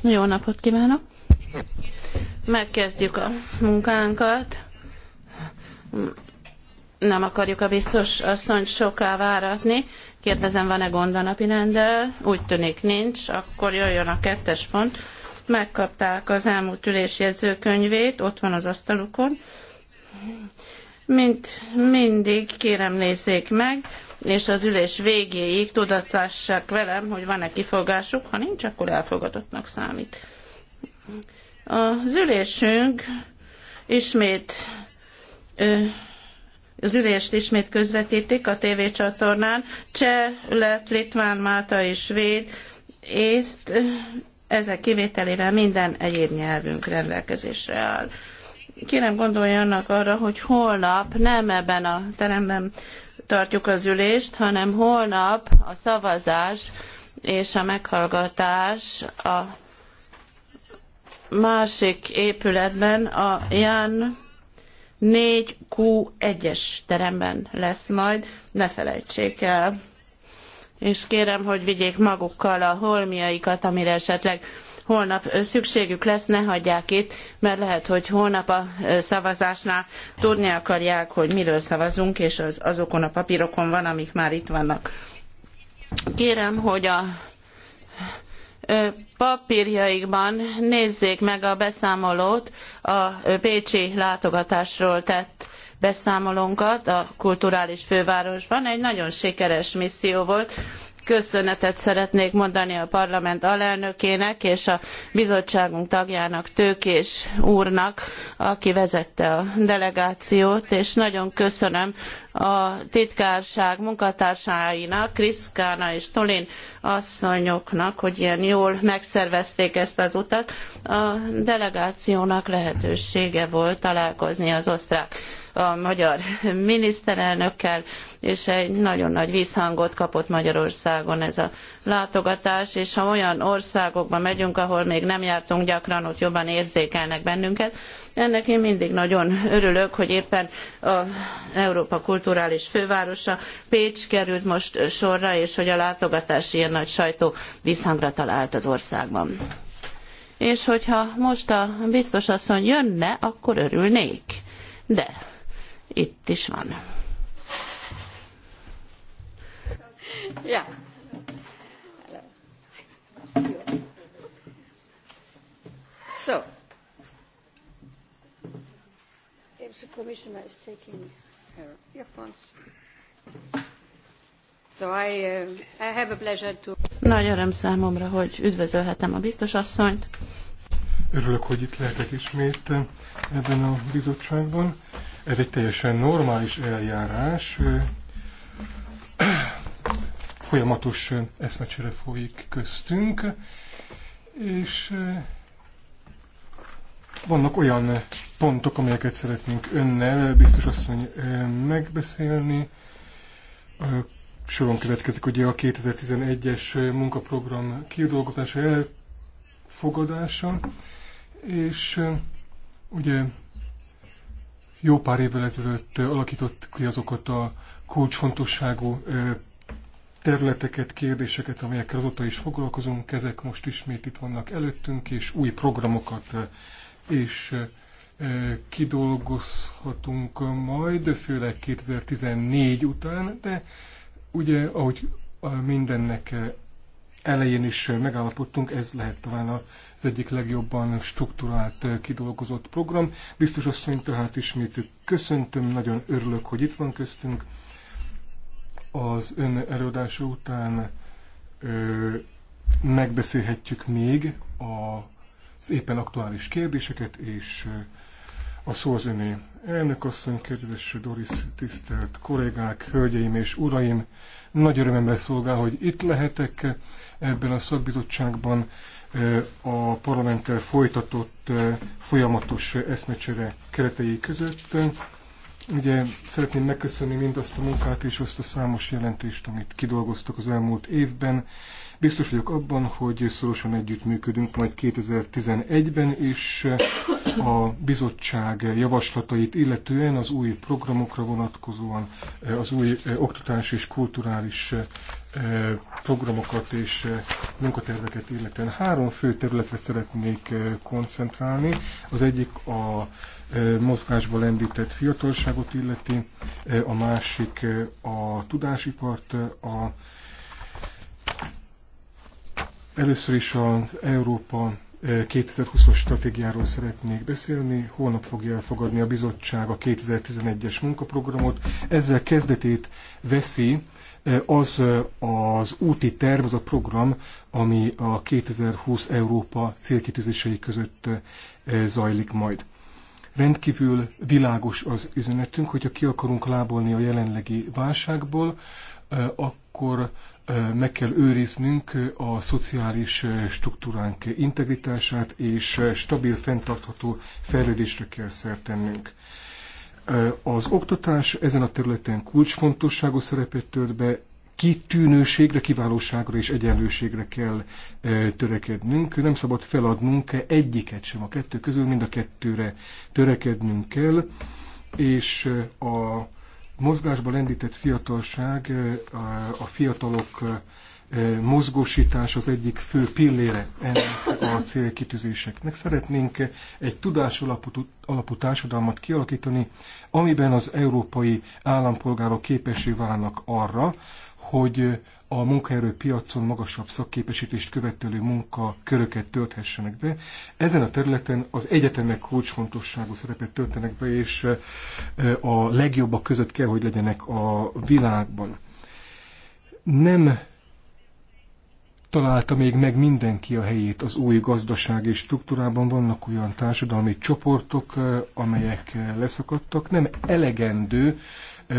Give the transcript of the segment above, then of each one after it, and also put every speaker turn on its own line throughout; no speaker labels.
Jó napot kívánok! Megkezdjük a munkánkat. Nem akarjuk a biztos asszonyt soká váratni. Kérdezem, van-e gond a napi rendel? Úgy tűnik nincs, akkor jöjjön a kettes pont. Megkapták az elmúlt ülés jegyzőkönyvét, ott van az asztalukon. Mint mindig, kérem nézzék meg, és az ülés végéig tudatássák velem, hogy van-e kifogásuk, ha nincs, akkor elfogadottnak számít. Az ülésünk ismét az ülést ismét közvetítik a tévécsatornán. Cseh, lett, litván, málta és svéd, észt, ezek kivételével minden egyéb nyelvünk rendelkezésre áll. Kérem gondoljanak arra, hogy holnap nem ebben a teremben tartjuk az ülést, hanem holnap a szavazás és a meghallgatás a másik épületben, a jan 4Q1-es teremben lesz majd, ne felejtsék el. És kérem, hogy vigyék magukkal a holmiaikat, amire esetleg holnap szükségük lesz, ne hagyják itt, mert lehet, hogy holnap a szavazásnál tudni akarják, hogy miről szavazunk, és az azokon a papírokon van, amik már itt vannak. Kérem, hogy a papírjaikban nézzék meg a beszámolót, a pécsi látogatásról tett beszámolónkat a kulturális fővárosban. Egy nagyon sikeres misszió volt, köszönetet szeretnék mondani a parlament alelnökének és a bizottságunk tagjának, Tőkés úrnak, aki vezette a delegációt, és nagyon köszönöm, a titkárság munkatársáinak, Kriszkána és Tolin asszonyoknak, hogy ilyen jól megszervezték ezt az utat. A delegációnak lehetősége volt találkozni az osztrák a magyar miniszterelnökkel, és egy nagyon nagy visszhangot kapott Magyarországon ez a látogatás, és ha olyan országokba megyünk, ahol még nem jártunk gyakran, ott jobban érzékelnek bennünket, ennek én mindig nagyon örülök, hogy éppen a Európa kulturális fővárosa Pécs került most sorra, és hogy a látogatás ilyen nagy sajtó visszhangra talált az országban. És hogyha most a biztos asszony jönne, akkor örülnék. De itt is van. Ja.
the Commissioner is taking her So I, uh, I have a pleasure
to... Nagy öröm számomra, hogy üdvözölhetem a biztos asszonyt.
Örülök, hogy itt lehetek ismét ebben a bizottságban. Ez egy teljesen normális eljárás. Folyamatos eszmecsere folyik köztünk, és eh, vannak olyan pontok, amelyeket szeretnénk önnel, biztos asszony, megbeszélni. Soron következik ugye a 2011-es munkaprogram kidolgozása, elfogadása, és ugye jó pár évvel ezelőtt alakított ki azokat a kulcsfontosságú területeket, kérdéseket, amelyekkel azóta is foglalkozunk, ezek most ismét itt vannak előttünk, és új programokat és kidolgozhatunk majd, főleg 2014 után, de ugye, ahogy mindennek elején is megállapodtunk, ez lehet talán az egyik legjobban strukturált, kidolgozott program. Biztos asszony, tehát ismét köszöntöm, nagyon örülök, hogy itt van köztünk. Az ön előadása után ö, megbeszélhetjük még a, az éppen aktuális kérdéseket, és ö, a szó az öné. Elnök asszony, kedves Doris, tisztelt kollégák, hölgyeim és uraim, nagy örömemre szolgál, hogy itt lehetek ebben a szakbizottságban eh, a parlamenttel folytatott eh, folyamatos eszmecsere keretei között. Ugye szeretném megköszönni mindazt a munkát és azt a számos jelentést, amit kidolgoztak az elmúlt évben, Biztos vagyok abban, hogy szorosan együttműködünk majd 2011-ben, és a bizottság javaslatait illetően az új programokra vonatkozóan, az új oktatás és kulturális programokat és munkaterveket illetően három fő területre szeretnék koncentrálni. Az egyik a mozgásba lendített fiatalságot illeti, a másik a tudásipart, a Először is az Európa 2020-as eh, stratégiáról szeretnék beszélni. Holnap fogja elfogadni a bizottság a 2011-es munkaprogramot. Ezzel kezdetét veszi eh, az eh, az úti terv, az a program, ami a 2020 Európa célkitűzései között zajlik majd. Rendkívül világos az üzenetünk, hogyha ki akarunk lábolni a jelenlegi válságból, akkor meg kell őriznünk a szociális struktúránk integritását, és stabil, fenntartható fejlődésre kell szert tennünk. Az oktatás ezen a területen kulcsfontosságú szerepet tölt be, kitűnőségre, kiválóságra és egyenlőségre kell törekednünk. Nem szabad feladnunk egyiket sem a kettő közül, mind a kettőre törekednünk kell, és a mozgásba lendített fiatalság, a fiatalok mozgósítás az egyik fő pillére ennek a célkitűzéseknek. Szeretnénk egy tudás alapú, alapú társadalmat kialakítani, amiben az európai állampolgárok képesé válnak arra, hogy a munkaerőpiacon magasabb szakképesítést követelő munkaköröket tölthessenek be. Ezen a területen az egyetemek kulcsfontosságú szerepet töltenek be, és a legjobbak között kell, hogy legyenek a világban. Nem találta még meg mindenki a helyét az új gazdasági struktúrában. Vannak olyan társadalmi csoportok, amelyek leszakadtak. Nem elegendő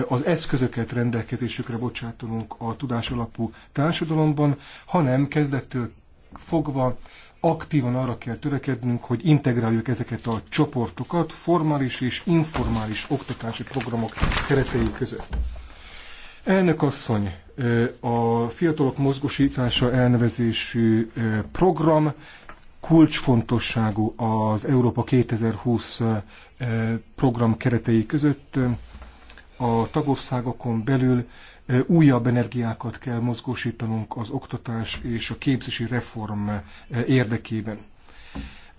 az eszközöket rendelkezésükre bocsátunk a alapú társadalomban, hanem kezdettől fogva aktívan arra kell törekednünk, hogy integráljuk ezeket a csoportokat formális és informális oktatási programok keretei között. Elnök asszony, a Fiatalok Mozgósítása elnevezésű program kulcsfontosságú az Európa 2020 program keretei között a tagországokon belül újabb energiákat kell mozgósítanunk az oktatás és a képzési reform érdekében.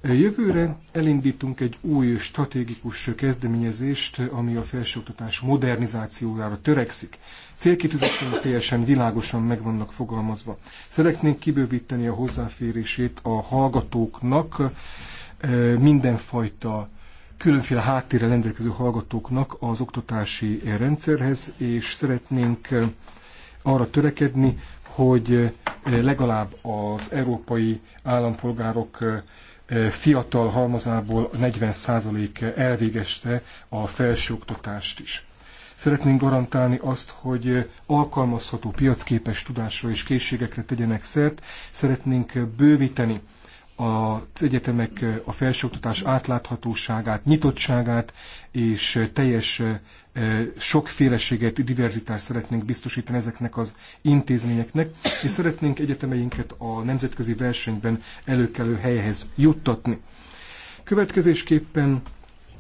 Jövőre elindítunk egy új stratégikus kezdeményezést, ami a felsőoktatás modernizációjára törekszik. Célkitűzésen teljesen világosan meg vannak fogalmazva. Szeretnénk kibővíteni a hozzáférését a hallgatóknak mindenfajta különféle háttérrel rendelkező hallgatóknak az oktatási rendszerhez, és szeretnénk eh, arra törekedni, hogy eh, legalább az európai állampolgárok eh, fiatal halmazából 40% elvégeste a felsőoktatást is. Szeretnénk garantálni azt, hogy alkalmazható piacképes tudásra és készségekre tegyenek szert, szeretnénk bővíteni az egyetemek a felsőoktatás átláthatóságát, nyitottságát és teljes sokféleséget, diverzitást szeretnénk biztosítani ezeknek az intézményeknek, és szeretnénk egyetemeinket a nemzetközi versenyben előkelő helyhez juttatni. Következésképpen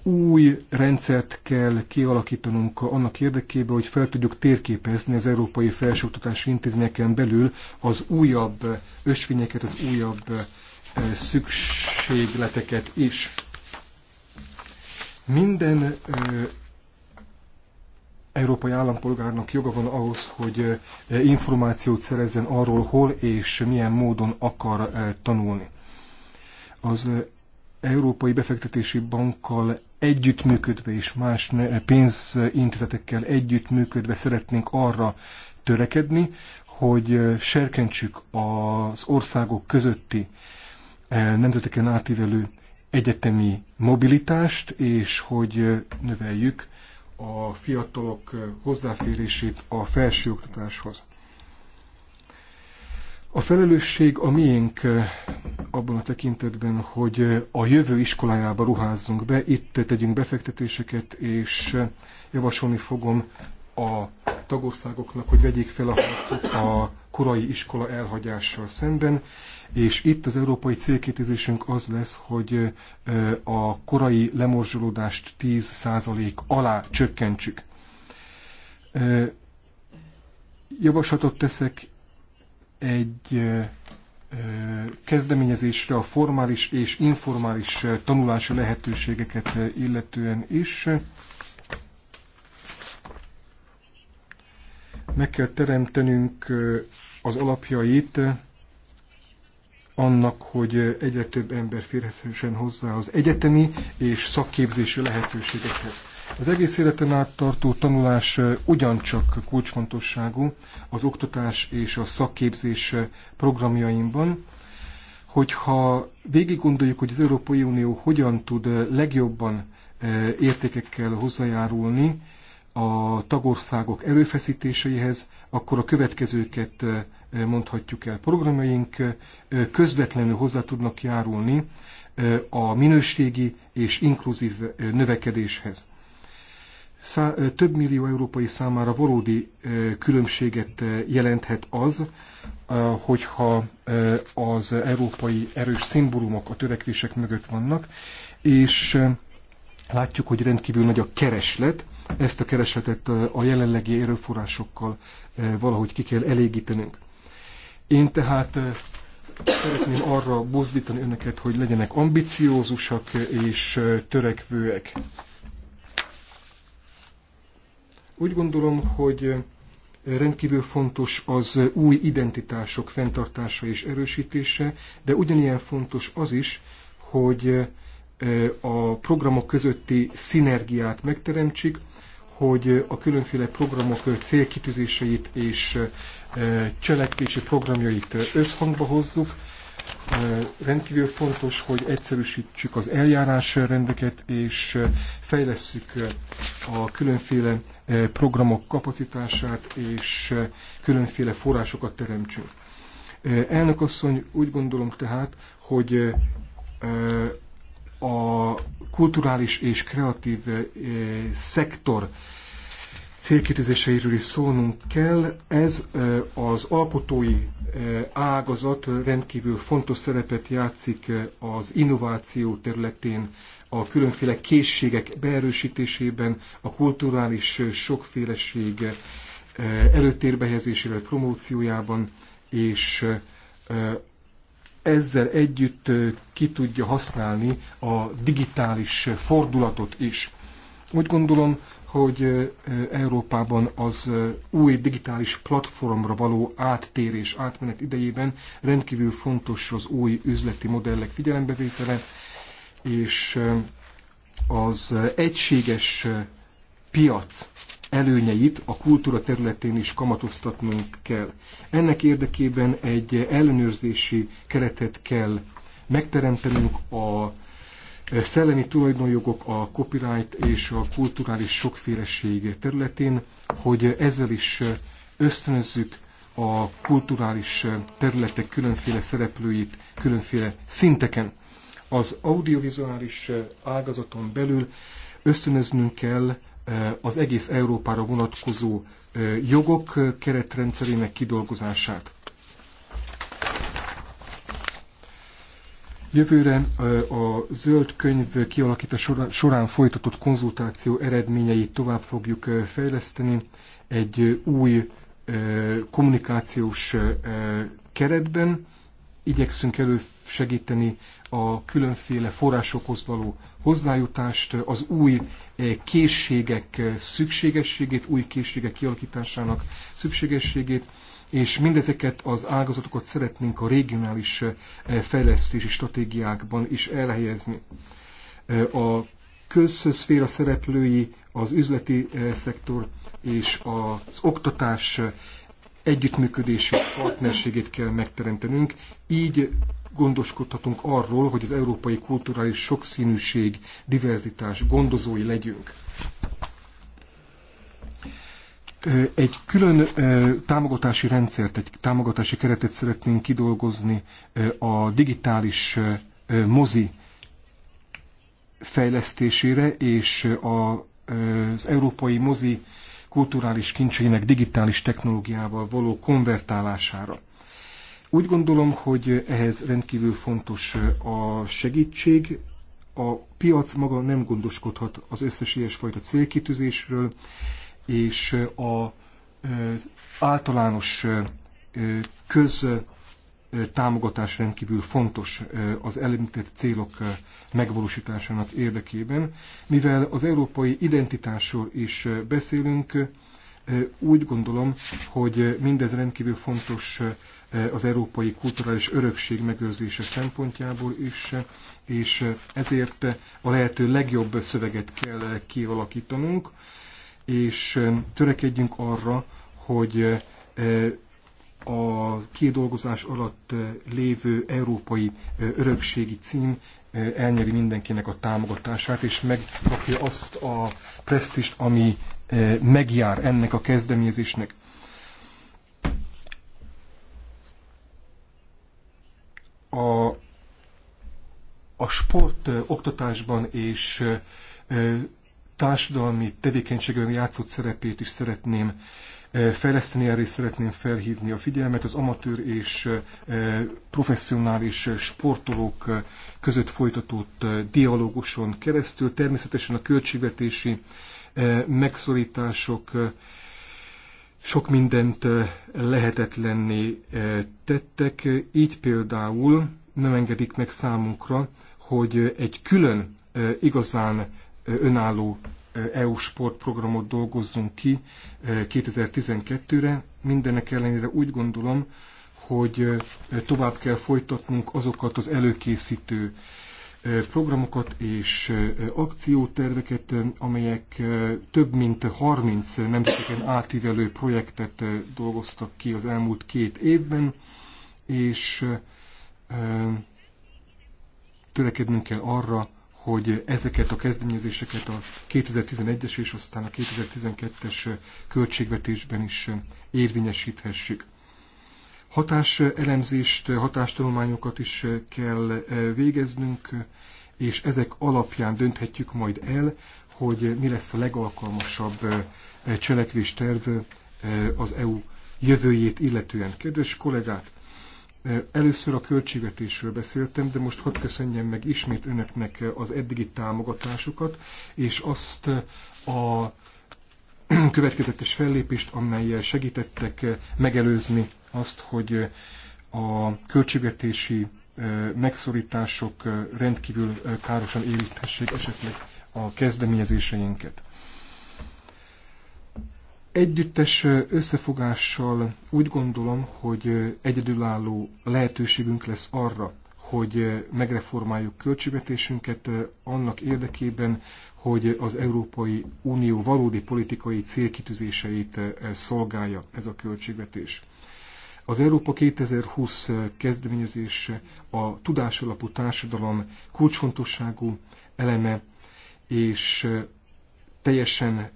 új rendszert kell kialakítanunk annak érdekében, hogy fel tudjuk térképezni az európai felsőoktatási intézményeken belül az újabb ösvényeket, az újabb szükségleteket is. Minden európai állampolgárnak joga van ahhoz, hogy információt szerezzen arról, hol és milyen módon akar tanulni. Az Európai Befektetési Bankkal együttműködve és más pénzintézetekkel együttműködve szeretnénk arra törekedni, hogy serkentsük az országok közötti E, nemzeteken átívelő egyetemi mobilitást, és hogy e, növeljük a fiatalok e, hozzáférését a felsőoktatáshoz. A felelősség a miénk abban a tekintetben, hogy a jövő iskolájába ruházzunk be, itt tegyünk befektetéseket, és javasolni fogom a tagországoknak, hogy vegyék fel a harcot a korai iskola elhagyással szemben, és itt az európai célkétezésünk az lesz, hogy a korai lemorzsolódást 10% alá csökkentsük. Javaslatot teszek egy kezdeményezésre a formális és informális tanulási lehetőségeket illetően is. meg kell teremtenünk az alapjait annak, hogy egyre több ember férhessen hozzá az egyetemi és szakképzési lehetőségekhez. Az egész életen át tartó tanulás ugyancsak kulcsfontosságú az oktatás és a szakképzés programjaimban, hogyha végig gondoljuk, hogy az Európai Unió hogyan tud legjobban értékekkel hozzájárulni a tagországok erőfeszítéseihez, akkor a következőket mondhatjuk el. Programjaink közvetlenül hozzá tudnak járulni a minőségi és inkluzív növekedéshez. Szá- több millió európai számára valódi különbséget jelenthet az, hogyha az európai erős szimbólumok a törekvések mögött vannak, és látjuk, hogy rendkívül nagy a kereslet, ezt a keresetet a jelenlegi erőforrásokkal valahogy ki kell elégítenünk. Én tehát szeretném arra buzdítani önöket, hogy legyenek ambiciózusak és törekvőek. Úgy gondolom, hogy rendkívül fontos az új identitások fenntartása és erősítése, de ugyanilyen fontos az is, hogy a programok közötti szinergiát megteremtsük, hogy a különféle programok célkitűzéseit és cselekvési programjait összhangba hozzuk. Rendkívül fontos, hogy egyszerűsítsük az eljárásrendeket, és fejlesszük a különféle programok kapacitását, és különféle forrásokat teremtsünk. Elnök asszony, úgy gondolom tehát, hogy a kulturális és kreatív eh, szektor célkitűzéseiről is szólnunk kell. Ez eh, az alkotói eh, ágazat rendkívül fontos szerepet játszik az innováció területén, a különféle készségek beerősítésében, a kulturális sokféleség eh, helyezésére, promóciójában, és ezzel együtt ki tudja használni a digitális fordulatot is. Úgy gondolom, hogy Európában az új digitális platformra való áttérés átmenet idejében rendkívül fontos az új üzleti modellek figyelembevétele, és az egységes piac előnyeit a kultúra területén is kamatoztatnunk kell. Ennek érdekében egy ellenőrzési keretet kell megteremtenünk a e, szellemi tulajdonjogok, a copyright és a kulturális sokféleség területén, hogy ezzel is e, ösztönözzük a kulturális e, területek különféle szereplőit különféle szinteken. Az audiovizuális ágazaton belül ösztönöznünk kell az egész Európára vonatkozó jogok keretrendszerének kidolgozását. Jövőre a zöld könyv kialakítás során folytatott konzultáció eredményeit tovább fogjuk fejleszteni egy új kommunikációs keretben. Igyekszünk elősegíteni a különféle forrásokhoz való hozzájutást, az új eh, készségek eh, szükségességét, új készségek kialakításának szükségességét, és mindezeket az ágazatokat szeretnénk a regionális eh, fejlesztési stratégiákban is elhelyezni. A közszféra szereplői, az üzleti szektor és az oktatás együttműködési partnerségét kell megteremtenünk, így gondoskodhatunk arról, hogy az európai kulturális sokszínűség, diverzitás gondozói legyünk. Egy külön támogatási rendszert, egy támogatási keretet szeretnénk kidolgozni a digitális mozi fejlesztésére és az európai mozi kulturális kincseinek digitális technológiával való konvertálására. Úgy gondolom, hogy ehhez rendkívül fontos a segítség. A piac maga nem gondoskodhat az összes ilyesfajta célkitűzésről, és a az általános köztámogatás rendkívül fontos az elemített célok megvalósításának érdekében. Mivel az európai identitásról is beszélünk, úgy gondolom, hogy mindez rendkívül fontos az európai kulturális örökség megőrzése szempontjából is, és ezért a lehető legjobb szöveget kell kialakítanunk, és törekedjünk arra, hogy eh, a kidolgozás alatt eh, lévő európai eh, örökségi cím elnyeri mindenkinek a támogatását, és megkapja azt a presztist, ami megjár ennek a kezdeményezésnek. a, a sport oktatásban és társadalmi tevékenységben játszott szerepét is szeretném fejleszteni, erre is szeretném felhívni a figyelmet. Az amatőr és professzionális sportolók között folytatott dialóguson keresztül természetesen a költségvetési megszorítások sok mindent lehetetlenné tettek, így például nem engedik meg számunkra, hogy egy külön igazán önálló EU sportprogramot dolgozzunk ki 2012-re. Mindenek ellenére úgy gondolom, hogy tovább kell folytatnunk azokat az előkészítő programokat és akcióterveket, amelyek több mint 30 nemzeteken átívelő projektet dolgoztak ki az elmúlt két évben, és törekednünk kell arra, hogy ezeket a kezdeményezéseket a 2011-es és aztán a 2012-es költségvetésben is érvényesíthessük. Hatáselemzést, hatástanulmányokat is kell eh, végeznünk, és ezek alapján dönthetjük majd el, hogy mi lesz a legalkalmasabb eh, cselekvésterv eh, az EU jövőjét illetően. Kedves kollégák, Először a költségvetésről beszéltem, de most hadd köszönjem meg ismét önöknek az eddigi támogatásukat, és azt a következetes fellépést, amelyel segítettek megelőzni azt, hogy a költségvetési megszorítások rendkívül károsan érinthessék esetleg a kezdeményezéseinket. Együttes összefogással úgy gondolom, hogy egyedülálló lehetőségünk lesz arra, hogy megreformáljuk költségvetésünket annak érdekében, hogy az Európai Unió valódi politikai célkitűzéseit szolgálja ez a költségvetés. Az Európa 2020 kezdeményezés a alapú társadalom kulcsfontosságú eleme, és teljesen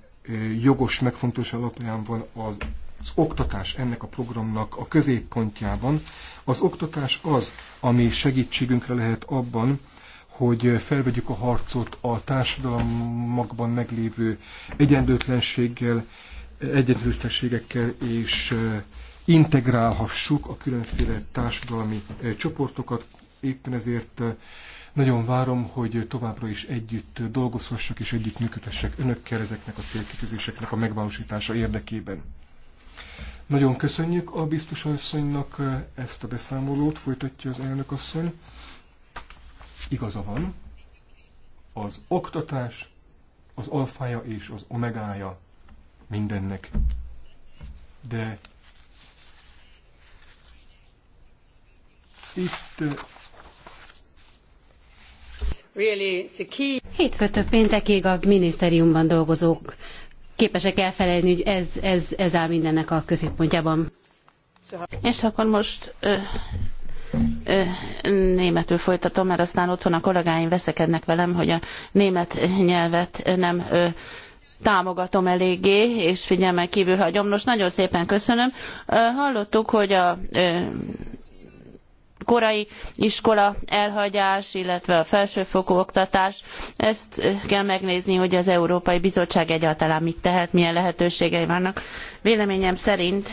jogos megfontos alapján van az az oktatás ennek a programnak a középpontjában. Az oktatás az, ami segítségünkre lehet abban, hogy felvegyük a harcot a társadalmakban meglévő egyenlőtlenséggel, egyenlőtlenségekkel és integrálhassuk a különféle társadalmi eh, csoportokat. Éppen ezért eh, nagyon várom, hogy továbbra is együtt dolgozhassak és együtt működhessek önökkel ezeknek a célkitűzéseknek a megvalósítása érdekében. Nagyon köszönjük a biztos asszonynak eh, ezt a beszámolót, folytatja az elnök asszony. Igaza van, az oktatás az alfája és az omegája mindennek. De Itt
Hétfőtől péntekig a minisztériumban dolgozók képesek elfelejteni, hogy ez,
ez, ez áll mindennek a középpontjában. És akkor most ö, ö, németül folytatom, mert aztán otthon a kollégáim veszekednek velem, hogy a német nyelvet nem ö, támogatom eléggé, és figyelmen kívül hagyom. Most nagyon szépen köszönöm. Hallottuk, hogy a korai iskola elhagyás, illetve a felsőfokú oktatás. Ezt eh, kell megnézni, hogy az Európai Bizottság egyáltalán mit tehet, milyen lehetőségei vannak. Véleményem szerint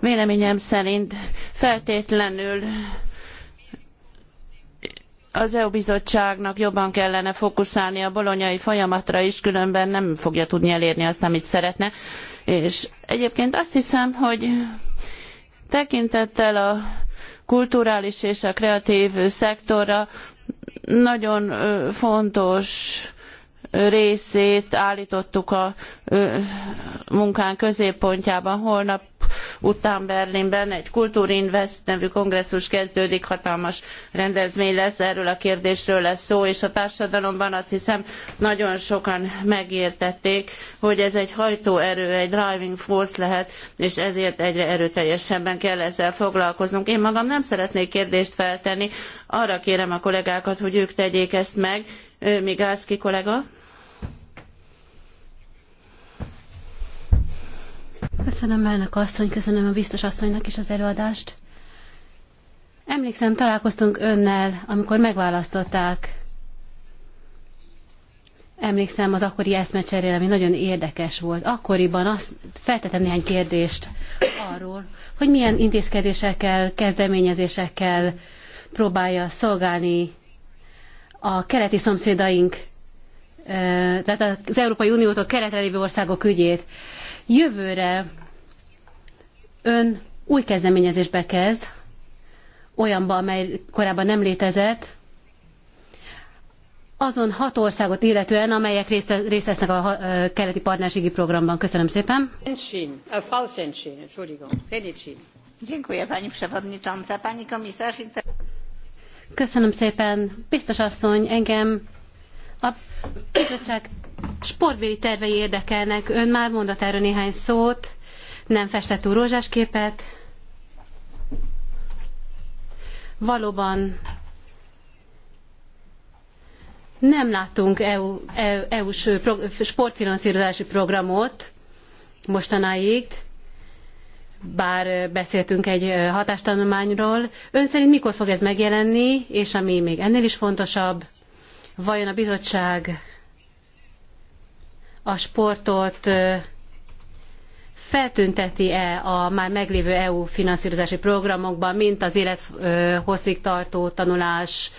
véleményem szerint feltétlenül az EU bizottságnak jobban kellene fókuszálni a bolonyai folyamatra is, különben nem fogja tudni elérni azt, amit szeretne. És egyébként azt hiszem, hogy Tekintettel a kulturális és a kreatív szektorra nagyon fontos részét állítottuk a munkánk középpontjában. Holnap után Berlinben egy Kulturinvest nevű kongresszus kezdődik, hatalmas rendezvény lesz, erről a kérdésről lesz szó, és a társadalomban azt hiszem nagyon sokan megértették, hogy ez egy hajtóerő, egy driving force lehet, és ezért egyre erőteljesebben kell ezzel foglalkoznunk. Én magam nem szeretnék kérdést feltenni, arra kérem a kollégákat, hogy ők tegyék ezt meg. Migászki kollega?
Köszönöm elnök asszony, köszönöm a biztos asszonynak is az előadást. Emlékszem, találkoztunk önnel, amikor megválasztották. Emlékszem az akkori eszmecserére, ami nagyon érdekes volt. Akkoriban azt feltettem néhány kérdést arról, hogy milyen intézkedésekkel, kezdeményezésekkel próbálja szolgálni a keleti szomszédaink, eh, tehát az Európai Uniótól keletre lévő országok ügyét. Jövőre ön új kezdeményezésbe kezd, olyanba, amely korábban nem létezett, azon hat országot illetően, amelyek részt, részt vesznek a keleti partnerségi programban. Köszönöm szépen.
Pani Pani
Köszönöm szépen. Biztos asszony, engem bizottság sportbéli tervei érdekelnek. Ön már mondott erről néhány szót, nem festett túl rózsás képet. Valóban nem láttunk EU, EU-s e sportfinanszírozási programot mostanáig, bár beszéltünk egy hatástanulmányról. Ön szerint mikor fog ez megjelenni, és ami még ennél is fontosabb, Vajon a bizottság a sportot feltünteti-e a már meglévő EU finanszírozási programokban, mint az élethosszig tartó tanulás,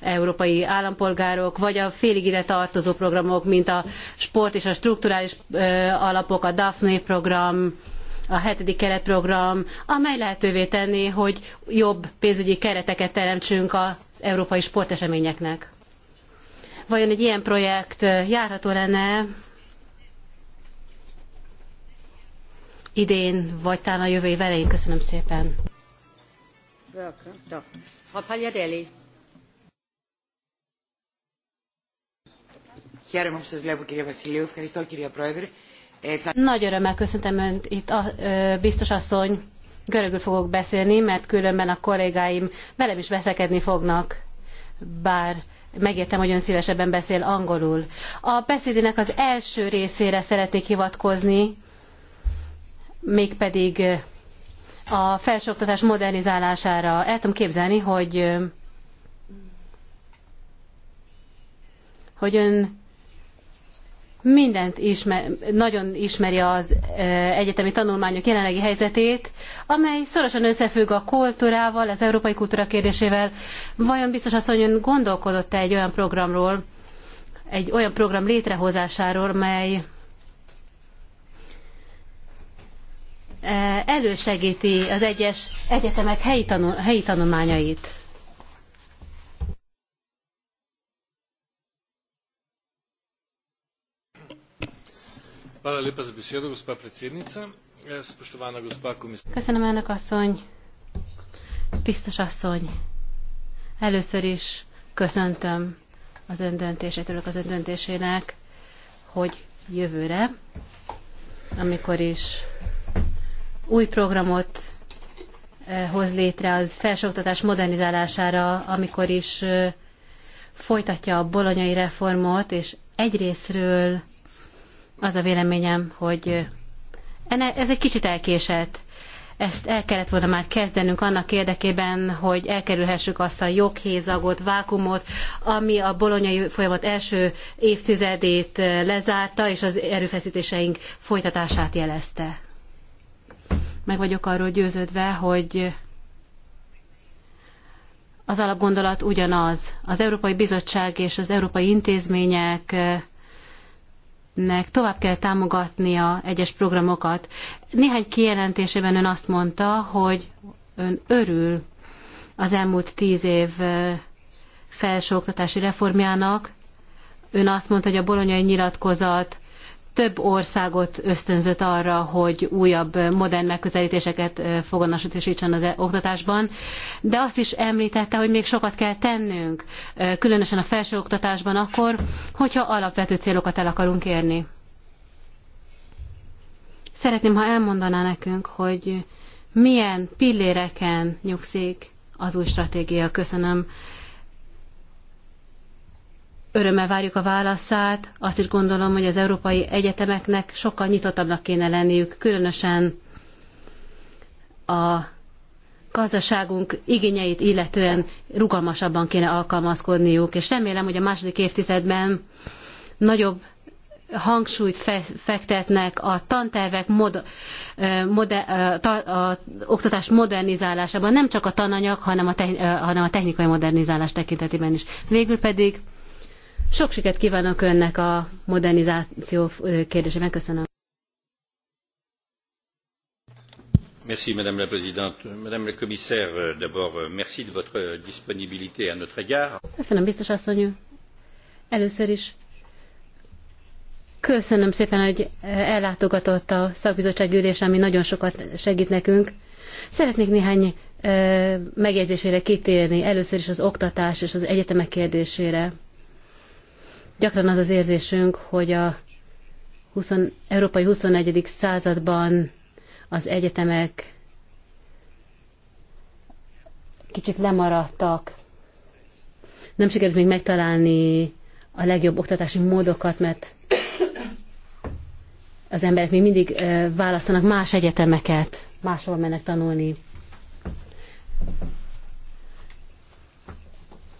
európai állampolgárok, vagy a félig ide tartozó programok, mint a sport és a strukturális alapok, a Daphne program, a hetedik keretprogram, amely lehetővé tenné, hogy jobb pénzügyi kereteket teremtsünk az európai sporteseményeknek vajon egy ilyen projekt járható lenne idén, vagy talán a jövő év elején. Köszönöm szépen. Nagy örömmel köszöntöm Önt itt, a, ö, biztos asszony. Görögül fogok beszélni, mert különben a kollégáim velem is veszekedni fognak, bár megértem, hogy ön szívesebben beszél angolul. A beszédének az első részére szeretnék hivatkozni, mégpedig a felsőoktatás modernizálására. El tudom képzelni, hogy, hogy ön mindent ismer, nagyon ismeri az egyetemi tanulmányok jelenlegi helyzetét, amely szorosan összefügg a kultúrával, az európai kultúra kérdésével. Vajon biztos asszonyon gondolkodott-e egy olyan programról, egy olyan program létrehozásáról, mely elősegíti az egyes egyetemek helyi, tanul, helyi tanulmányait? Köszönöm elnök asszony, biztos asszony. Először is köszöntöm az ön döntését, örülök az ön döntésének, hogy jövőre, amikor is új programot eh, hoz létre az felsőoktatás modernizálására, amikor is eh, folytatja a bolonyai reformot, és egyrésztről az a véleményem, hogy ez egy kicsit elkésett. Ezt el kellett volna már kezdenünk annak érdekében, hogy elkerülhessük azt a joghézagot, vákumot, ami a bolonyai folyamat első évtizedét lezárta, és az erőfeszítéseink folytatását jelezte. Meg vagyok arról győződve, hogy az alapgondolat ugyanaz. Az Európai Bizottság és az európai intézmények nek tovább kell támogatnia egyes programokat. Néhány kijelentésében ön azt mondta, hogy ön örül az elmúlt tíz év felsőoktatási reformjának. Ön azt mondta, hogy a bolonyai nyilatkozat több országot ösztönzött arra, hogy újabb modern megközelítéseket foganasítson az e- oktatásban, de azt is említette, hogy még sokat kell tennünk, különösen a felsőoktatásban akkor, hogyha alapvető célokat el akarunk érni. Szeretném, ha elmondaná nekünk, hogy milyen pilléreken nyugszik az új stratégia. Köszönöm Örömmel várjuk a válaszát. Azt is gondolom, hogy az európai egyetemeknek sokkal nyitottabbnak kéne lenniük, különösen a gazdaságunk igényeit illetően rugalmasabban kéne alkalmazkodniuk, és remélem, hogy a második évtizedben nagyobb hangsúlyt fektetnek a tantervek mod, moder, a, a oktatás modernizálásában, nem csak a tananyag, hanem a, techn, hanem a technikai modernizálás tekintetében is. Végül pedig sok sikert kívánok önnek a modernizáció kérdésében. Köszönöm.
Merci, Madame la Présidente.
Madame la Commissaire, euh, d'abord, euh, merci de votre euh, disponibilité à notre égard.
Köszönöm, biztos asszony. Először is köszönöm szépen, hogy ellátogatott a szakbizottság ülés, ami nagyon sokat segít nekünk. Szeretnék néhány megjegyzésére kitérni, először is az oktatás és az egyetemek kérdésére. Gyakran az az érzésünk, hogy a 20, európai 21. században az egyetemek kicsit lemaradtak. Nem sikerült még megtalálni a legjobb oktatási módokat, mert az emberek még mindig eh, választanak más egyetemeket, máshol mennek tanulni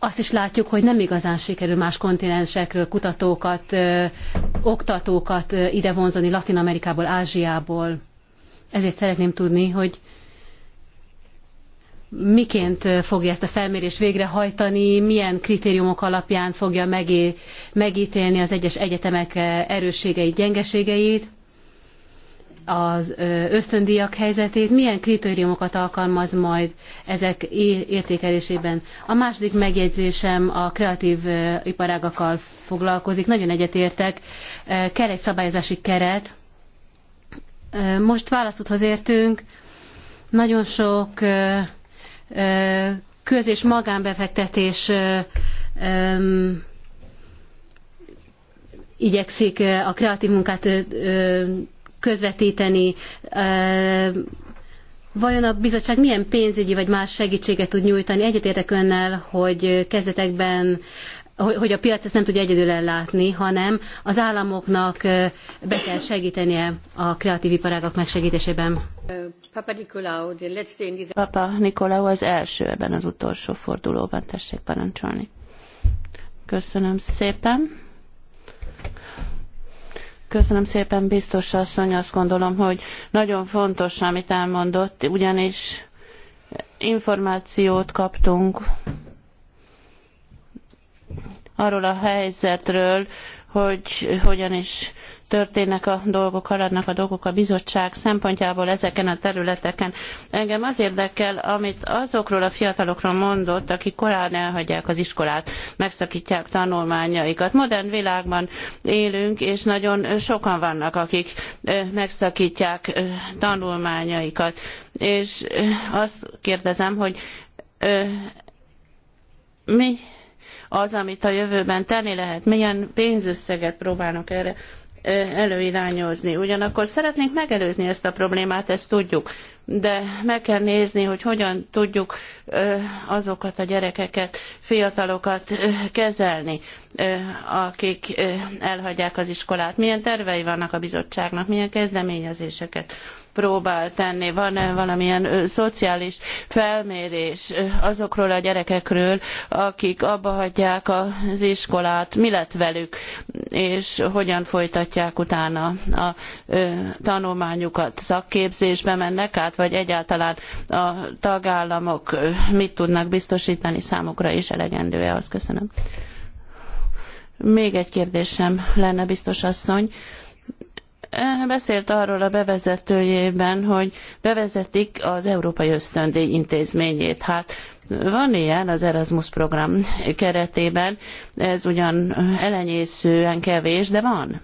azt is látjuk, hogy nem igazán sikerül más kontinensekről kutatókat, oktatókat ide vonzani Latin Amerikából, Ázsiából. Ezért szeretném tudni, hogy miként fogja ezt a felmérést végrehajtani, milyen kritériumok alapján fogja megé, megítélni az egyes egyetemek erősségeit, gyengeségeit, az ösztöndíjak helyzetét, milyen kritériumokat alkalmaz majd ezek értékelésében. A második megjegyzésem a kreatív iparágakkal foglalkozik, nagyon egyetértek, kell egy szabályozási keret. Most válaszúthoz értünk, nagyon sok köz- és magánbefektetés igyekszik a kreatív munkát közvetíteni. Vajon a bizottság milyen pénzügyi vagy más segítséget tud nyújtani? Egyetértek önnel, hogy kezdetekben hogy a piac ezt nem tudja egyedül ellátni, hanem az államoknak be kell segítenie a kreatív iparágak megsegítésében. Papa Nikolaou,
Papa Nikolaou az első ebben az utolsó fordulóban, tessék parancsolni. Köszönöm szépen. Köszönöm szépen, biztos asszony, azt gondolom, hogy nagyon fontos, amit elmondott, ugyanis információt kaptunk arról a helyzetről, hogy hogyan is történnek a dolgok, haladnak a dolgok a bizottság szempontjából ezeken a területeken. Engem az érdekel, amit azokról a fiatalokról mondott, akik korán elhagyják az iskolát, megszakítják tanulmányaikat. Modern világban élünk, és nagyon sokan vannak, akik megszakítják tanulmányaikat. És azt kérdezem, hogy mi az, amit a jövőben tenni lehet? Milyen pénzösszeget próbálnak erre előirányozni. Ugyanakkor szeretnénk megelőzni ezt a problémát, ezt tudjuk, de meg kell nézni, hogy hogyan tudjuk azokat a gyerekeket, fiatalokat kezelni, akik elhagyják az iskolát. Milyen tervei vannak a bizottságnak, milyen kezdeményezéseket próbál tenni? Van-e valamilyen szociális felmérés azokról a gyerekekről, akik abbahagyják az iskolát? Mi lett velük, és hogyan folytatják utána a tanulmányukat? Szakképzésbe mennek át, vagy egyáltalán a tagállamok mit tudnak biztosítani számukra, és elegendő-e az? Köszönöm. Még egy kérdésem lenne, biztos asszony beszélt arról a bevezetőjében, hogy bevezetik az Európai Ösztöndíj intézményét. Hát van ilyen az Erasmus program keretében, ez ugyan elenyészően kevés, de van.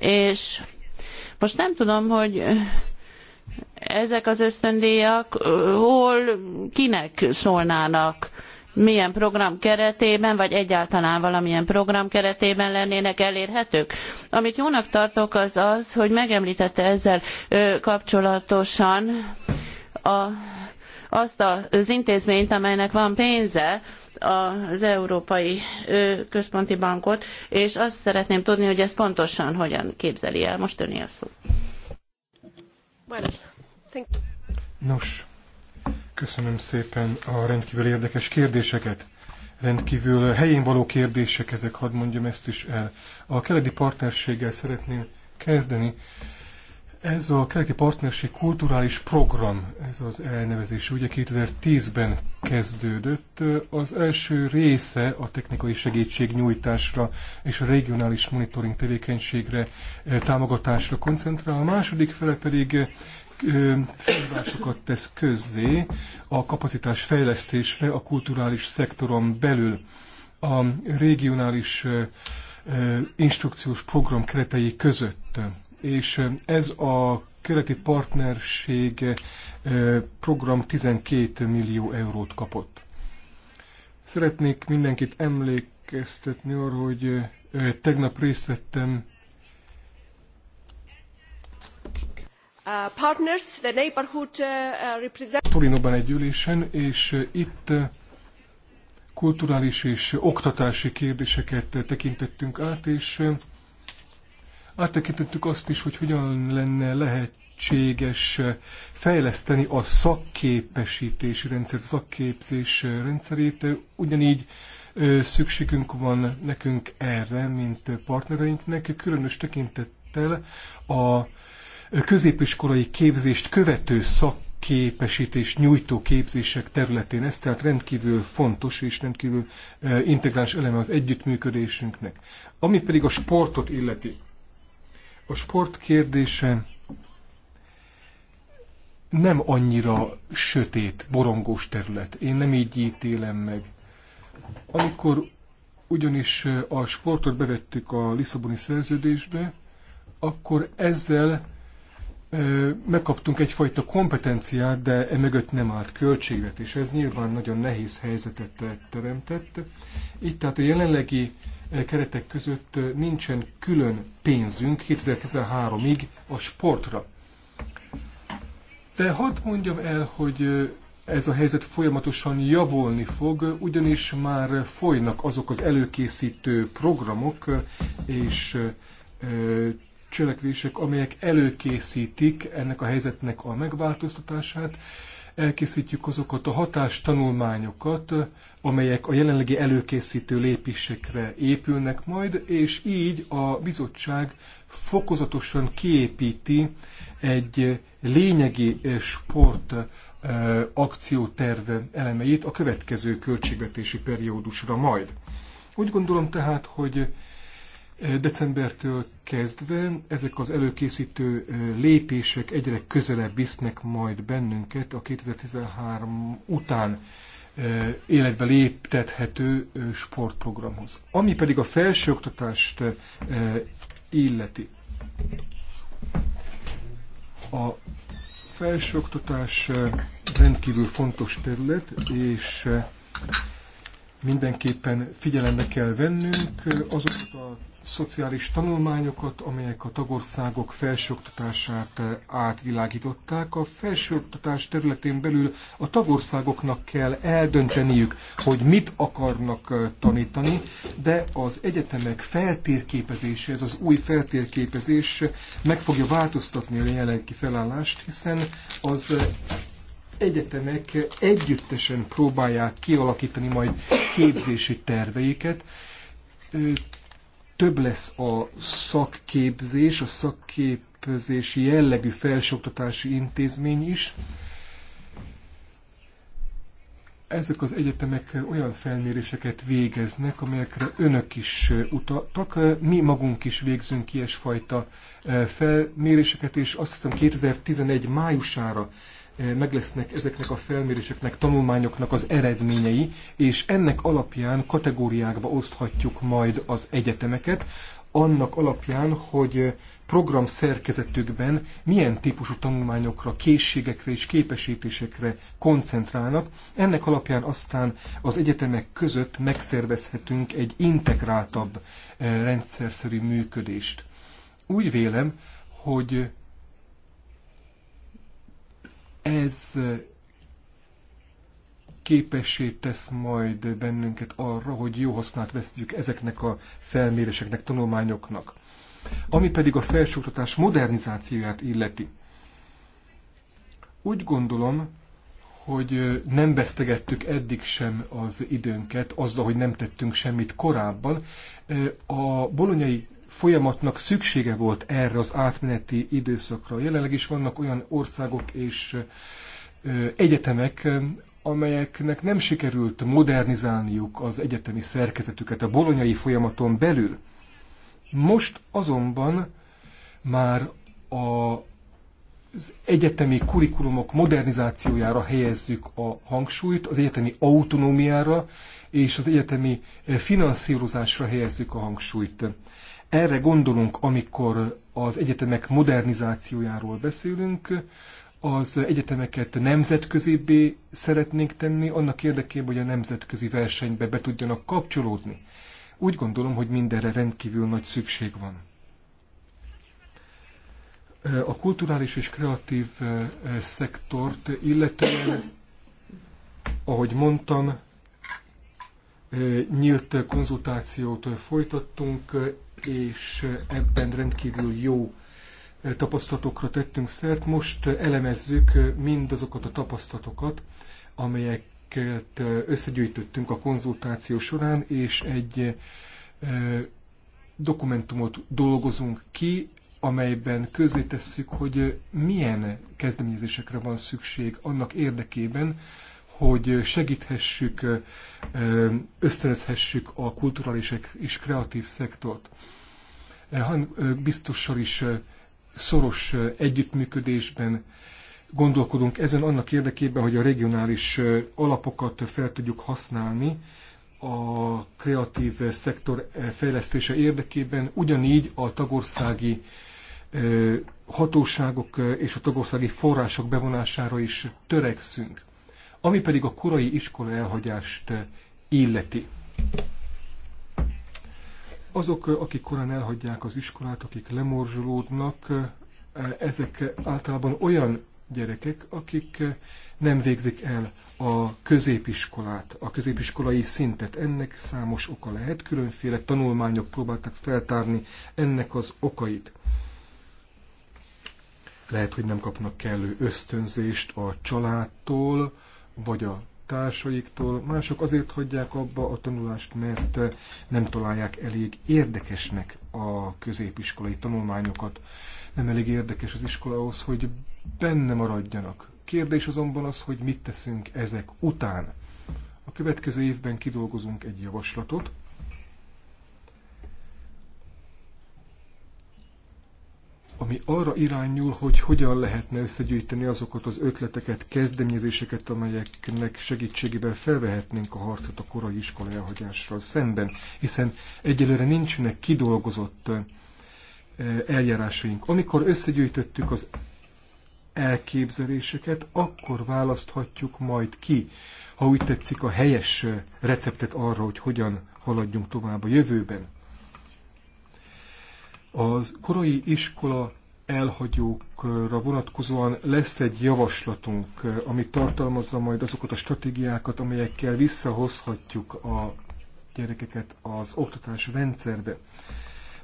És most nem tudom, hogy ezek az ösztöndíjak hol kinek szólnának milyen program keretében, vagy egyáltalán valamilyen program keretében lennének elérhetők. Amit jónak tartok az az, hogy megemlítette ezzel kapcsolatosan a, azt az intézményt, amelynek van pénze, az Európai Központi Bankot, és azt szeretném tudni, hogy ez pontosan hogyan képzeli el. Most öné a szó.
Nos, Köszönöm szépen a rendkívül érdekes kérdéseket. Rendkívül helyén való kérdések ezek, hadd mondjam ezt is el. A keleti partnerséggel szeretném kezdeni. Ez a keleti partnerség kulturális program, ez az elnevezés, ugye 2010-ben kezdődött. Az első része a technikai nyújtásra és a regionális monitoring tevékenységre, eh, támogatásra koncentrál, a második fele pedig felhívásokat tesz közzé a kapacitás fejlesztésre a kulturális szektoron belül. A regionális instrukciós program keretei között. És ez a keleti partnerség program 12 millió eurót kapott. Szeretnék mindenkit emlékeztetni arra, hogy tegnap részt vettem
Uh, partners, the neighborhood uh, uh, representatives.
Torinóban egy ülésen, és itt kulturális és oktatási kérdéseket tekintettünk át, és áttekintettük azt is, hogy hogyan lenne lehetséges fejleszteni a szakképesítési rendszert, a szakképzés rendszerét. Ugyanígy szükségünk van nekünk erre, mint partnereinknek, különös tekintettel a középiskolai képzést követő szakképesítés nyújtó képzések területén. Ez tehát rendkívül fontos és rendkívül e, integráns eleme az együttműködésünknek. Ami pedig a sportot illeti. A sport kérdése nem annyira sötét, borongós terület. Én nem így ítélem meg. Amikor ugyanis e, a sportot bevettük a Lisszaboni szerződésbe, akkor ezzel megkaptunk egyfajta kompetenciát, de emögött nem állt költségvetés. Ez nyilván nagyon nehéz helyzetet teremtett. Itt tehát a jelenlegi keretek között nincsen külön pénzünk 2013-ig a sportra. De hadd mondjam el, hogy ez a helyzet folyamatosan javulni fog, ugyanis már folynak azok az előkészítő programok, és cselekvések, amelyek előkészítik ennek a helyzetnek a megváltoztatását. Elkészítjük azokat a hatástanulmányokat, amelyek a jelenlegi előkészítő lépésekre épülnek majd, és így a bizottság fokozatosan kiépíti egy lényegi sport akcióterve elemeit a következő költségvetési periódusra majd. Úgy gondolom tehát, hogy Decembertől kezdve ezek az előkészítő lépések egyre közelebb visznek majd bennünket a 2013 után életbe léptethető sportprogramhoz. Ami pedig a felsőoktatást illeti. A felsőoktatás rendkívül fontos terület, és mindenképpen figyelembe kell vennünk azokat a szociális tanulmányokat, amelyek a tagországok felsőoktatását eh, átvilágították. A felsőoktatás területén belül a tagországoknak kell eldönteniük, hogy mit akarnak eh, tanítani, de az egyetemek feltérképezése, ez az új feltérképezés eh, meg fogja változtatni a jelenlegi felállást, hiszen az egyetemek együttesen próbálják kialakítani majd képzési terveiket, több lesz a szakképzés, a szakképzési jellegű felsőoktatási intézmény is. Ezek az egyetemek olyan felméréseket végeznek, amelyekre önök is utaltak. Mi magunk is végzünk ilyesfajta eh, felméréseket, és azt hiszem 2011 májusára meg lesznek ezeknek a felméréseknek, tanulmányoknak az eredményei, és ennek alapján kategóriákba oszthatjuk majd az egyetemeket, annak alapján, hogy program szerkezetükben milyen típusú tanulmányokra, készségekre és képesítésekre koncentrálnak. Ennek alapján aztán az egyetemek között megszervezhetünk egy integráltabb eh, rendszerszerű működést. Úgy vélem, hogy ez képessé tesz majd bennünket arra, hogy jó hasznát vesztjük ezeknek a felméréseknek, tanulmányoknak. Ami pedig a felsőoktatás modernizációját illeti. Úgy gondolom, hogy nem vesztegettük eddig sem az időnket azzal, hogy nem tettünk semmit korábban. A bolonyai folyamatnak szüksége volt erre az átmeneti időszakra. Jelenleg is vannak olyan országok és egyetemek, amelyeknek nem sikerült modernizálniuk az egyetemi szerkezetüket a bolonyai folyamaton belül. Most azonban már a, az egyetemi kurikulumok modernizációjára helyezzük a hangsúlyt, az egyetemi autonómiára és az egyetemi finanszírozásra helyezzük a hangsúlyt. Erre gondolunk, amikor az egyetemek modernizációjáról beszélünk, az egyetemeket nemzetközibbé szeretnénk tenni, annak érdekében, hogy a nemzetközi versenybe be tudjanak kapcsolódni. Úgy gondolom, hogy mindenre rendkívül nagy szükség van. A kulturális és kreatív eh, szektort illetően, ahogy mondtam, eh, nyílt konzultációt folytattunk, és ebben rendkívül jó eh, tapasztalatokra tettünk szert. Most eh, elemezzük eh, mindazokat a tapasztalatokat, amelyeket összegyűjtöttünk a konzultáció során, és egy dokumentumot dolgozunk ki, amelyben közzétesszük, hogy milyen kezdeményezésekre van szükség annak érdekében, hogy segíthessük, ösztönözhessük a kulturális és kreatív szektort. Biztosan biztossal is szoros együttműködésben gondolkodunk ezen annak érdekében, hogy a regionális alapokat fel tudjuk használni a kreatív szektor fejlesztése érdekében, ugyanígy a tagországi hatóságok és a tagországi források bevonására is törekszünk. Ami pedig a korai iskola elhagyást eh, illeti. Azok, eh, akik korán elhagyják az iskolát, akik lemorzsolódnak, eh, ezek általában olyan gyerekek, akik nem végzik el a középiskolát, a középiskolai szintet. Ennek számos oka lehet, különféle tanulmányok próbáltak feltárni ennek az okait. Lehet, hogy nem kapnak kellő ösztönzést a családtól, vagy a társaiktól, mások azért hagyják abba a tanulást, mert eh, nem találják elég érdekesnek a középiskolai tanulmányokat, nem elég érdekes az iskola ahhoz, hogy benne maradjanak. Kérdés azonban az, hogy mit teszünk ezek után. A következő évben kidolgozunk egy javaslatot, ami arra irányul, hogy hogyan lehetne összegyűjteni azokat az ötleteket, kezdeményezéseket, amelyeknek segítségével felvehetnénk a harcot a korai iskola elhagyással szemben, hiszen egyelőre nincsenek kidolgozott eh, eljárásaink. Amikor összegyűjtöttük az elképzeléseket, akkor választhatjuk majd ki, ha úgy tetszik, a helyes eh, receptet arra, hogy hogyan haladjunk tovább a jövőben. Az korai iskola elhagyókra vonatkozóan lesz egy javaslatunk, ami tartalmazza majd azokat a stratégiákat, amelyekkel visszahozhatjuk a gyerekeket az oktatás rendszerbe.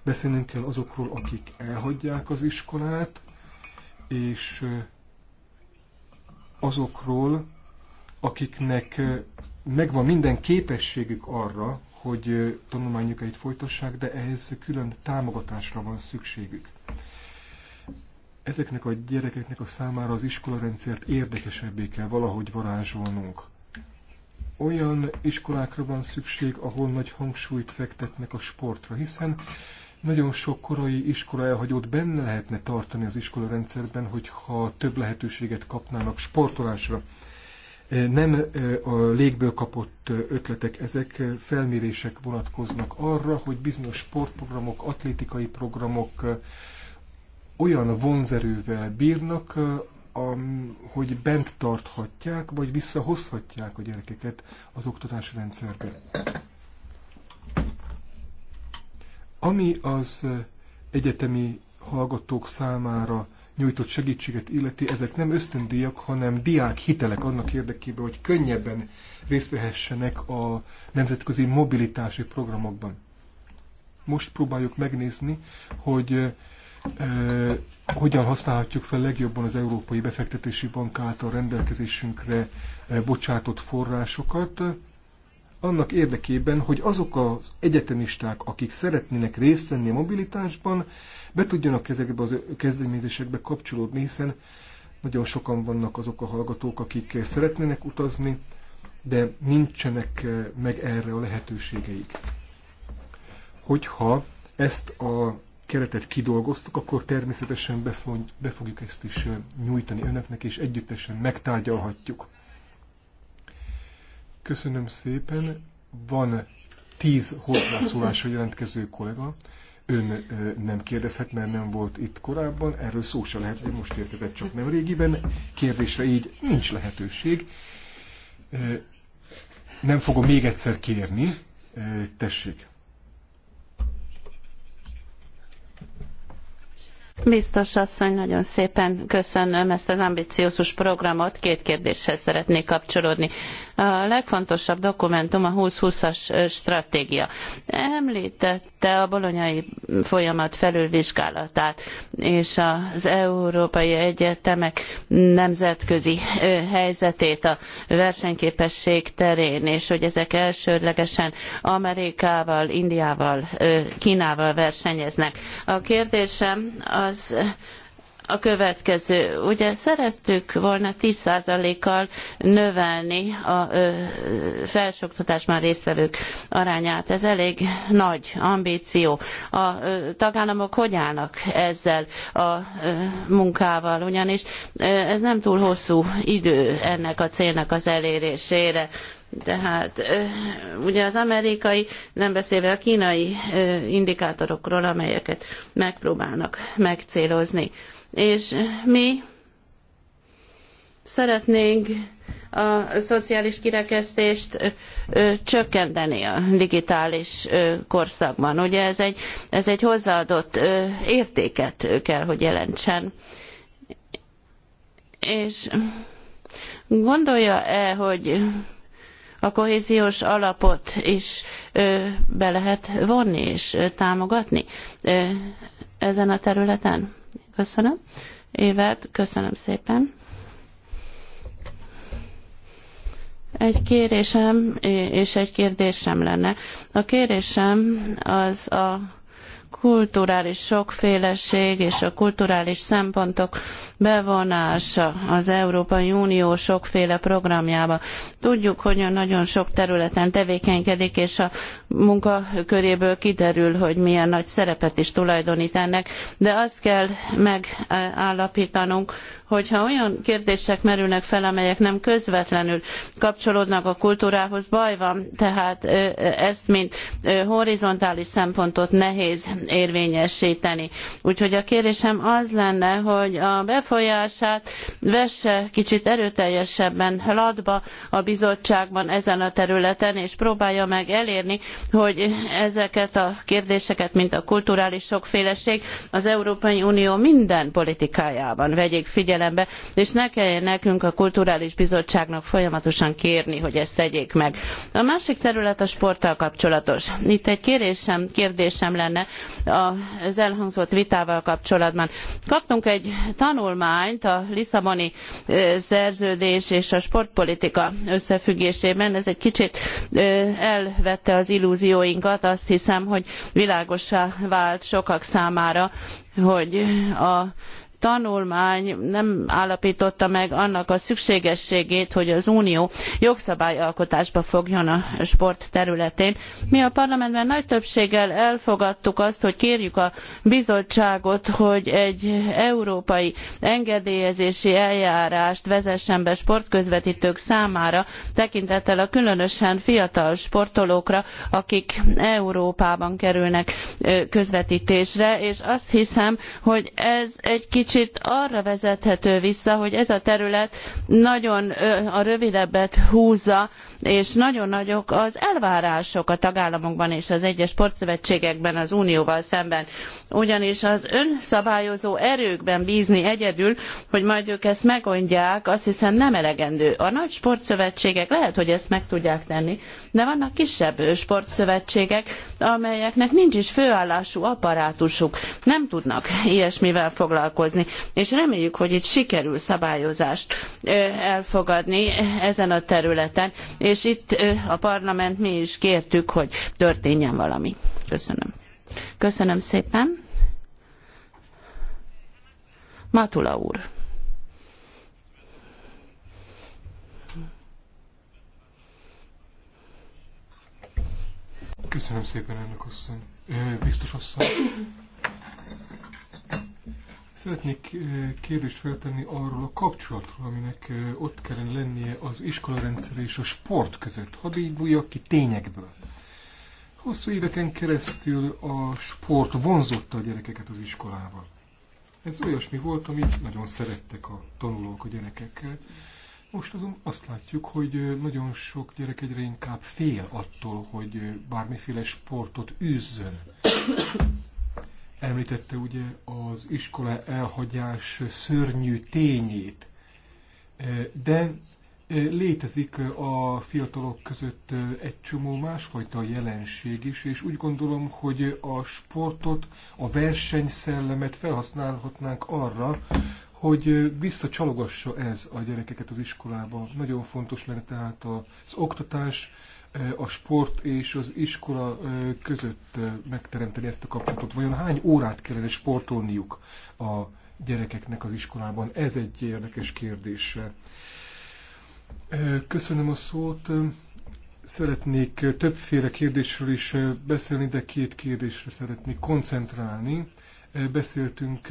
Beszélnünk kell azokról, akik elhagyják az iskolát, és azokról, akiknek megvan minden képességük arra, hogy tanulmányukat folytassák, de ehhez külön támogatásra van szükségük. Ezeknek a gyerekeknek a számára az iskolarendszert érdekesebbé kell valahogy varázsolnunk. Olyan iskolákra van szükség, ahol nagy hangsúlyt fektetnek a sportra, hiszen nagyon sok korai iskola elhagyott benne lehetne tartani az iskolarendszerben, hogyha több lehetőséget kapnának sportolásra. Nem a légből kapott ötletek, ezek felmérések vonatkoznak arra, hogy bizonyos sportprogramok, atlétikai programok olyan vonzerővel bírnak, hogy bent tarthatják, vagy visszahozhatják a gyerekeket az oktatási rendszerbe. Ami az egyetemi hallgatók számára nyújtott segítséget illeti, ezek nem ösztöndíjak, hanem diák hitelek annak érdekében, hogy könnyebben részt vehessenek a nemzetközi mobilitási programokban. Most próbáljuk megnézni, hogy e, hogyan használhatjuk fel legjobban az Európai Befektetési Bank által rendelkezésünkre bocsátott forrásokat, annak érdekében, hogy azok az egyetemisták, akik szeretnének részt venni a mobilitásban, be tudjanak ezekbe az kezdeményezésekbe kapcsolódni, hiszen nagyon sokan vannak azok a hallgatók, akik szeretnének utazni, de nincsenek eh, meg erre a lehetőségeik. Hogyha ezt a keretet kidolgoztuk, akkor természetesen be fogjuk ezt is eh, nyújtani önöknek, és együttesen megtárgyalhatjuk. Köszönöm szépen. Van tíz hozzászólásra jelentkező kollega. Ön ö, nem kérdezhet, mert nem volt itt korábban. Erről szó se lehet, hogy most érkezett csak nem régiben. Kérdésre így nincs lehetőség. Ö, nem fogom még egyszer kérni. Ö, tessék.
Biztos asszony, nagyon szépen köszönöm ezt az ambiciózus programot. Két kérdéshez szeretnék kapcsolódni. A legfontosabb dokumentum a 2020-as stratégia. Említette a bolonyai folyamat felülvizsgálatát és az Európai Egyetemek nemzetközi helyzetét a versenyképesség terén, és hogy ezek elsődlegesen Amerikával, Indiával, Kínával versenyeznek. A kérdésem az az a következő. Ugye szerettük volna 10%-kal növelni a felsőoktatásban résztvevők arányát. Ez elég nagy ambíció. A tagállamok hogy állnak ezzel a munkával, ugyanis ez nem túl hosszú idő ennek a célnak az elérésére. Tehát ugye az amerikai, nem beszélve a kínai indikátorokról, amelyeket megpróbálnak megcélozni és mi szeretnénk a szociális kirekesztést csökkenteni a digitális korszakban. Ugye ez egy, ez egy hozzáadott értéket kell, hogy jelentsen. És gondolja-e, hogy a kohéziós alapot is be lehet vonni és támogatni ezen a területen? Köszönöm. Évert, köszönöm szépen. Egy kérésem és egy kérdésem lenne. A kérésem az a kulturális sokféleség és a kulturális szempontok bevonása az Európai Unió sokféle programjába. Tudjuk, hogy nagyon sok területen tevékenykedik, és a munkaköréből kiderül, hogy milyen nagy szerepet is tulajdonít ennek, de azt kell megállapítanunk, hogyha olyan kérdések merülnek fel, amelyek nem közvetlenül kapcsolódnak a kultúrához, baj van, tehát ezt, mint horizontális szempontot nehéz érvényesíteni. Úgyhogy a kérésem az lenne, hogy a befolyását vesse kicsit erőteljesebben latba a bizottságban ezen a területen, és próbálja meg elérni, hogy ezeket a kérdéseket, mint a kulturális sokféleség, az Európai Unió minden politikájában vegyék figyelembe figyelembe, és ne kelljen nekünk a Kulturális Bizottságnak folyamatosan kérni, hogy ezt tegyék meg. A másik terület a sporttal kapcsolatos. Itt egy kérésem, kérdésem lenne az elhangzott vitával kapcsolatban. Kaptunk egy tanulmányt a Lisszaboni szerződés és a sportpolitika összefüggésében. Ez egy kicsit elvette az illúzióinkat. Azt hiszem, hogy világossá vált sokak számára, hogy a tanulmány nem állapította meg annak a szükségességét, hogy az Unió jogszabályalkotásba fogjon a sport területén. Mi a parlamentben nagy többséggel elfogadtuk azt, hogy kérjük a bizottságot, hogy egy európai engedélyezési eljárást vezessen be sportközvetítők számára, tekintettel a különösen fiatal sportolókra, akik Európában kerülnek közvetítésre, és azt hiszem, hogy ez egy kicsit kicsit arra vezethető vissza, hogy ez a terület nagyon a rövidebbet húzza, és nagyon nagyok az elvárások a tagállamokban és az egyes sportszövetségekben az unióval szemben. Ugyanis az önszabályozó erőkben bízni egyedül, hogy majd ők ezt megoldják, azt hiszem nem elegendő. A nagy sportszövetségek lehet, hogy ezt meg tudják tenni, de vannak kisebb sportszövetségek, amelyeknek nincs is főállású apparátusuk, nem tudnak ilyesmivel foglalkozni megvalósítani. És reméljük, hogy itt sikerül szabályozást elfogadni ezen a területen, és itt a parlament mi is kértük, hogy történjen valami. Köszönöm. Köszönöm szépen. Matula úr.
Köszönöm szépen, elnök asszony. Biztos asszony. Szeretnék kérdést feltenni arról a kapcsolatról, aminek ott kellene lennie az iskolarendszer és a sport között. Hadd így bújjak ki tényekből. Hosszú éveken keresztül a sport vonzotta a gyerekeket az iskolával. Ez olyasmi volt, amit nagyon szerettek a tanulók a gyerekekkel. Most azon azt látjuk, hogy nagyon sok gyerek egyre inkább fél attól, hogy bármiféle sportot űzzön. Említette ugye az iskola elhagyás szörnyű tényét, e, de e, létezik a fiatalok között e, egy csomó másfajta jelenség is, és úgy gondolom, hogy a sportot, a versenyszellemet felhasználhatnánk arra, hogy visszacsalogassa ez a gyerekeket az iskolába. Nagyon fontos lenne tehát az oktatás, Eh, a sport és az iskola eh, között eh, megteremteni ezt a kapcsolatot? Vajon hány órát kellene sportolniuk a gyerekeknek az iskolában? Ez egy érdekes kérdés. Köszönöm a szót. Szeretnék többféle kérdésről is beszélni, de két kérdésre szeretnék koncentrálni. Beszéltünk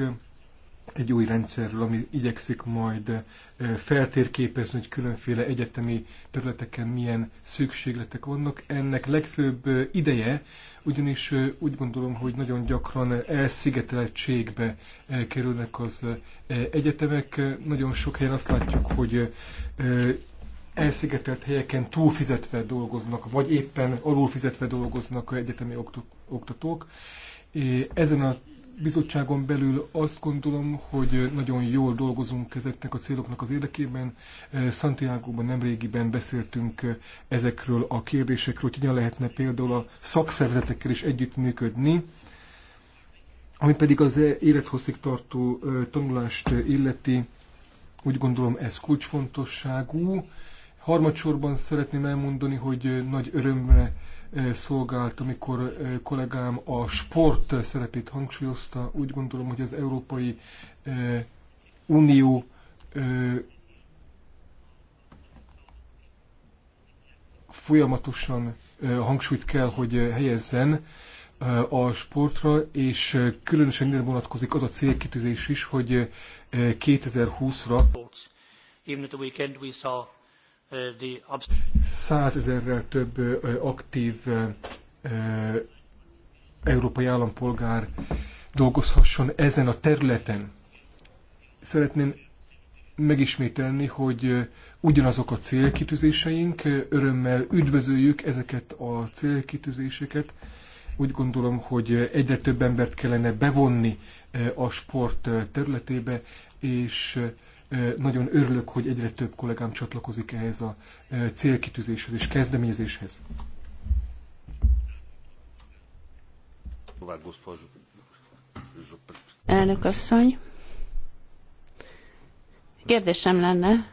egy új rendszerről, ami igyekszik majd eh, feltérképezni, hogy különféle egyetemi területeken milyen szükségletek vannak. Ennek legfőbb eh, ideje, ugyanis eh, úgy gondolom, hogy nagyon gyakran elszigeteltségbe kerülnek az egyetemek. Nagyon sok helyen azt látjuk, hogy elszigetelt helyeken túlfizetve dolgoznak, vagy éppen alulfizetve dolgoznak egyetemi oktatók. Ezen a bizottságon belül azt gondolom, hogy nagyon jól dolgozunk ezeknek a céloknak az érdekében. E, Santiago-ban nemrégiben beszéltünk ezekről a kérdésekről, hogy hogyan lehetne például a szakszervezetekkel is együttműködni, ami pedig az e, élethosszig tartó e, tanulást illeti, úgy gondolom ez kulcsfontosságú. Harmadsorban szeretném elmondani, hogy nagy örömre szolgált, amikor kollégám a sport szerepét hangsúlyozta. Úgy gondolom, hogy az Európai Unió folyamatosan hangsúlyt kell, hogy helyezzen a sportra, és különösen ide vonatkozik az a célkitűzés is, hogy 2020-ra
Even at the weekend we saw
Százezerrel több aktív európai állampolgár dolgozhasson ezen a területen. Szeretném megismételni, hogy ugyanazok a célkitűzéseink, örömmel üdvözöljük ezeket a célkitűzéseket. Úgy gondolom, hogy egyre több embert kellene bevonni a sport területébe, és nagyon örülök, hogy egyre több kollégám csatlakozik ehhez a célkitűzéshez és kezdeményezéshez. Elnök asszony,
kérdésem lenne,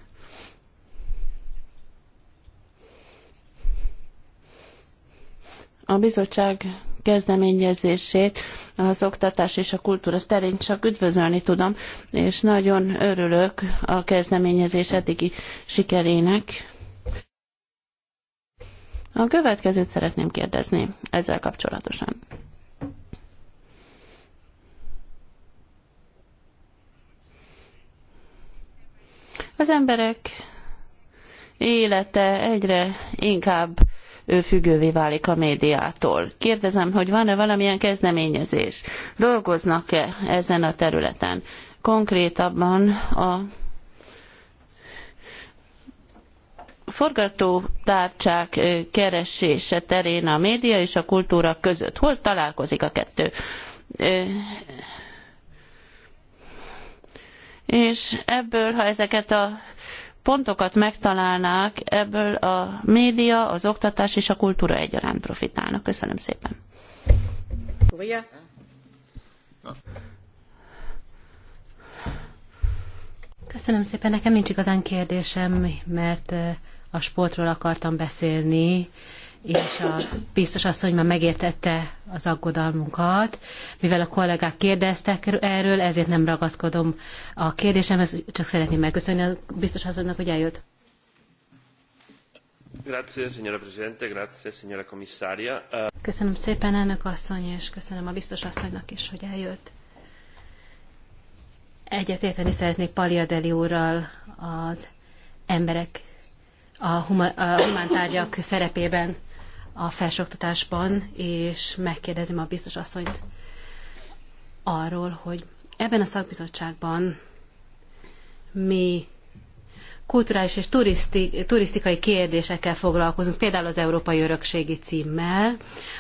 a bizottság kezdeményezését az oktatás és a kultúra terén csak üdvözölni tudom, és nagyon örülök a kezdeményezés eddigi sikerének. A következőt szeretném kérdezni ezzel kapcsolatosan. Az emberek élete egyre inkább függővé válik a médiától. Kérdezem, hogy van-e valamilyen kezdeményezés? Dolgoznak-e ezen a területen? Konkrétabban a forgatótárcsák keresése terén a média és a kultúra között. Hol találkozik a kettő? És ebből, ha ezeket a pontokat megtalálnák, ebből a média, az oktatás és a kultúra egyaránt profitálnak. Köszönöm szépen.
Köszönöm szépen, nekem nincs igazán kérdésem, mert eh, a sportról akartam beszélni, és a biztos asszony már megértette az aggodalmunkat. Mivel a kollégák kérdeztek erről, ezért nem ragaszkodom a kérdésemhez, csak szeretném megköszönni a biztos asszonynak, hogy eljött.
Köszönöm szépen,
elnök asszony, és köszönöm a biztos asszonynak is, hogy eljött. Egyetérteni szeretnék Paliadeli úrral az emberek a, huma, a humántárgyak szerepében a felsőoktatásban, és megkérdezem a biztos asszonyt arról, hogy ebben a szakbizottságban mi kulturális és turiszti, turisztikai kérdésekkel foglalkozunk, például az Európai Örökségi címmel.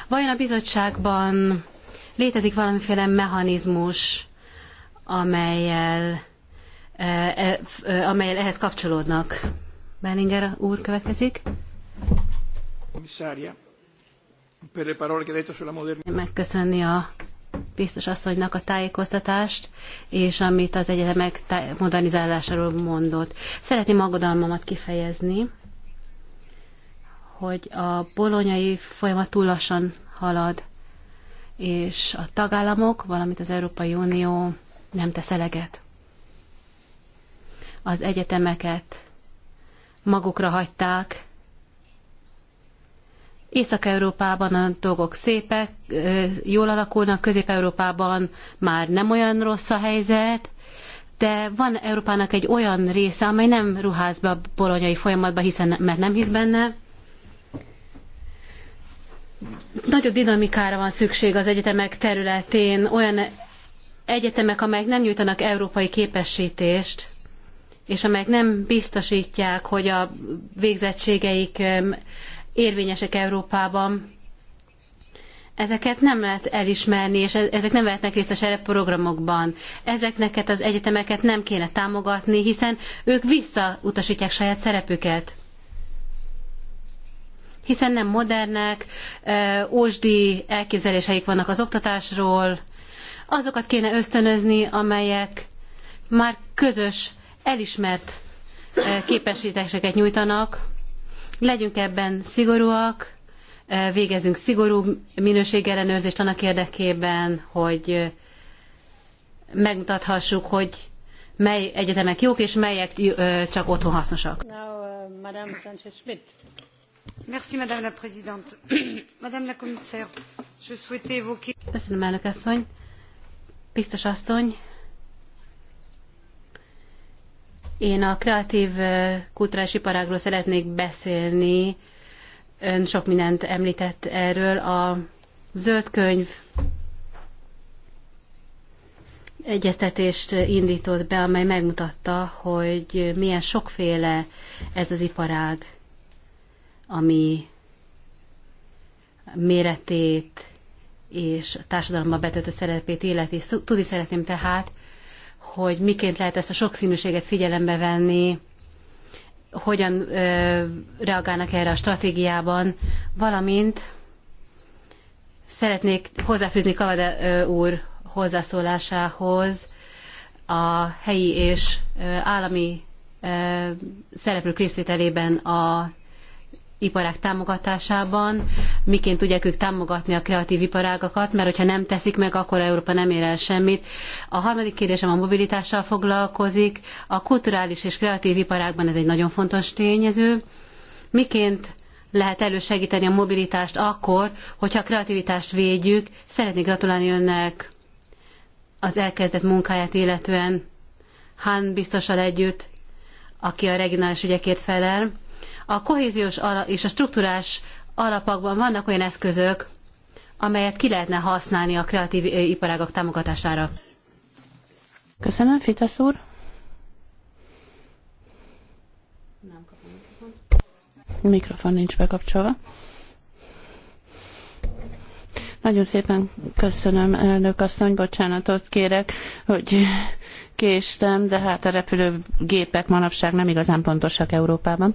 Vajon a bizottságban létezik valamiféle mechanizmus, amelyel, e, e, e, amelyel ehhez kapcsolódnak? Bellinger úr következik megköszönni a biztos asszonynak a tájékoztatást, és amit az egyetemek modernizálásáról mondott. Szeretném aggodalmamat kifejezni, hogy a bolonyai folyamat túl lassan halad, és a tagállamok, valamint az Európai Unió nem tesz eleget. Az egyetemeket magukra hagyták, Észak-Európában a dolgok szépek, jól alakulnak, Közép-Európában már nem olyan rossz a helyzet, de van Európának egy olyan része, amely nem ruház be a bolonyai folyamatba, hiszen mert nem hisz benne. Nagyobb dinamikára van szükség az egyetemek területén, olyan egyetemek, amelyek nem nyújtanak európai képesítést, és amelyek nem biztosítják, hogy a végzettségeik érvényesek Európában, ezeket nem lehet elismerni, és e- ezek nem vehetnek részt a serep programokban. az egyetemeket nem kéne támogatni, hiszen ők visszautasítják saját szerepüket. Hiszen nem modernek, e, ósdi elképzeléseik vannak az oktatásról. Azokat kéne ösztönözni, amelyek már közös, elismert e, képesítéseket nyújtanak, Legyünk ebben szigorúak, végezzünk szigorú minőségellenőrzést annak érdekében, hogy megmutathassuk, hogy mely egyetemek jók, és melyek csak otthon hasznosak. Uh, Merci, Madame la Présidente. Madame la Commissaire, je souhaitais évoquer... Köszönöm, elnök asszony. Biztos asszony, Én a kreatív kulturális iparágról szeretnék beszélni. Ön sok mindent említett erről. A zöld könyv egyeztetést indított be, amely megmutatta, hogy milyen sokféle ez az iparág, ami méretét és a társadalomba betöltő szerepét életi Tudni szeretném tehát, hogy miként lehet ezt a sokszínűséget figyelembe venni, hogyan ö, reagálnak erre a stratégiában, valamint szeretnék hozzáfűzni Kavada ö, úr hozzászólásához a helyi és ö, állami ö, szereplők részvételében a iparák támogatásában, miként tudják ők támogatni a kreatív iparágakat, mert hogyha nem teszik meg, akkor Európa nem ér el semmit. A harmadik kérdésem a mobilitással foglalkozik. A kulturális és kreatív iparágban ez egy nagyon fontos tényező. Miként lehet elősegíteni a mobilitást akkor, hogyha a kreativitást védjük. Szeretnék gratulálni önnek az elkezdett munkáját illetően Han biztosan együtt, aki a regionális ügyekért felel a kohéziós és a strukturális alapokban vannak olyan eszközök, amelyet ki lehetne használni a kreatív iparágak támogatására.
Köszönöm, Fitasz úr. Mikrofon nincs bekapcsolva. Nagyon szépen köszönöm, elnök asszony, bocsánatot kérek, hogy késtem, de hát a repülőgépek manapság nem igazán pontosak Európában.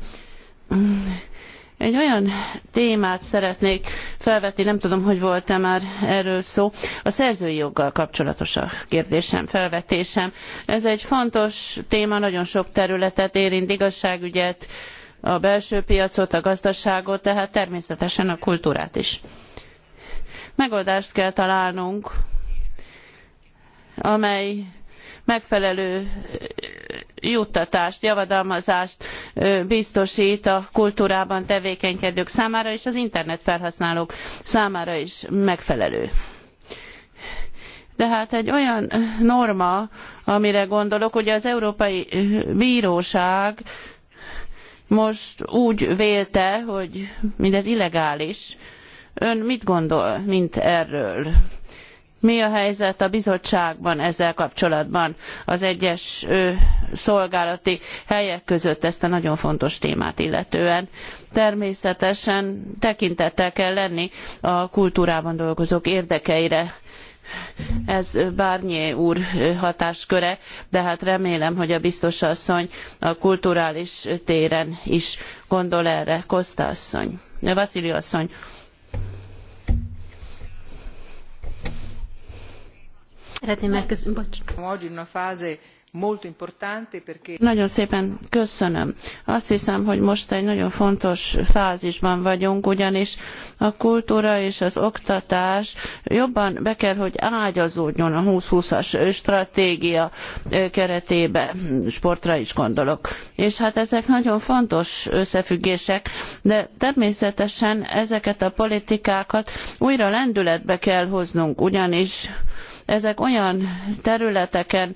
Egy olyan témát szeretnék felvetni, nem tudom, hogy volt-e már erről szó. A szerzői joggal kapcsolatos a kérdésem, felvetésem. Ez egy fontos téma, nagyon sok területet érint, igazságügyet, a belső piacot, a gazdaságot, tehát természetesen a kultúrát is. Megoldást kell találnunk, amely megfelelő juttatást, javadalmazást biztosít a kultúrában tevékenykedők számára, és az internet felhasználók számára is megfelelő. De hát egy olyan norma, amire gondolok, ugye az Európai Bíróság most úgy vélte, hogy mindez illegális. Ön mit gondol mint erről? mi a helyzet a bizottságban ezzel kapcsolatban az egyes szolgálati helyek között ezt a nagyon fontos témát illetően. Természetesen tekintettel kell lenni a kultúrában dolgozók érdekeire. Ez Bárnyé úr hatásköre, de hát remélem, hogy a biztos asszony a kulturális téren is gondol erre. Kosta asszony, Vasszilió asszony. Szeretném megköszönni, Nagyon szépen köszönöm. Azt hiszem, hogy most egy nagyon fontos fázisban vagyunk, ugyanis a kultúra és az oktatás jobban be kell, hogy ágyazódjon a 2020-as stratégia keretébe, sportra is gondolok. És hát ezek nagyon fontos összefüggések, de természetesen ezeket a politikákat újra lendületbe kell hoznunk, ugyanis ezek olyan területeken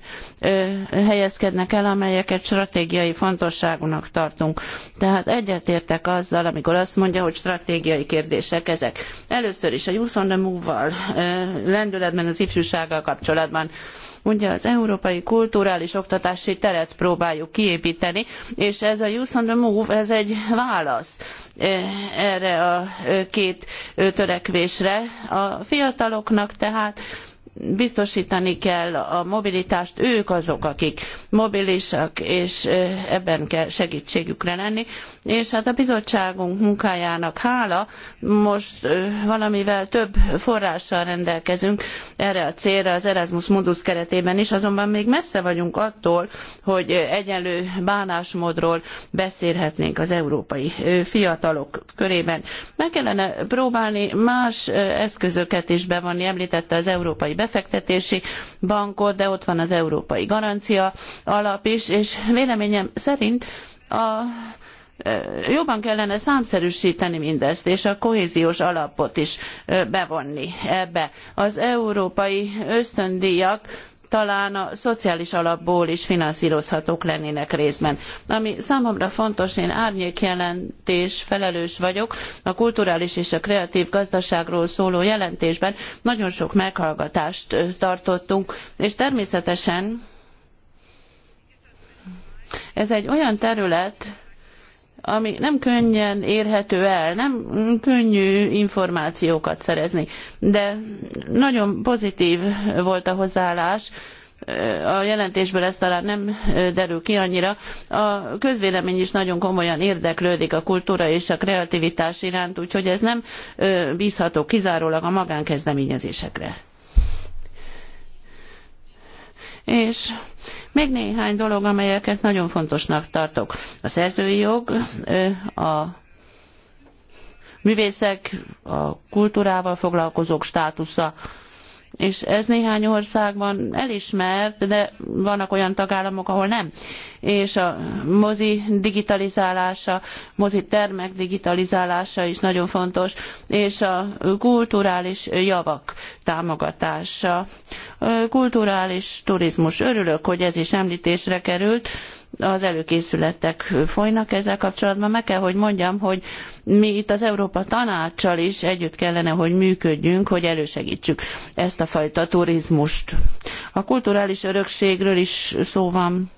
helyezkednek el, amelyeket stratégiai fontosságúnak tartunk. Tehát egyetértek azzal, amikor azt mondja, hogy stratégiai kérdések ezek. Először is a Youth on the Move-val, lendületben az ifjúsággal kapcsolatban Ugye az európai kulturális oktatási teret próbáljuk kiépíteni, és ez a Youth on the Move, ez egy válasz erre a két törekvésre. A fiataloknak tehát biztosítani kell a mobilitást, ők azok, akik mobilisak, és ebben kell segítségükre lenni. És hát a bizottságunk munkájának hála, most valamivel több forrással rendelkezünk erre a célra az Erasmus Mundus keretében is, azonban még messze vagyunk attól, hogy egyenlő bánásmódról beszélhetnénk az európai fiatalok körében. Meg kellene próbálni más eszközöket is bevonni, említette az európai befektetési bankot, de ott van az Európai Garancia Alap is, és véleményem szerint a jobban kellene számszerűsíteni mindezt, és a kohéziós alapot is bevonni ebbe. Az európai ösztöndíjak talán a szociális alapból is finanszírozhatók lennének részben. Ami számomra fontos, én árnyékjelentés felelős vagyok, a kulturális és a kreatív gazdaságról szóló jelentésben nagyon sok meghallgatást tartottunk, és természetesen ez egy olyan terület, ami nem könnyen érhető el, nem könnyű információkat szerezni, de nagyon pozitív volt a hozzáállás, a jelentésből ez talán nem derül ki annyira. A közvélemény is nagyon komolyan érdeklődik a kultúra és a kreativitás iránt, úgyhogy ez nem bízható kizárólag a magánkezdeményezésekre. És még néhány dolog, amelyeket nagyon fontosnak tartok. A szerzői jog, a művészek, a kultúrával foglalkozók státusza, és ez néhány országban elismert, de vannak olyan tagállamok, ahol nem. És a mozi digitalizálása, mozi termek digitalizálása is nagyon fontos, és a kulturális javak támogatása, kulturális turizmus. Örülök, hogy ez is említésre került az előkészületek folynak ezzel kapcsolatban. Meg kell, hogy mondjam, hogy mi itt az Európa Tanácssal is együtt kellene, hogy működjünk, hogy elősegítsük ezt a fajta turizmust. A kulturális örökségről is szó van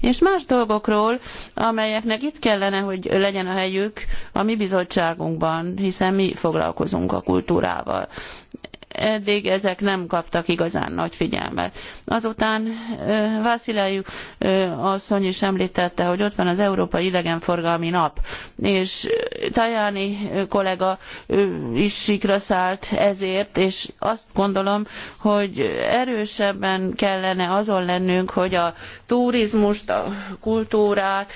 és más dolgokról, amelyeknek itt kellene, hogy legyen a helyük a mi bizottságunkban, hiszen mi foglalkozunk a kultúrával eddig ezek nem kaptak igazán nagy figyelmet. Azután Vasilájú asszony is említette, hogy ott van az Európai Idegenforgalmi Nap, és Tajani kollega is sikra szállt ezért, és azt gondolom, hogy erősebben kellene azon lennünk, hogy a turizmust, a kultúrát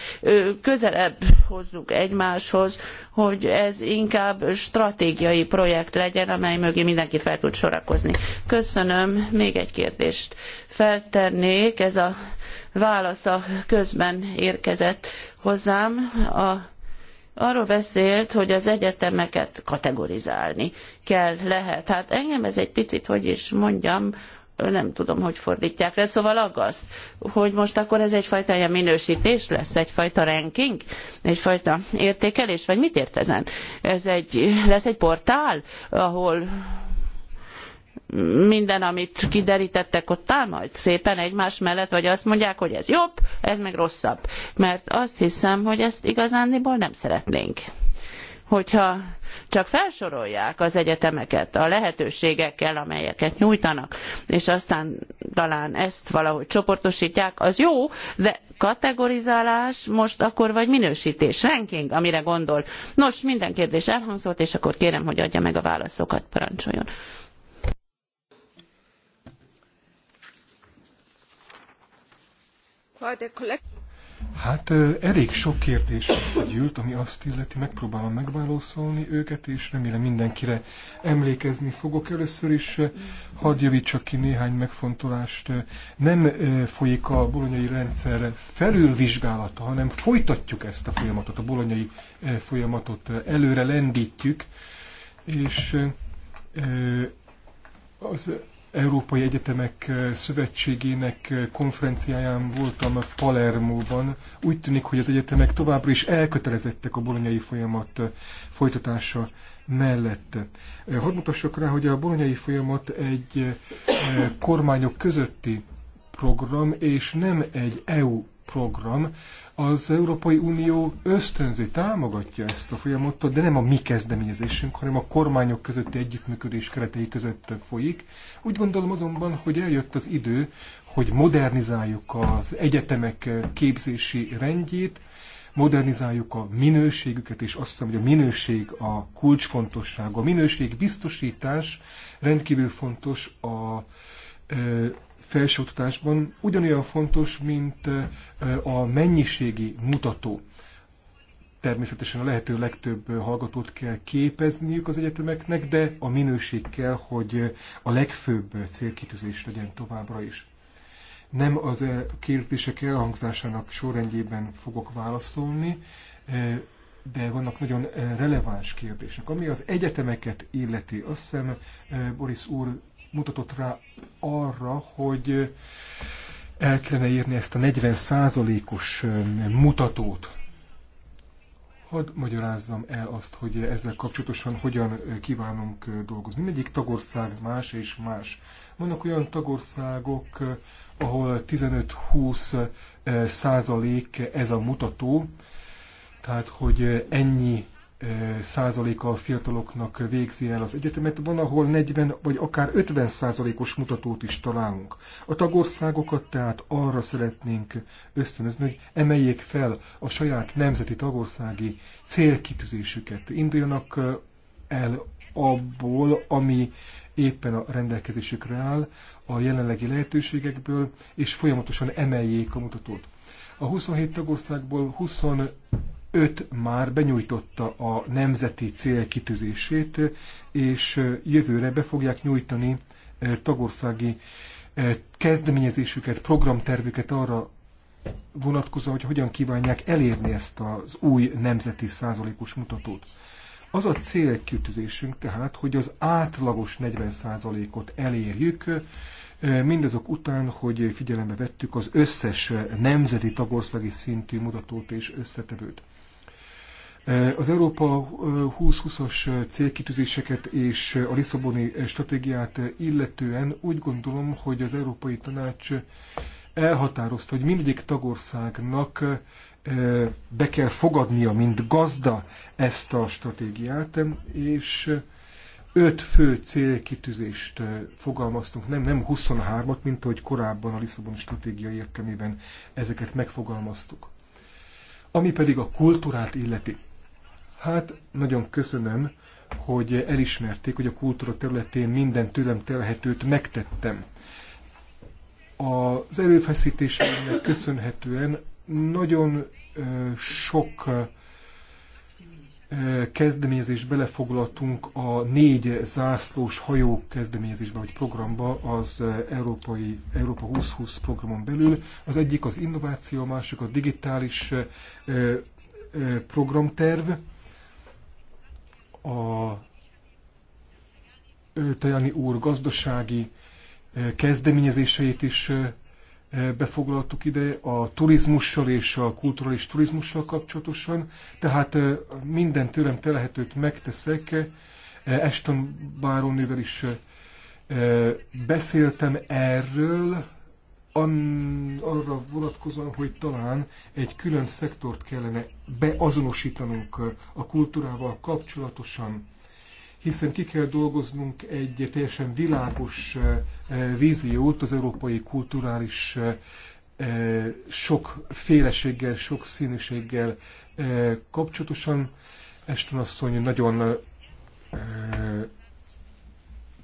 közelebb hozzuk egymáshoz, hogy ez inkább stratégiai projekt legyen, amely mögé mindenki fel tud sorakozni. Köszönöm. Még egy kérdést feltennék. Ez a válasz a közben érkezett hozzám. A arról beszélt, hogy az egyetemeket kategorizálni kell, lehet. Hát engem ez egy picit, hogy is mondjam, nem tudom, hogy fordítják le, szóval aggaszt, hogy most akkor ez egyfajta ilyen minősítés lesz, egyfajta ranking, egyfajta értékelés, vagy mit ért ezen? Ez egy, lesz egy portál, ahol minden, amit kiderítettek, ott áll majd szépen egymás mellett, vagy azt mondják, hogy ez jobb, ez meg rosszabb. Mert azt hiszem, hogy ezt igazániból nem szeretnénk hogyha csak felsorolják az egyetemeket a lehetőségekkel, amelyeket nyújtanak, és aztán talán ezt valahogy csoportosítják, az jó, de kategorizálás most akkor vagy minősítés, ranking, amire gondol. Nos, minden kérdés elhangzott, és akkor kérem, hogy adja meg a
válaszokat, parancsoljon. Hát elég sok kérdés összegyűlt, ami azt illeti, megpróbálom megválaszolni őket, és remélem mindenkire emlékezni fogok. Először is hadd javítsak ki néhány megfontolást. Nem folyik a bolonyai rendszer felülvizsgálata, hanem folytatjuk ezt a folyamatot, a bolonyai folyamatot előre lendítjük, és az Európai Egyetemek eh, Szövetségének eh, konferenciáján voltam Palermóban. Úgy tűnik, hogy az egyetemek továbbra is elkötelezettek a bolonyai folyamat eh, folytatása mellett. Hadd mutassak rá, hogy a bolonyai folyamat egy kormányok közötti program, és nem egy EU program. Az Európai Unió ösztönzi, támogatja ezt a folyamatot, de nem a mi kezdeményezésünk, hanem a kormányok közötti együttműködés keretei között folyik. Úgy gondolom azonban, hogy eljött az idő, hogy modernizáljuk az egyetemek képzési rendjét, modernizáljuk a minőségüket, és azt hiszem, hogy a minőség a kulcsfontosság. A minőség biztosítás rendkívül fontos a felsőoktatásban ugyanolyan fontos, mint a mennyiségi mutató. Természetesen a lehető legtöbb hallgatót kell képezniük az egyetemeknek, de a minőség kell, hogy a legfőbb célkitűzés legyen továbbra is. Nem az kérdések elhangzásának sorrendjében fogok válaszolni, de vannak nagyon releváns kérdések. Ami az egyetemeket illeti, azt hiszem Boris úr mutatott rá arra, hogy el kellene írni ezt a 40 százalékos um, mutatót. Hadd magyarázzam el azt, hogy ezzel kapcsolatosan hogyan uh, kívánunk uh, dolgozni. Mindegyik tagország más és más. Vannak olyan tagországok, uh, ahol 15-20 százalék ez a mutató, tehát hogy ennyi százaléka a fiataloknak végzi el az egyetemet, van, ahol 40 vagy akár 50 százalékos mutatót is találunk. A tagországokat tehát arra szeretnénk ösztönözni, hogy emeljék fel a saját nemzeti tagországi célkitűzésüket. Induljanak eh, el abból, ami éppen a rendelkezésükre áll, a jelenlegi lehetőségekből, és folyamatosan emeljék a mutatót. A 27 tagországból 20 öt már benyújtotta a nemzeti cél kitűzését, és jövőre be fogják nyújtani tagországi kezdeményezésüket, programtervüket arra vonatkozóan, hogy hogyan kívánják elérni ezt az új nemzeti százalékos mutatót. Az a célkütőzésünk tehát, hogy az átlagos 40%-ot elérjük, mindazok után, hogy figyelembe vettük az összes nemzeti tagországi szintű mutatót és összetevőt. Az Európa 2020-as célkitűzéseket és a Lisszaboni stratégiát illetően úgy gondolom, hogy az Európai Tanács elhatározta, hogy mindegyik tagországnak eh, be kell fogadnia, mint gazda ezt a stratégiát, és öt fő célkitűzést eh, fogalmaztunk, nem, nem 23-at, mint ahogy korábban a Lisszaboni stratégia értelmében ezeket megfogalmaztuk. Ami pedig a kultúrát illeti. Hát, nagyon köszönöm, hogy elismerték, hogy a kultúra területén minden tőlem telhetőt megtettem. Az erőfeszítéseimnek köszönhetően nagyon sok kezdeményezést belefoglaltunk a négy zászlós hajó kezdeményezésbe vagy programba az Európai, Európa 2020 programon belül. Az egyik az innováció, a másik a digitális programterv, a Tajani úr gazdasági kezdeményezéseit is befoglaltuk ide a turizmussal és a kulturális turizmussal kapcsolatosan. Tehát minden tőlem telehetőt megteszek. Eston Báronnővel is beszéltem erről, arra vonatkozóan, hogy talán egy külön szektort kellene beazonosítanunk a kultúrával kapcsolatosan, hiszen ki kell dolgoznunk egy teljesen világos eh, eh, víziót az európai kulturális eh, sok féleséggel, sok színűséggel kapcsolatosan. Eston asszony nagyon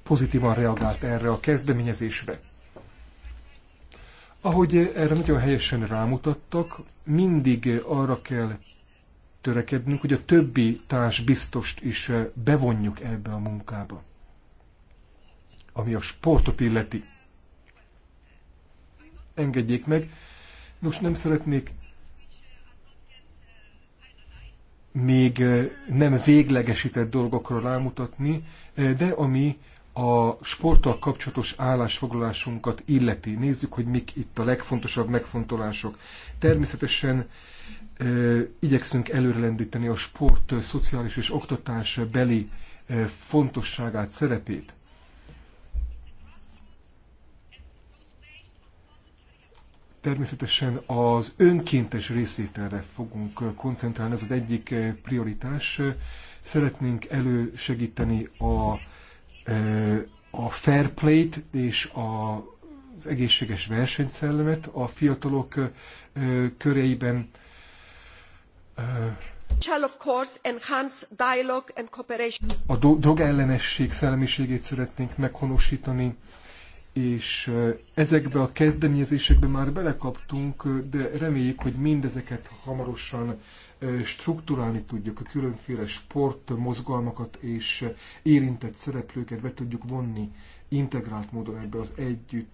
pozitívan reagált erre a kezdeményezésre. Ahogy erre nagyon helyesen rámutattak, mindig arra kell törekednünk, hogy a többi társ biztost is bevonjuk ebbe a munkába. Ami a sportot illeti. Engedjék meg, most nem szeretnék még nem véglegesített dolgokról rámutatni, de ami a sporttal kapcsolatos állásfoglalásunkat illeti. Nézzük, hogy mik itt a legfontosabb megfontolások. Természetesen e, igyekszünk előrelendíteni a sport ö, szociális és oktatás beli e, fontosságát, szerepét. Természetesen az önkéntes részételre fogunk koncentrálni, ez az egyik prioritás. Szeretnénk elősegíteni a a fair play-t és a, az egészséges versenyszellemet a fiatalok köreiben a drogellenesség szellemiségét szeretnénk meghonosítani, és ezekbe a kezdeményezésekbe már belekaptunk, de reméljük, hogy mindezeket hamarosan strukturálni tudjuk, a különféle sportmozgalmakat és érintett szereplőket be tudjuk vonni integrált módon ebbe az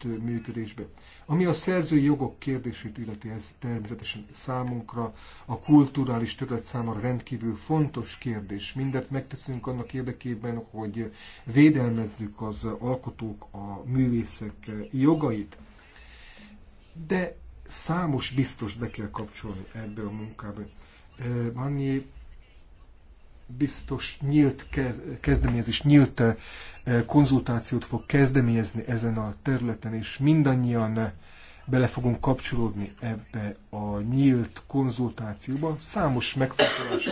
működésbe. Ami a szerzői jogok kérdését illeti, ez természetesen számunkra, a kulturális terület számára rendkívül fontos kérdés. Mindent megteszünk annak érdekében, hogy védelmezzük az alkotók, a művészek jogait. De számos biztos be kell kapcsolni ebbe a munkába. Manni biztos nyílt kezdeményezés, nyílt eh, konzultációt fog kezdeményezni ezen a területen, és mindannyian bele fogunk kapcsolódni ebbe a nyílt konzultációba. Számos megfontolás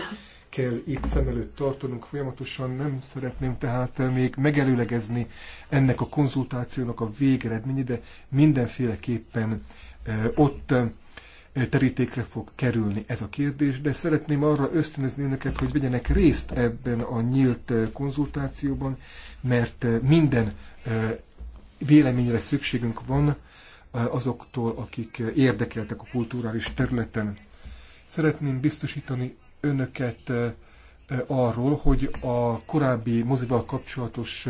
kell itt szem előtt tartanunk folyamatosan, nem szeretném tehát még megelőlegezni ennek a konzultációnak a végeredményét, de mindenféleképpen eh, ott terítékre fog kerülni ez a kérdés, de szeretném arra ösztönözni önöket, hogy vegyenek részt ebben a nyílt eh, konzultációban, mert eh, minden eh, véleményre szükségünk van azoktól, akik érdekeltek a kulturális területen. Szeretném biztosítani önöket arról, hogy a korábbi mozival kapcsolatos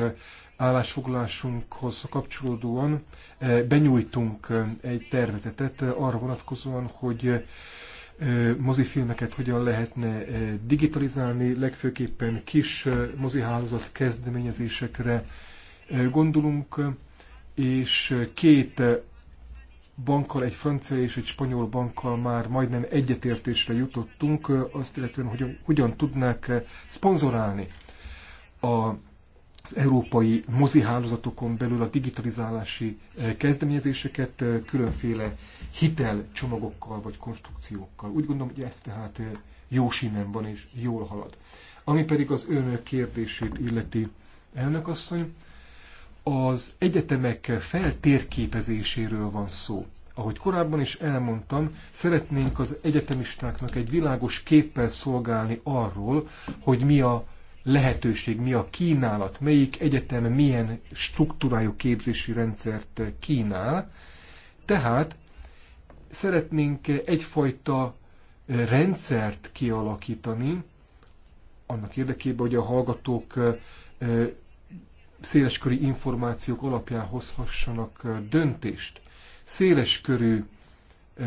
állásfoglalásunkhoz kapcsolódóan eh, benyújtunk eh, egy tervezetet eh, arra vonatkozóan, hogy mozifilmeket hogyan lehetne digitalizálni, legfőképpen kis mozihálózat kezdeményezésekre gondolunk, és két bankkal, egy francia és egy spanyol bankkal már majdnem egyetértésre jutottunk, azt illetően, hogy hogyan tudnák szponzorálni a az európai mozihálózatokon belül a digitalizálási eh, kezdeményezéseket eh, különféle hitelcsomagokkal vagy konstrukciókkal. Úgy gondolom, hogy ez tehát eh, jó sínen van és jól halad. Ami pedig az önök kérdését illeti, asszony, az egyetemek feltérképezéséről van szó. Ahogy korábban is elmondtam, szeretnénk az egyetemistáknak egy világos képpel szolgálni arról, hogy mi a lehetőség, mi a kínálat, melyik egyetem milyen struktúrájú képzési rendszert kínál. Tehát szeretnénk egyfajta rendszert kialakítani, annak érdekében, hogy a hallgatók széleskörű információk alapján hozhassanak döntést. Széleskörű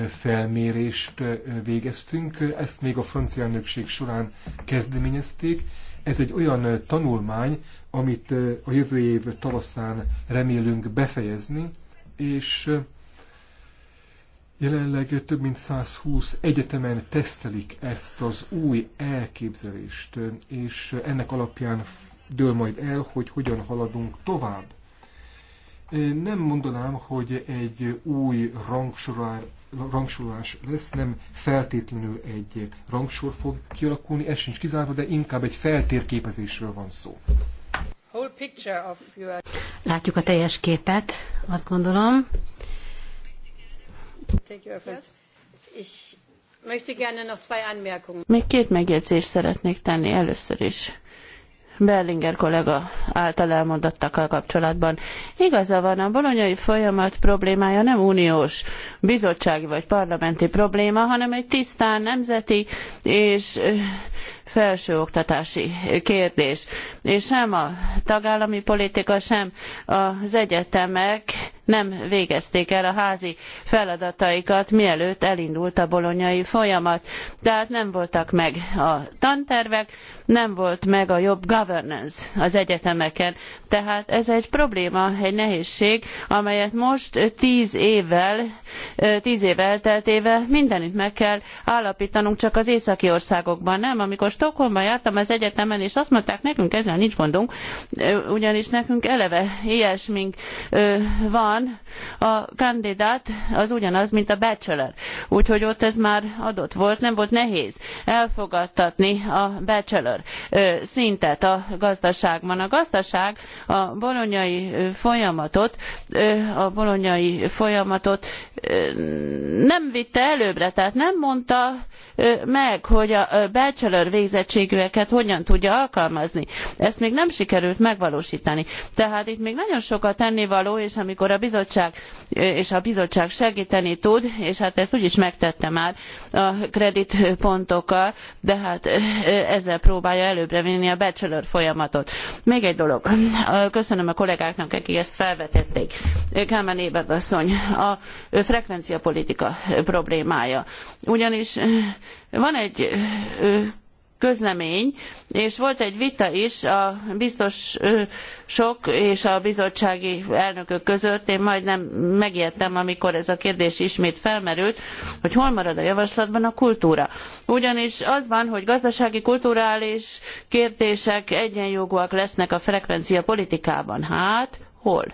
felmérést végeztünk, ezt még a francia elnökség során kezdeményezték, ez egy olyan tanulmány, amit a jövő év tavaszán remélünk befejezni, és jelenleg több mint 120 egyetemen tesztelik ezt az új elképzelést, és ennek alapján dől majd el, hogy hogyan haladunk tovább. Nem mondanám, hogy egy új rangsorár rangsorolás lesz, nem feltétlenül egy rangsor fog kialakulni, ez sincs kizárva, de inkább egy feltérképezésről van szó.
Látjuk a teljes képet, azt gondolom. Még
két megjegyzést szeretnék tenni először is. Berlinger kollega által elmondottakkal kapcsolatban. Igaza van, a bolonyai folyamat problémája nem uniós bizottsági vagy parlamenti probléma, hanem egy tisztán nemzeti és felsőoktatási kérdés. És sem a tagállami politika, sem az egyetemek nem végezték el a házi feladataikat, mielőtt elindult a bolonyai folyamat. Tehát nem voltak meg a tantervek, nem volt meg a jobb governance az egyetemeken. Tehát ez egy probléma, egy nehézség, amelyet most tíz évvel, tíz év elteltével mindenütt meg kell állapítanunk, csak az északi országokban nem. Amikor Stockholmban jártam az egyetemen, és azt mondták, nekünk ezzel nincs gondunk, ugyanis nekünk eleve ilyesmink van, Hollandiában a kandidát az ugyanaz, mint a bachelor. Úgyhogy ott ez már adott volt, nem volt nehéz elfogadtatni a bachelor szintet a gazdaságban. A gazdaság a bolonyai folyamatot, a bolonyai folyamatot nem vitte előbbre, tehát nem mondta meg, hogy a bachelor végzettségűeket hogyan tudja alkalmazni. Ezt még nem sikerült megvalósítani. Tehát itt még nagyon sokat tennivaló, és amikor a bizottság, és a bizottság segíteni tud, és hát ezt úgyis megtette már a kreditpontokkal, de hát ezzel próbálja előbbre vinni a bachelor folyamatot. Még egy dolog. Köszönöm a kollégáknak, akik ezt felvetették. Kálmán Ébert asszony, a frekvenciapolitika problémája. Ugyanis van egy közlemény, és volt egy vita is a biztos sok és a bizottsági elnökök között. Én majdnem megijedtem, amikor ez a kérdés ismét felmerült, hogy hol marad a javaslatban a kultúra. Ugyanis az van, hogy gazdasági, kulturális kérdések egyenjogúak lesznek a frekvencia politikában. Hát, hol.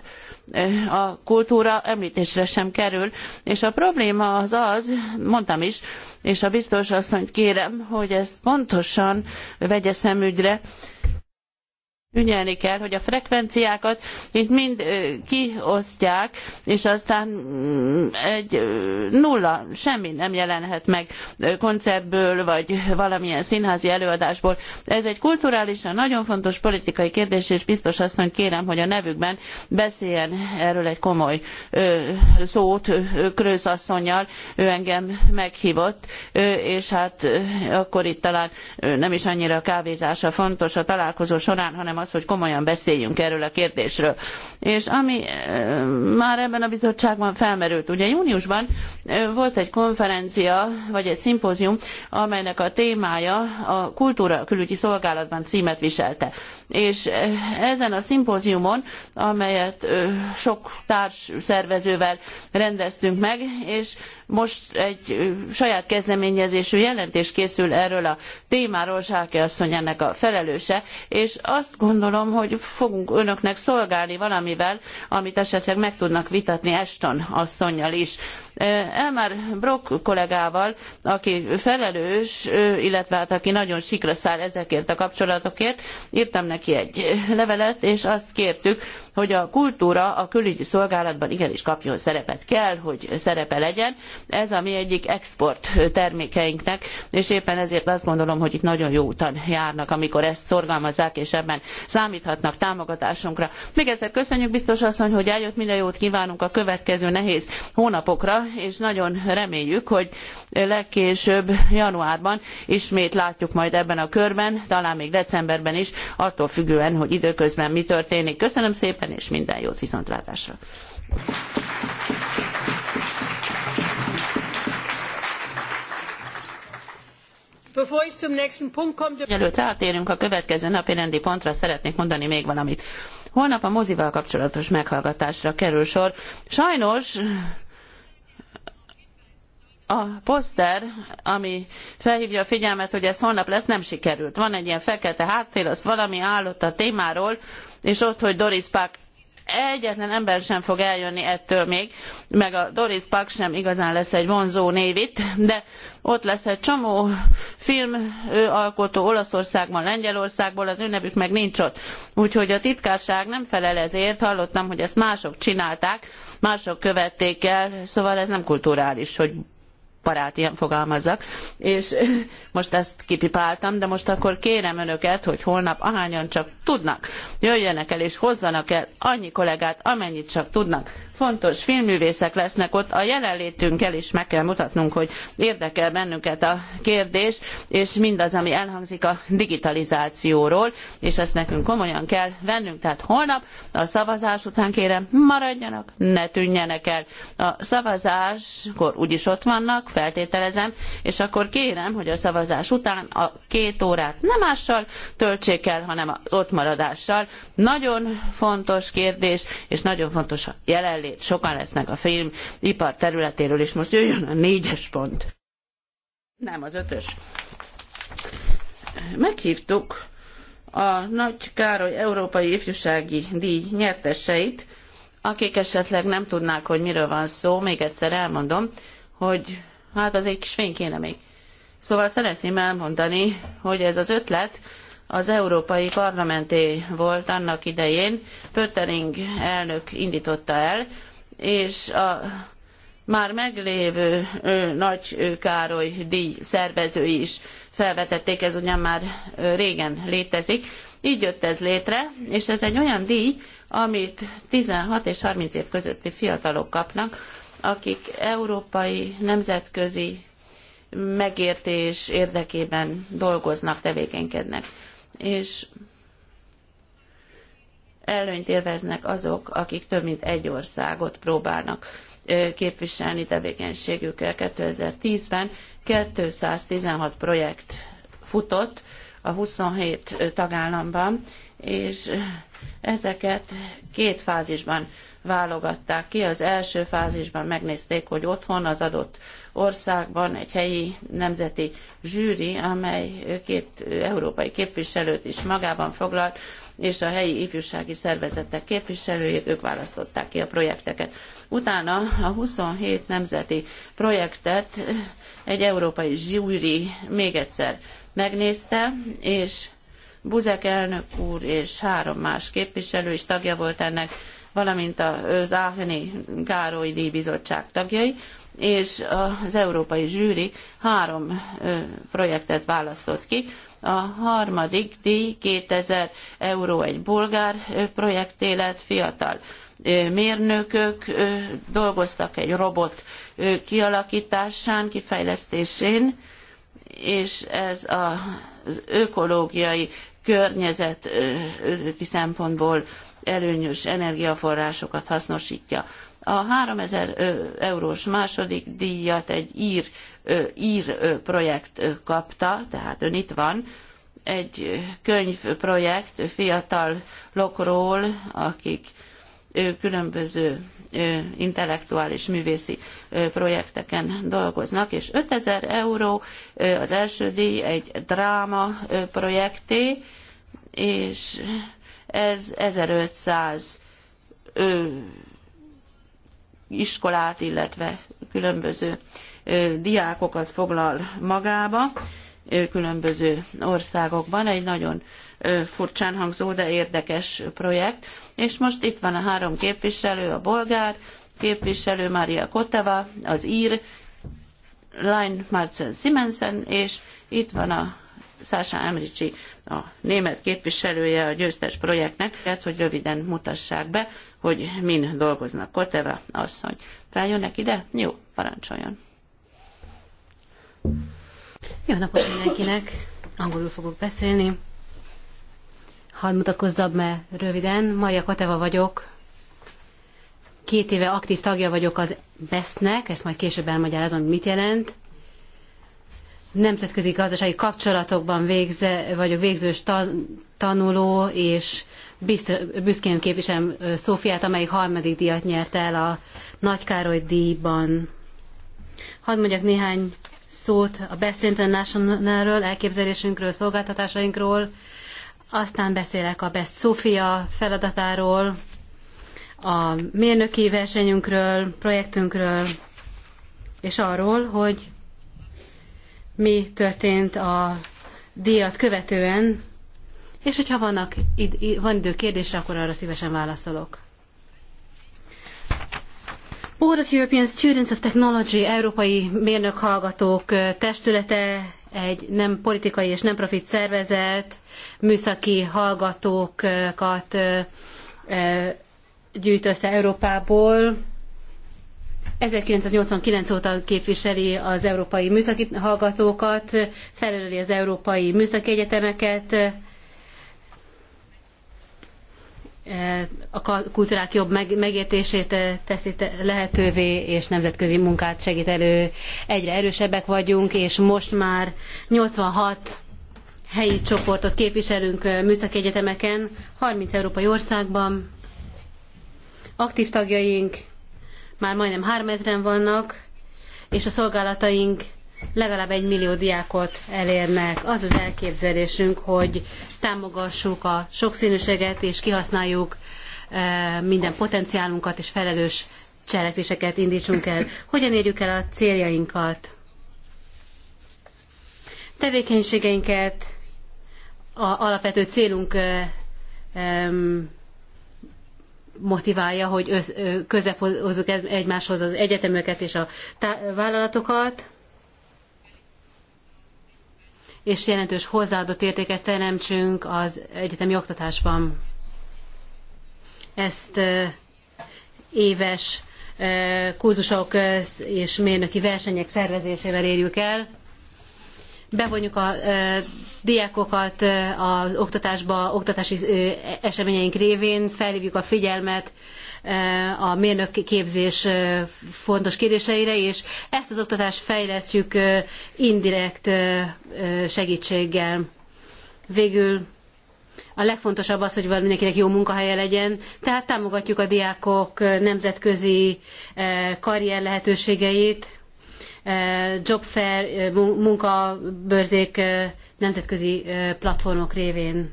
Eh, a kultúra említésre sem kerül, és a probléma az az, mondtam is, és a biztos asszonyt kérem, hogy ezt pontosan vegye szemügyre, ügyelni kell, hogy a frekvenciákat itt mind kiosztják, és aztán mm, egy nulla, semmi nem jelenhet meg koncertből, vagy valamilyen színházi előadásból. Ez egy kulturálisan nagyon fontos politikai kérdés, és biztos asszony kérem, hogy a nevükben beszéljen erről egy komoly szót Krősz asszonynal, ő engem meghívott, és hát akkor itt talán nem is annyira a kávézása fontos a találkozó során, hanem a az, hogy komolyan beszéljünk erről a kérdésről. És ami már ebben a bizottságban felmerült, ugye júniusban volt egy konferencia, vagy egy szimpózium, amelynek a témája a kultúra külügyi szolgálatban címet viselte és ezen a szimpóziumon, amelyet sok társ szervezővel rendeztünk meg, és most egy saját kezdeményezésű jelentés készül erről a témáról, Sáke asszony ennek a felelőse, és azt gondolom, hogy fogunk önöknek szolgálni valamivel, amit esetleg meg tudnak vitatni Eston asszonynal is. Elmar Brock kollégával, aki felelős, illetve hát aki nagyon sikra száll ezekért a kapcsolatokért, írtam neki egy levelet, és azt kértük, hogy a kultúra a külügyi szolgálatban igenis kapjon szerepet. Kell, hogy szerepe legyen. Ez a mi egyik export termékeinknek, és éppen ezért azt gondolom, hogy itt nagyon jó úton járnak, amikor ezt szorgalmazzák, és ebben számíthatnak támogatásunkra. Még egyszer köszönjük biztos asszony, hogy eljött, minden jót kívánunk a következő nehéz hónapokra, és nagyon reméljük, hogy legkésőbb januárban ismét látjuk majd ebben a körben, talán még decemberben is, attól függően, hogy időközben mi történik. Köszönöm szépen! szépen, és minden jót viszontlátásra. Mielőtt rátérünk a következő napi rendi pontra, szeretnék mondani még valamit. Holnap a mozival kapcsolatos meghallgatásra kerül sor. Sajnos a poszter, ami felhívja a figyelmet, hogy ez holnap lesz, nem sikerült. Van egy ilyen fekete háttér, azt valami állott a témáról, és ott, hogy Doris Pack egyetlen ember sem fog eljönni ettől még, meg a Doris Park sem igazán lesz egy vonzó név itt, de ott lesz egy csomó filmalkotó Olaszországban, Lengyelországból, az ünnepük meg nincs ott. Úgyhogy a titkárság nem felel ezért, hallottam, hogy ezt mások csinálták, mások követték el, szóval ez nem kulturális, hogy ilyen fogalmazzak, és most ezt kipipáltam, de most akkor kérem önöket, hogy holnap ahányan csak tudnak, jöjjenek el és hozzanak el annyi kollégát, amennyit csak tudnak. Fontos filmművészek lesznek ott, a jelenlétünkkel is meg kell mutatnunk, hogy érdekel bennünket a kérdés, és mindaz, ami elhangzik a digitalizációról, és ezt nekünk komolyan kell vennünk. Tehát holnap a szavazás után kérem, maradjanak, ne tűnjenek el. A szavazáskor úgyis ott vannak, feltételezem, és akkor kérem, hogy a szavazás után a két órát nem mással töltsék el, hanem az ottmaradással. Nagyon fontos kérdés, és nagyon fontos a jelenlét. Sokan lesznek a filmipar területéről, és most jöjjön a négyes pont. Nem, az ötös. Meghívtuk a Nagy Károly Európai Ifjúsági Díj nyerteseit, akik esetleg nem tudnák, hogy miről van szó, még egyszer elmondom, hogy Hát az egy kis fény kéne még. Szóval szeretném elmondani, hogy ez az ötlet az Európai Parlamenté volt annak idején, Pörtering elnök indította el, és a már meglévő ő, Nagy ő, Károly díj szervezői is felvetették, ez ugyan már régen létezik. Így jött ez létre, és ez egy olyan díj, amit 16 és 30 év közötti fiatalok kapnak, akik európai nemzetközi megértés érdekében dolgoznak, tevékenykednek. És előnyt élveznek azok, akik több mint egy országot próbálnak képviselni tevékenységükkel. 2010-ben 216 projekt futott a 27 tagállamban, és ezeket két fázisban válogatták ki. Az első fázisban megnézték, hogy otthon az adott országban egy helyi nemzeti zsűri, amely két európai képviselőt is magában foglalt, és a helyi ifjúsági szervezetek képviselőjét, ők választották ki a projekteket. Utána a 27 nemzeti projektet egy európai zsűri még egyszer megnézte, és Buzek elnök úr és három más képviselő is tagja volt ennek valamint az Áheni Károly bizottság tagjai, és az Európai Zsűri három projektet választott ki. A harmadik díj 2000 euró egy bolgár projekté lett, fiatal mérnökök dolgoztak egy robot kialakításán, kifejlesztésén, és ez az ökológiai környezeti szempontból előnyös energiaforrásokat hasznosítja. A 3000 eurós második díjat egy ír, ír projekt kapta, tehát ön itt van, egy könyvprojekt fiatalokról, akik különböző intellektuális művészi projekteken dolgoznak, és 5000 euró az első díj egy dráma projekté, és ez 1500 ö, iskolát, illetve különböző ö, diákokat foglal magába ö, különböző országokban. Egy nagyon furcsán hangzó, de érdekes projekt. És most itt van a három képviselő, a bolgár képviselő, Mária Koteva, az ír, Line Marcel Simensen, és itt van a Sasha Emricsi a német képviselője a győztes projektnek, hogy röviden mutassák be, hogy min dolgoznak. Koteva asszony. Feljönnek ide? Jó, parancsoljon.
Jó napot mindenkinek! Angolul fogok beszélni. Hadd mutatkozzam be röviden. Maria Koteva vagyok. Két éve aktív tagja vagyok az BESZ-nek, ezt majd később elmagyarázom, hogy mit jelent nemzetközi gazdasági kapcsolatokban végze, vagyok végzős tan tanuló, és büszkén képviselem Szófiát, amelyik harmadik díjat nyert el a Nagy Károly díjban. Hadd mondjak néhány szót a Best International-ről, elképzelésünkről, szolgáltatásainkról, aztán beszélek a Best Sofia feladatáról, a mérnöki versenyünkről, projektünkről, és arról, hogy mi történt a díjat követően, és hogyha vannak, van idő kérdésre, akkor arra szívesen válaszolok. Board of European Students of Technology, Európai Mérnök Hallgatók Testülete, egy nem politikai és nem profit szervezet, műszaki hallgatókat gyűjt össze Európából, 1989 óta képviseli az európai műszaki hallgatókat, felelőli az európai műszaki egyetemeket, eh, a kultúrák jobb megértését eh, teszi lehetővé, és nemzetközi munkát segít elő. Egyre erősebbek vagyunk, és most már 86 helyi csoportot képviselünk eh, műszaki egyetemeken, 30 európai országban. Aktív tagjaink már majdnem 3000-en vannak, és a szolgálataink legalább egy millió diákot elérnek. Az az elképzelésünk, hogy támogassuk a sokszínűséget, és kihasználjuk eh, minden potenciálunkat, és felelős cselekvéseket indítsunk el. Hogyan érjük el a céljainkat? Tevékenységeinket, a alapvető célunk eh, motiválja, hogy össz, hozzuk egymáshoz az egyetemeket és a vállalatokat, és jelentős hozzáadott értéket teremtsünk az egyetemi oktatásban. Ezt éves kurzusok és mérnöki versenyek szervezésével érjük el bevonjuk a diákokat az oktatásba, oktatási eseményeink révén, felhívjuk a figyelmet a mérnökképzés képzés fontos kérdéseire, és ezt az oktatást fejlesztjük indirekt segítséggel. Végül a legfontosabb az, hogy mindenkinek jó munkahelye legyen, tehát támogatjuk a diákok nemzetközi karrier lehetőségeit, Eh, jobfair, eh, munkabörzék eh, nemzetközi platformok révén.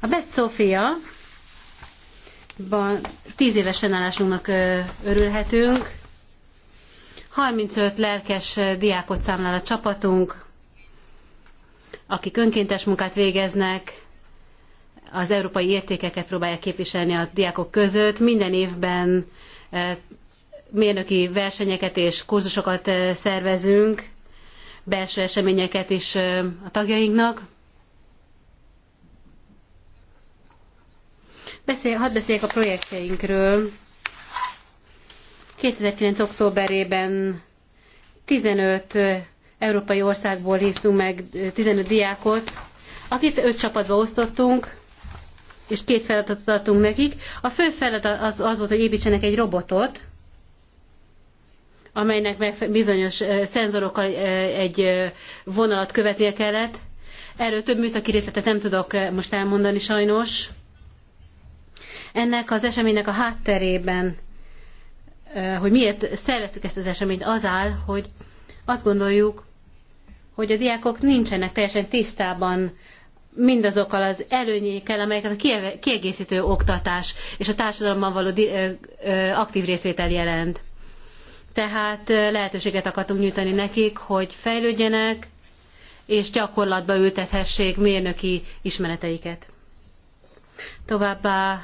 A Beth Sofia tíz éves fennállásunknak örülhetünk. 35 lelkes diákot számlál a csapatunk, akik önkéntes munkát végeznek, az európai értékeket próbálják képviselni a diákok között. Minden évben mérnöki versenyeket és kurzusokat szervezünk, belső eseményeket is a tagjainknak. Beszél, hadd beszéljek a projektjeinkről. 2009. októberében 15 európai országból hívtunk meg 15 diákot, akit öt csapatba osztottunk, és két feladatot adtunk nekik. A fő feladat az, az volt, hogy építsenek egy robotot, amelynek bizonyos szenzorokkal egy vonalat követnie kellett. Erről több műszaki részletet nem tudok most elmondani sajnos. Ennek az eseménynek a hátterében, hogy miért szerveztük ezt az eseményt, az áll, hogy azt gondoljuk, hogy a diákok nincsenek teljesen tisztában mindazokkal az előnyékkel, amelyeket a kiegészítő oktatás és a társadalomban való aktív részvétel jelent tehát lehetőséget akartunk nyújtani nekik, hogy fejlődjenek, és gyakorlatba ültethessék mérnöki ismereteiket. Továbbá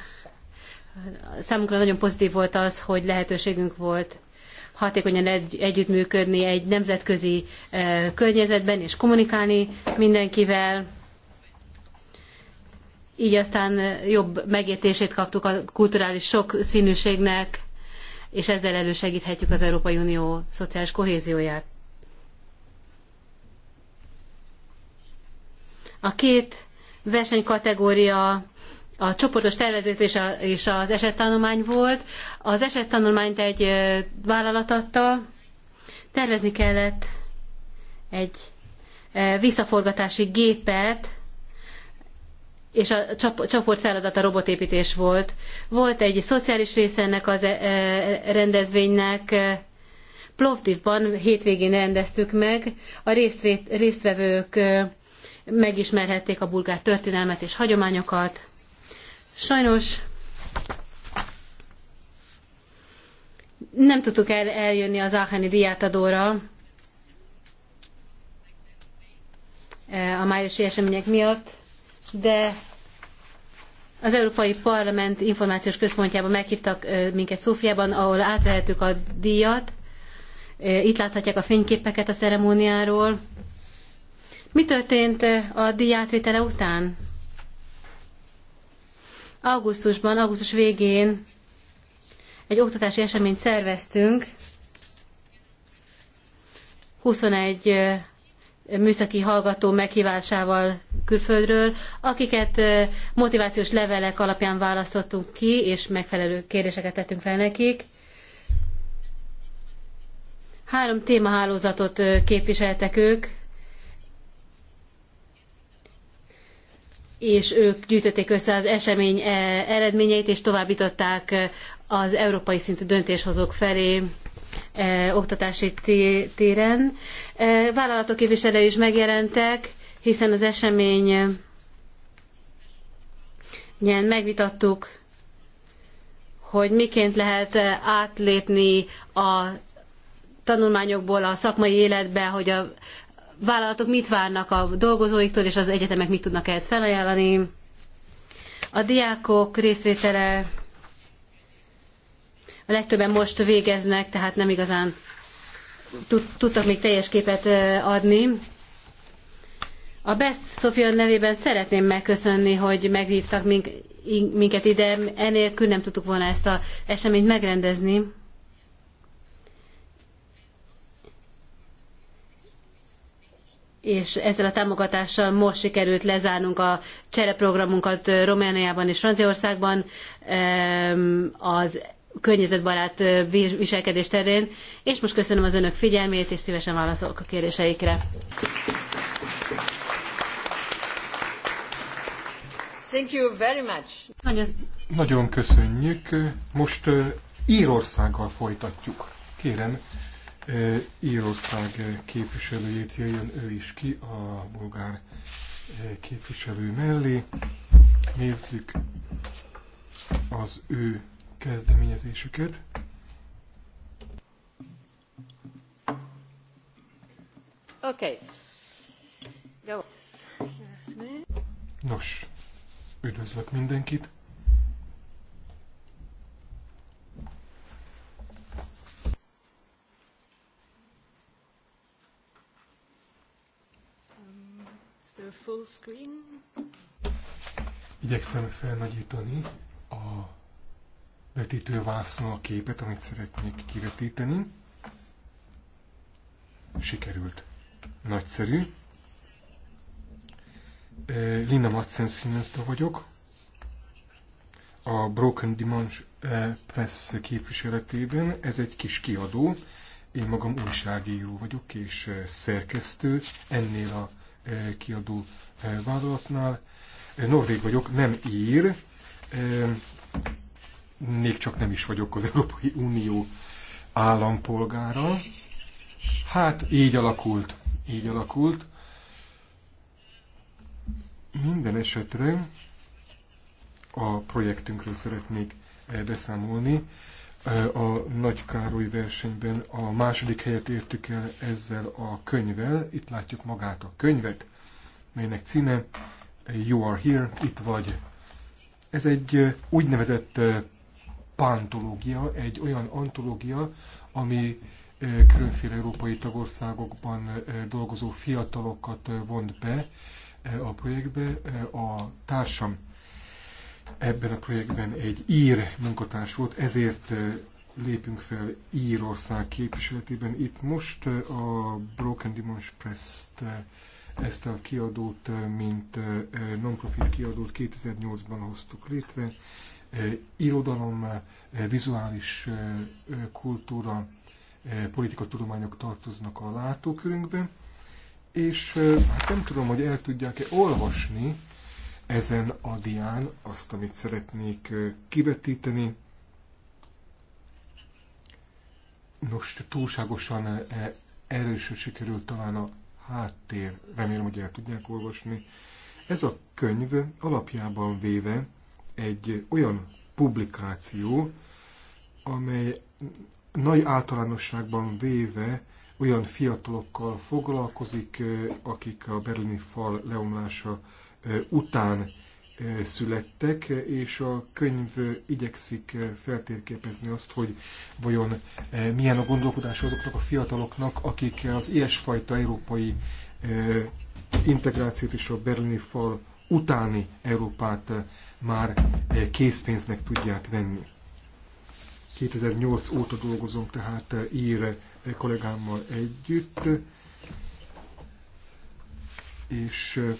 számunkra nagyon pozitív volt az, hogy lehetőségünk volt hatékonyan egy, együttműködni egy nemzetközi e, környezetben, és kommunikálni mindenkivel. Így aztán jobb megértését kaptuk a kulturális sokszínűségnek, és ezzel elősegíthetjük az Európai Unió szociális kohézióját. A két versenykategória a csoportos tervezés és, a, és az esettanulmány volt. Az esettanulmányt egy vállalat adta, tervezni kellett egy visszaforgatási gépet, és a csoport feladata robotépítés volt. Volt egy szociális része ennek az e, e, rendezvénynek, Plovdivban hétvégén rendeztük meg, a résztvevők megismerhették a bulgár történelmet és hagyományokat. Sajnos nem tudtuk el, eljönni az Áheni diátadóra e, a májusi események miatt, de az Európai Parlament információs központjában meghívtak minket Szófiában, ahol átvehettük a díjat. Itt láthatják a fényképeket a ceremóniáról. Mi történt a díj átvétele után? Augusztusban, augusztus végén egy oktatási eseményt szerveztünk. 21 műszaki hallgató meghívásával külföldről, akiket motivációs levelek alapján választottunk ki, és megfelelő kérdéseket tettünk fel nekik. Három témahálózatot képviseltek ők, és ők gyűjtötték össze az esemény eredményeit, és továbbították az európai szintű döntéshozók felé E, oktatási téren. E, vállalatok képviselői is megjelentek, hiszen az esemény Ilyen, megvitattuk, hogy miként lehet átlépni a tanulmányokból a szakmai életbe, hogy a vállalatok mit várnak a dolgozóiktól, és az egyetemek mit tudnak ehhez felajánlani. A diákok részvétele a legtöbben most végeznek, tehát nem igazán tudtak még teljes képet adni. A Best Sofia nevében szeretném megköszönni, hogy meghívtak minket ide, enélkül nem tudtuk volna ezt az eseményt megrendezni. és ezzel a támogatással most sikerült lezárnunk a csereprogramunkat Romániában és Franciaországban. Az környezetbarát viselkedés terén, és most köszönöm az önök figyelmét, és szívesen válaszolok a kérdéseikre. Thank you very much. Nagyon,
Nagyon köszönjük. Most uh, Írországgal folytatjuk. Kérem, Írország képviselőjét jöjjön ő is ki a bulgár képviselő mellé. Nézzük az ő kezdeményezésüket. Oké. Okay. Nos, üdvözlök mindenkit.
Full screen.
Igyekszem felnagyítani a vetítővászon a képet, amit szeretnék kivetíteni. Sikerült. Nagyszerű. Linda Madsen színezte vagyok. A Broken Dimanche Press képviseletében. Ez egy kis kiadó. Én magam újságíró vagyok és szerkesztő ennél a kiadó vállalatnál. Norvég vagyok, nem ír, még csak nem is vagyok az Európai Unió állampolgára. Hát így alakult, így alakult. Minden esetre a projektünkről szeretnék beszámolni. A Nagy Károly versenyben a második helyet értük el ezzel a könyvel. Itt látjuk magát a könyvet, melynek címe You are here, itt vagy. Ez egy úgynevezett pántológia, egy olyan antológia, ami különféle európai tagországokban dolgozó fiatalokat vont be a projektbe. A társam ebben a projektben egy ír munkatárs volt, ezért lépünk fel Írország képviseletében. Itt most a Broken Demons Press-t, ezt a kiadót, mint non-profit kiadót 2008-ban hoztuk létre, irodalom, vizuális kultúra, politikatudományok tartoznak a látókörünkbe, és hát nem tudom, hogy el tudják-e olvasni ezen a dián azt, amit szeretnék kivetíteni. Nos, túlságosan erős sikerült talán a háttér, remélem, hogy el tudják olvasni. Ez a könyv alapjában véve egy olyan publikáció, amely nagy általánosságban véve olyan fiatalokkal foglalkozik, akik a berlini fal leomlása után születtek, és a könyv igyekszik feltérképezni azt, hogy vajon milyen a gondolkodás azoknak a fiataloknak, akik az ilyesfajta európai integrációt és a berlini fal utáni Európát eh, már eh, készpénznek tudják venni. 2008 óta dolgozom tehát eh, ír kollégámmal együtt, és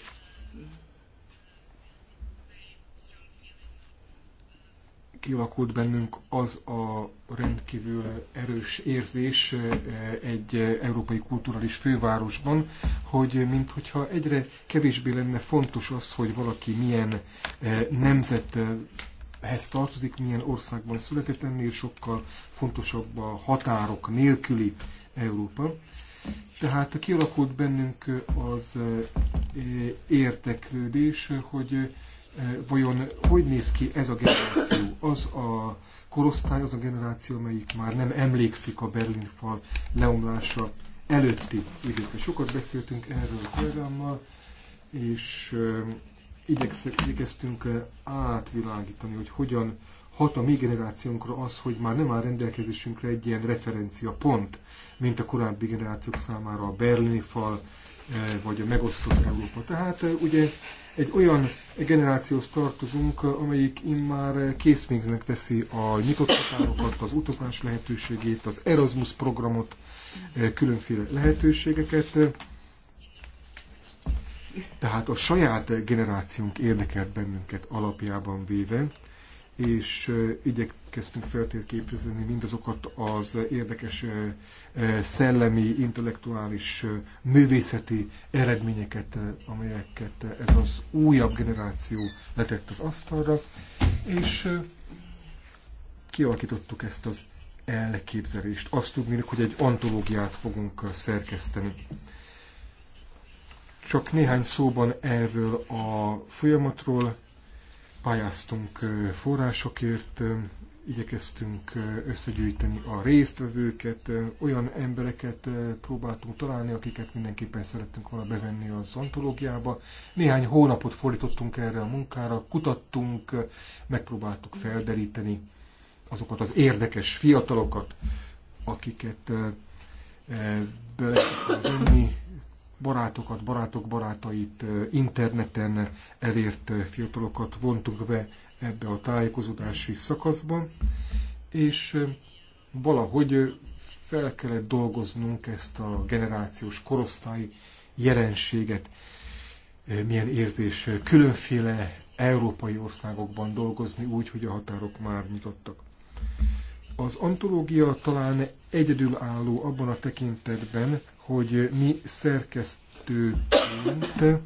kialakult bennünk az a rendkívül erős érzés eh, egy európai kulturális fővárosban, hogy minthogyha egyre kevésbé lenne fontos az, hogy valaki milyen eh, nemzethez tartozik, milyen országban született, ennél sokkal fontosabb a határok nélküli Európa. Tehát kialakult bennünk az eh, érteklődés, hogy vajon hogy néz ki ez a generáció? Az a korosztály, az a generáció, amelyik már nem emlékszik a Berlin fal leomlása előtti időkre. Sokat beszéltünk erről a programmal, és eh, igyekeztünk eh, átvilágítani, hogy hogyan hat a mi generációnkra az, hogy már nem áll rendelkezésünkre egy ilyen referencia pont, mint a korábbi generációk számára a berlini fal, vagy a megosztott Európa. Tehát ugye egy olyan generációhoz tartozunk, amelyik immár készmégznek teszi a nyitott határokat, az utazás lehetőségét, az Erasmus programot, különféle lehetőségeket. Tehát a saját generációnk érdekelt bennünket alapjában véve, és igyekeztünk feltérképezni mindazokat az érdekes szellemi, intellektuális, művészeti eredményeket, amelyeket ez az újabb generáció letett az asztalra, és kialakítottuk ezt az elképzelést. Azt tudnék, hogy egy antológiát fogunk szerkeszteni. Csak néhány szóban erről a folyamatról, pályáztunk forrásokért, igyekeztünk összegyűjteni a résztvevőket, olyan embereket próbáltunk találni, akiket mindenképpen szerettünk volna bevenni az antológiába. Néhány hónapot fordítottunk erre a munkára, kutattunk, megpróbáltuk felderíteni azokat az érdekes fiatalokat, akiket be lehetett venni barátokat, barátok barátait, interneten elért fiatalokat vontunk be ebbe a tájékozódási szakaszba, és valahogy fel kellett dolgoznunk ezt a generációs korosztály jelenséget, milyen érzés különféle európai országokban dolgozni úgy, hogy a határok már nyitottak. Az antológia talán egyedülálló abban a tekintetben, hogy mi szerkesztőként eh,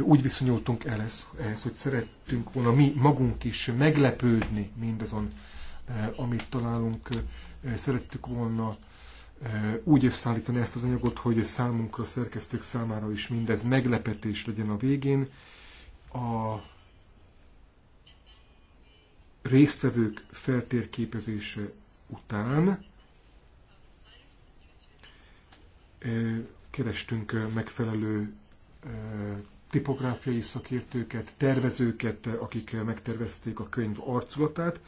úgy viszonyultunk el ez, ehhez, hogy szerettünk volna mi magunk is meglepődni mindazon, eh, amit találunk. Eh, szerettük volna úgy összeállítani ezt az anyagot, hogy számunkra, szerkesztők számára is mindez meglepetés legyen a végén. A résztvevők feltérképezése után kerestünk megfelelő tipográfiai szakértőket, tervezőket, akik megtervezték a könyv arculatát.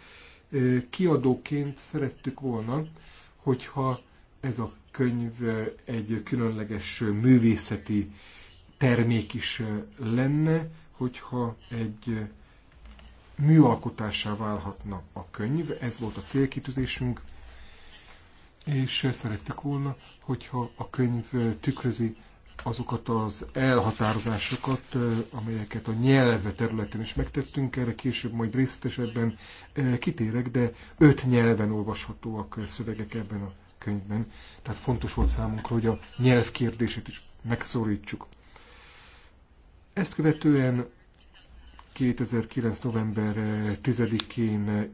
Kiadóként szerettük volna, hogyha ez a könyv egy különleges művészeti termék is lenne, hogyha egy műalkotássá válhatna a könyv. Ez volt a célkitűzésünk, és szerettük volna, hogyha a könyv tükrözi azokat az elhatározásokat, amelyeket a nyelve területen is megtettünk, erre később majd részletesebben kitérek, de öt nyelven olvashatóak szövegek ebben a könyvben. Tehát fontos volt számunkra, hogy a nyelv kérdését is megszólítsuk. Ezt követően 2009. november 10-én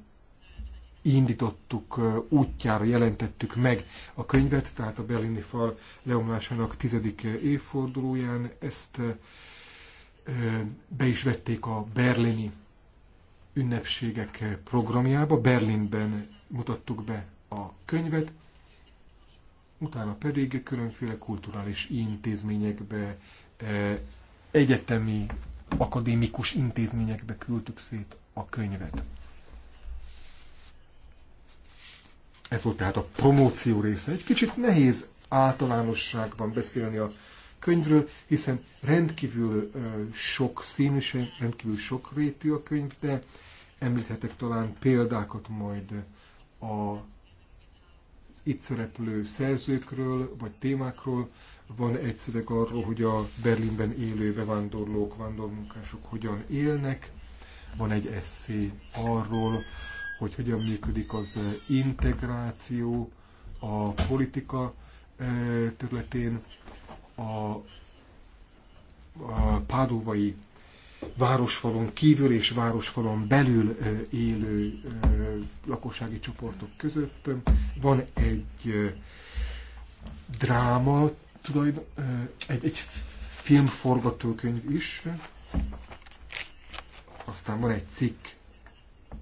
indítottuk útjára, jelentettük meg a könyvet, tehát a berlini fal leomlásának tizedik évfordulóján ezt be is vették a berlini ünnepségek programjába. Berlinben mutattuk be a könyvet, utána pedig különféle kulturális intézményekbe, egyetemi, akadémikus intézményekbe küldtük szét a könyvet. Ez volt tehát a promóció része. Egy kicsit nehéz általánosságban beszélni a könyvről, hiszen rendkívül sok színű, rendkívül sok rétű a könyv, de említhetek talán példákat majd a itt szereplő szerzőkről, vagy témákról, van egy szöveg arról, hogy a Berlinben élő bevándorlók, vándormunkások hogyan élnek, van egy eszé arról, hogy hogyan működik az eh, integráció a politika eh, területén, a, a városfalon kívül és városfalon belül eh, élő lakossági csoportok között. Van egy dráma, egy, egy filmforgatókönyv is, aztán van egy cikk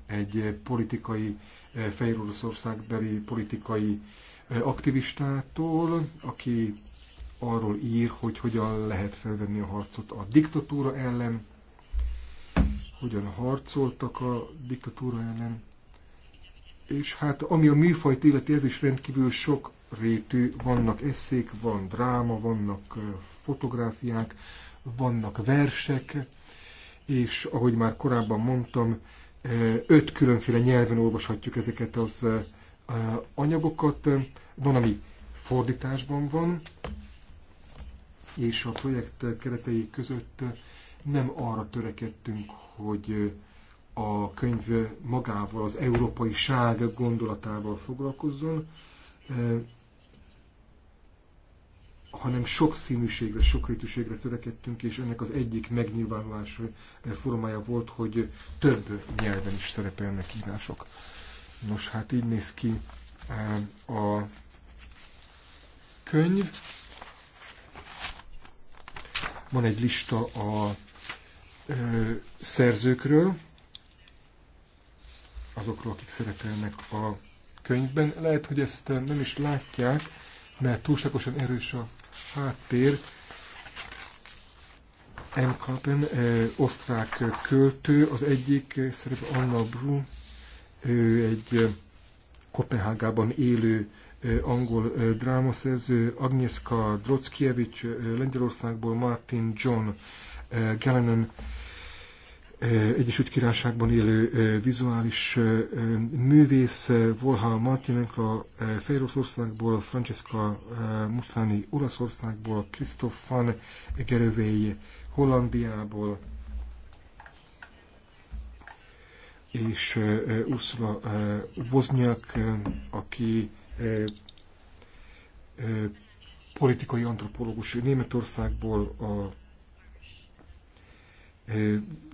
egy eh, politikai, eh, Fehér Oroszországbeli politikai eh, aktivistától, aki arról ír, hogy hogyan lehet felvenni a harcot a diktatúra ellen, hogyan harcoltak a diktatúra ellen, és hát ami a műfajt illeti, ez is rendkívül sok rétű, vannak eszék, van dráma, vannak fotográfiák, vannak versek, és ahogy már korábban mondtam, öt különféle nyelven olvashatjuk ezeket az anyagokat. Van, ami fordításban van, és a projekt keretei között nem arra törekedtünk, hogy a könyv magával, az európai ság gondolatával foglalkozzon, hanem sok színűségre, sok rétűségre törekedtünk, és ennek az egyik megnyilvánulás eh, formája volt, hogy több nyelven is szerepelnek írások. Nos, hát így néz ki a könyv. Van egy lista a eh, szerzőkről, azokról, akik szerepelnek a könyvben. Lehet, hogy ezt eh, nem is látják, mert túlságosan erős a háttér. M. Kappen, osztrák költő, az egyik szerepe Anna Bru, ő egy Kopenhágában élő angol drámaszerző, Agnieszka Drockiewicz Lengyelországból, Martin John Gellenen Egyesült Királyságban élő vizuális művész Volha Martinenko Fejroszországból, Francesca Mufani Olaszországból, Krisztof Gerövei Hollandiából, és Ursula Bozniak, aki politikai antropológus Németországból, a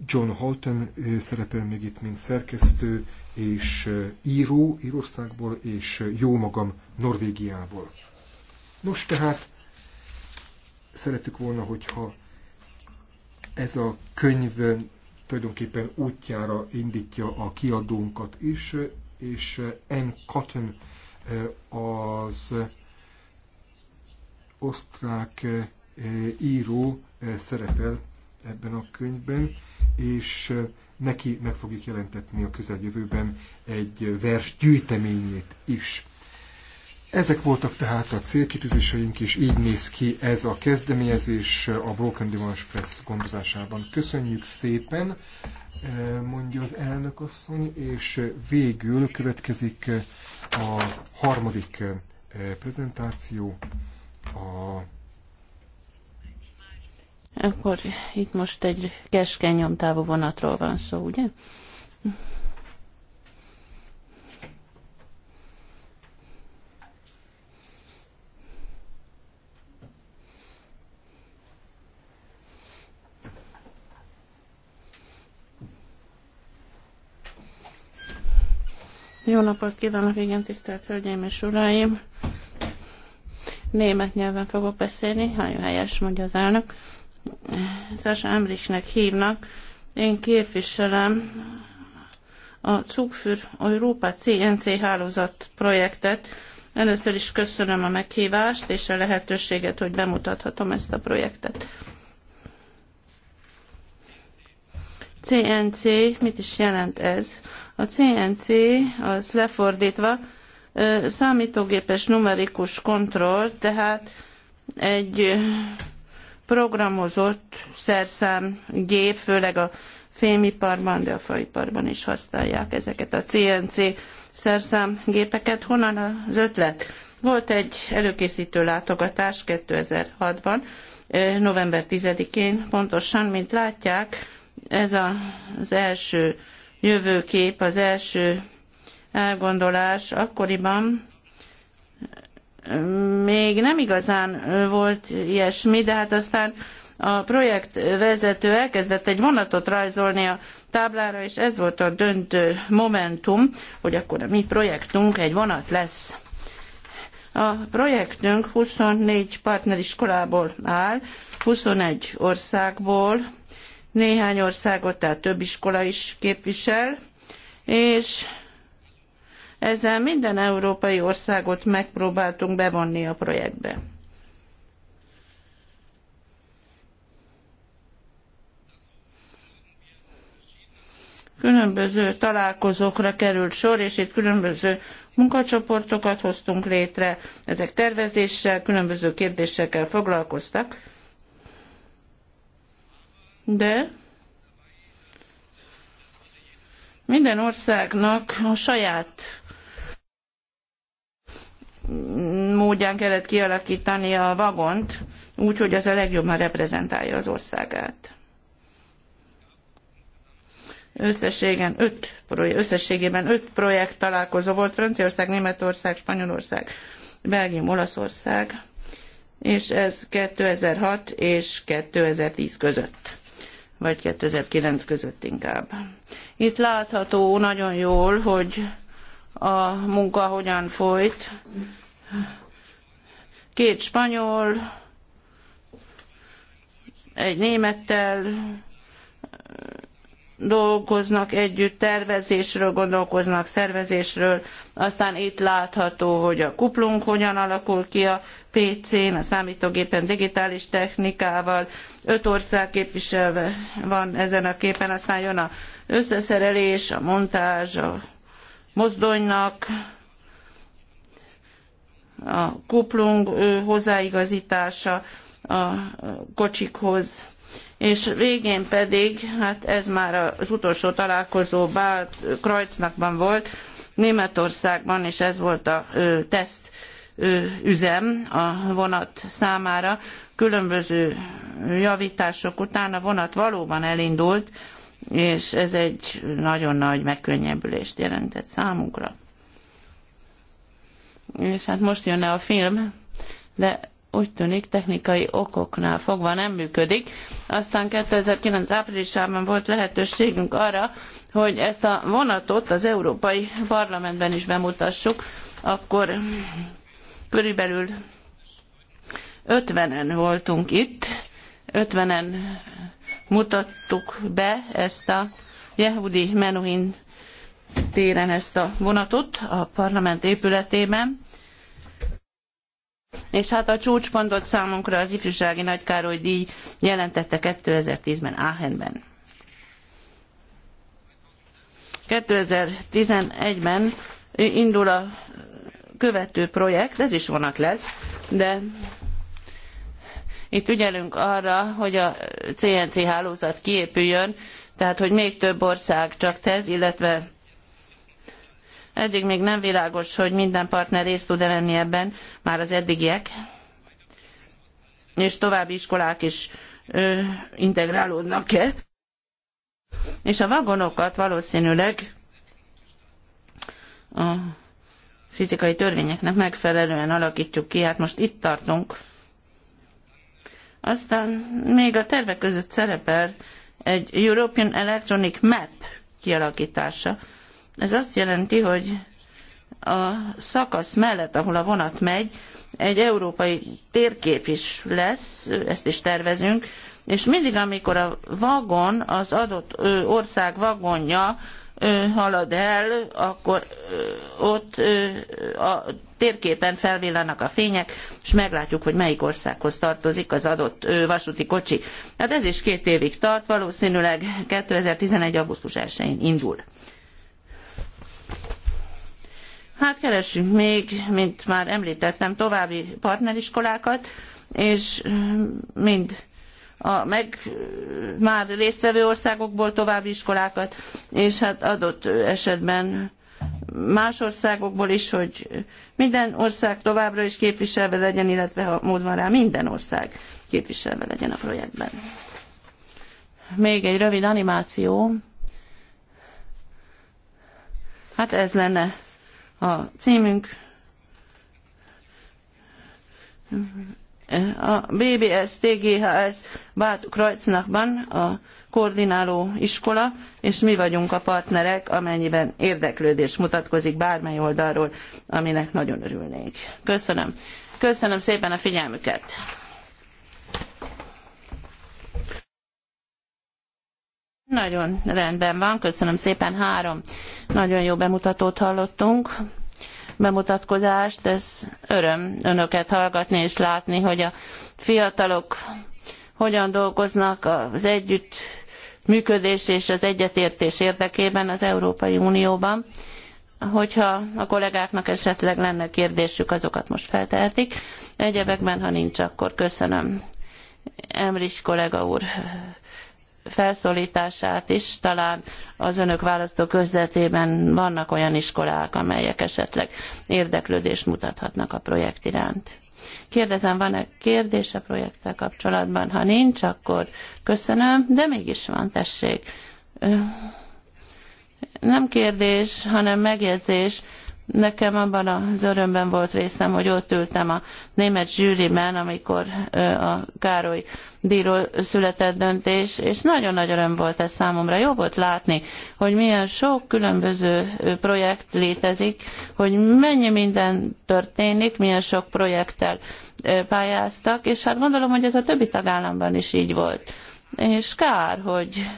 John Houghton szerepel még itt, mint szerkesztő és író Írországból, és jó magam Norvégiából. Nos, tehát szeretük volna, hogyha ez a könyv tulajdonképpen útjára indítja a kiadónkat is, és N. Cotton az osztrák író szerepel ebben a könyvben, és neki meg fogjuk jelentetni a közeljövőben egy vers gyűjteményét is. Ezek voltak tehát a célkitűzéseink, és így néz ki ez a kezdeményezés a Broken Dimanche Press gondozásában. Köszönjük szépen, mondja az elnök asszony és végül következik a harmadik prezentáció, a
akkor itt most egy keskeny nyomtávú vonatról van szó, ugye? Jó napot kívánok, igen, tisztelt Hölgyeim és Uraim! Német nyelven fogok beszélni, jó helyes, mondja az elnök. Szás Emrichnek hívnak. Én képviselem a Cukfür Európa CNC hálózat projektet. Először is köszönöm a meghívást és a lehetőséget, hogy bemutathatom ezt a projektet. CNC, mit is jelent ez? A CNC az lefordítva számítógépes numerikus kontroll, tehát egy programozott szerszám gép, főleg a fémiparban, de a faiparban is használják ezeket a CNC szerszámgépeket. Honnan az ötlet? Volt egy előkészítő látogatás 2006-ban, november 10-én pontosan, mint látják, ez a, az első jövőkép, az első elgondolás akkoriban még nem igazán volt ilyesmi, de hát aztán a projektvezető elkezdett egy vonatot rajzolni a táblára, és ez volt a döntő momentum, hogy akkor a mi projektunk egy vonat lesz. A projektünk 24 partneriskolából áll, 21 országból, néhány országot, tehát több iskola is képvisel, és ezzel minden európai országot megpróbáltunk bevonni a projektbe. különböző találkozókra került sor, és itt különböző munkacsoportokat hoztunk létre, ezek tervezéssel, különböző kérdésekkel foglalkoztak. De minden országnak a saját módján kellett kialakítani a vagont, úgy, hogy az a legjobban reprezentálja az országát. Összességen öt, összességében öt projekt találkozó volt Franciaország, Németország, Spanyolország, Belgium, Olaszország, és ez 2006 és 2010 között vagy 2009 között inkább. Itt látható nagyon jól, hogy a munka hogyan folyt. Két spanyol, egy némettel dolgoznak együtt, tervezésről gondolkoznak, szervezésről, aztán itt látható, hogy a kuplunk hogyan alakul ki a PC-n, a számítógépen, digitális technikával, öt ország képviselve van ezen a képen, aztán jön a az összeszerelés, a montázs, a mozdonynak, a kuplung hozzáigazítása a kocsikhoz. És végén pedig, hát ez már az utolsó találkozó Bált Krajcnakban volt, Németországban, és ez volt a ö, teszt üzem a vonat számára. Különböző javítások után a vonat valóban elindult, és ez egy nagyon nagy megkönnyebbülést jelentett számunkra. És hát most jönne a film, de úgy tűnik technikai okoknál fogva nem működik. Aztán 2009. áprilisában volt lehetőségünk arra, hogy ezt a vonatot az Európai Parlamentben is bemutassuk, akkor körülbelül 50-en voltunk itt, 50-en mutattuk be ezt a Yehudi Menuhin téren ezt a vonatot a parlament épületében. És hát a csúcspontot számunkra az ifjúsági nagykároly díj jelentette 2010-ben Áhenben. 2011-ben indul a követő projekt, ez is vonat lesz, de itt ügyelünk arra, hogy a CNC hálózat kiépüljön, tehát hogy még több ország csak tesz, illetve eddig még nem világos, hogy minden partner részt tud-e venni ebben, már az eddigiek, és további iskolák is ö, integrálódnak-e. És a vagonokat valószínűleg a fizikai törvényeknek megfelelően alakítjuk ki, hát most itt tartunk. Aztán még a tervek között szerepel egy European Electronic Map kialakítása. Ez azt jelenti, hogy a szakasz mellett, ahol a vonat megy, egy európai térkép is lesz, ezt is tervezünk, és mindig, amikor a vagon, az adott ország vagonja halad el, akkor ott a térképen felvillanak a fények, és meglátjuk, hogy melyik országhoz tartozik az adott vasúti kocsi. Hát ez is két évig tart, valószínűleg 2011. augusztus 1-én indul. Hát keressünk még, mint már említettem, további partneriskolákat, és mind a meg már résztvevő országokból további iskolákat, és hát adott esetben más országokból is, hogy minden ország továbbra is képviselve legyen, illetve ha mód van rá, minden ország képviselve legyen a projektben. Még egy rövid animáció. Hát ez lenne a címünk. A BBS, TGHS Bát Krajcnakban a koordináló iskola, és mi vagyunk a partnerek, amennyiben érdeklődés mutatkozik bármely oldalról, aminek nagyon örülnék. Köszönöm. Köszönöm szépen a figyelmüket. Nagyon rendben van, köszönöm szépen, három nagyon jó bemutatót hallottunk bemutatkozást. Ez öröm önöket hallgatni és látni, hogy a fiatalok hogyan dolgoznak az együtt működés és az egyetértés érdekében az Európai Unióban. Hogyha a kollégáknak esetleg lenne kérdésük, azokat most feltehetik. Egyebekben, ha nincs, akkor köszönöm. Emris kollega úr felszólítását is, talán az önök választó vannak olyan iskolák, amelyek esetleg érdeklődést mutathatnak a projekt iránt. Kérdezem, van-e kérdés a projekttel kapcsolatban? Ha nincs, akkor köszönöm, de mégis van, tessék. Nem kérdés, hanem megjegyzés Nekem abban az örömben volt részem, hogy ott ültem a német zsűriben, amikor a Károly díjról született döntés, és nagyon nagy öröm volt ez számomra. Jó volt látni, hogy milyen sok különböző projekt létezik, hogy mennyi minden történik, milyen sok projekttel pályáztak, és hát gondolom, hogy ez a többi tagállamban is így volt. És kár, hogy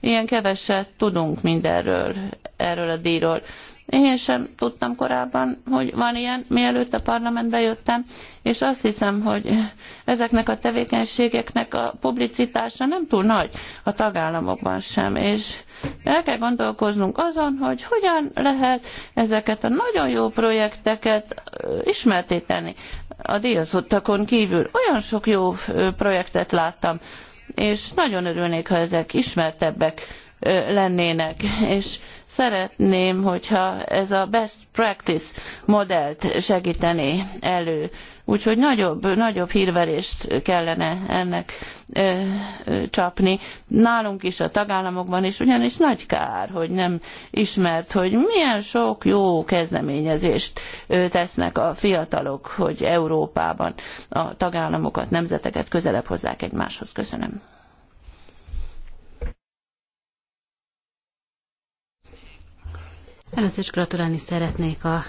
ilyen keveset tudunk mindenről, erről a díjról. Én sem tudtam korábban, hogy van ilyen, mielőtt a parlamentbe jöttem, és azt hiszem, hogy ezeknek a tevékenységeknek a publicitása nem túl nagy a tagállamokban sem, és el kell gondolkoznunk azon, hogy hogyan lehet ezeket a nagyon jó projekteket ismerté tenni a díjazottakon kívül. Olyan sok jó projektet láttam, és nagyon örülnék, ha ezek ismertebbek lennének. És szeretném, hogyha ez a best practice modellt segítené elő. Úgyhogy nagyobb, nagyobb hírverést kellene ennek ö, ö, csapni. Nálunk is, a tagállamokban is, ugyanis nagy kár, hogy nem ismert, hogy milyen sok jó kezdeményezést ö, tesznek a fiatalok, hogy Európában a tagállamokat, nemzeteket közelebb hozzák egymáshoz. Köszönöm.
Először is gratulálni szeretnék a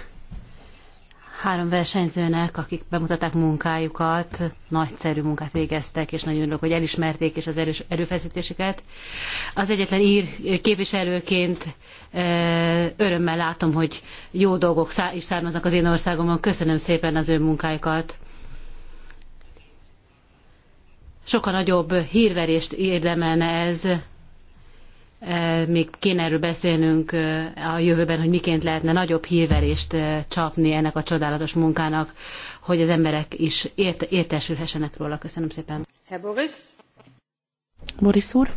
három versenyzőnek, akik bemutatták munkájukat, nagyszerű munkát végeztek, és nagyon örülök, hogy elismerték és az erős erőfeszítésüket. Az egyetlen ír képviselőként e, örömmel látom, hogy jó dolgok is származnak az én országomon. Köszönöm szépen az ő munkájukat. Sokkal nagyobb hírverést érdemelne ez, Eh, még kéne erről beszélnünk eh, a jövőben, hogy miként lehetne nagyobb hírverést eh, csapni ennek a csodálatos munkának, hogy az emberek is ért- értesülhessenek róla. Köszönöm szépen.
Herr Boris?
Boris úr?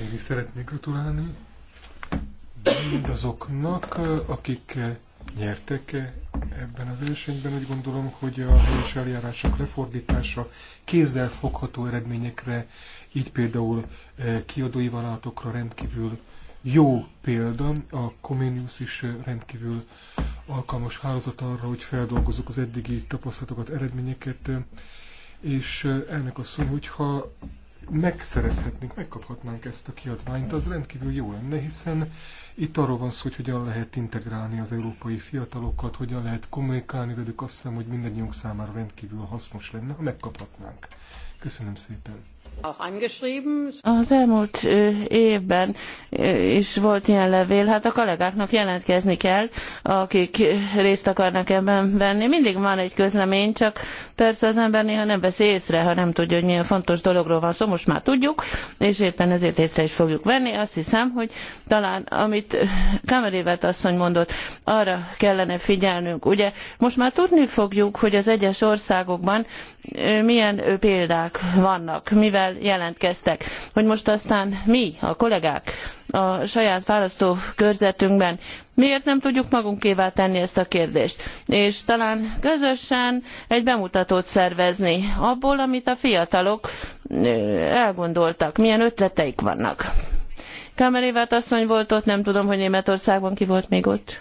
Én is szeretnék gratulálni mindazoknak, akik nyertek ebben az versenyben. Úgy gondolom, hogy a helyes eljárások lefordítása kézzel fogható eredményekre, így például eh, kiadói vállalatokra rendkívül jó példa. A Comenius is rendkívül alkalmas hálózat arra, hogy feldolgozzuk az eddigi tapasztalatokat, eredményeket. És eh, elnök asszony, hogyha megszerezhetnénk, megkaphatnánk ezt a kiadványt, az rendkívül jó lenne, hiszen itt arról van szó, hogy hogyan lehet integrálni az európai fiatalokat, hogyan lehet kommunikálni velük, azt hiszem, hogy mindannyiunk számára rendkívül hasznos lenne, ha megkaphatnánk. Köszönöm szépen!
Az elmúlt évben is volt ilyen levél, hát a kollégáknak jelentkezni kell, akik részt akarnak ebben venni. Mindig van egy közlemény, csak persze az ember néha nem veszi észre, ha nem tudja, hogy milyen fontos dologról van szó, szóval most már tudjuk, és éppen ezért észre is fogjuk venni. Azt hiszem, hogy talán amit Kamerévet asszony mondott, arra kellene figyelnünk. Ugye most már tudni fogjuk, hogy az egyes országokban milyen példák vannak, mivel jelentkeztek. Hogy most aztán mi, a kollégák, a saját választókörzetünkben miért nem tudjuk magunkévá tenni ezt a kérdést? És talán közösen egy bemutatót szervezni abból, amit a fiatalok elgondoltak, milyen ötleteik vannak. Kamerévát asszony volt ott, nem tudom, hogy Németországban ki volt még ott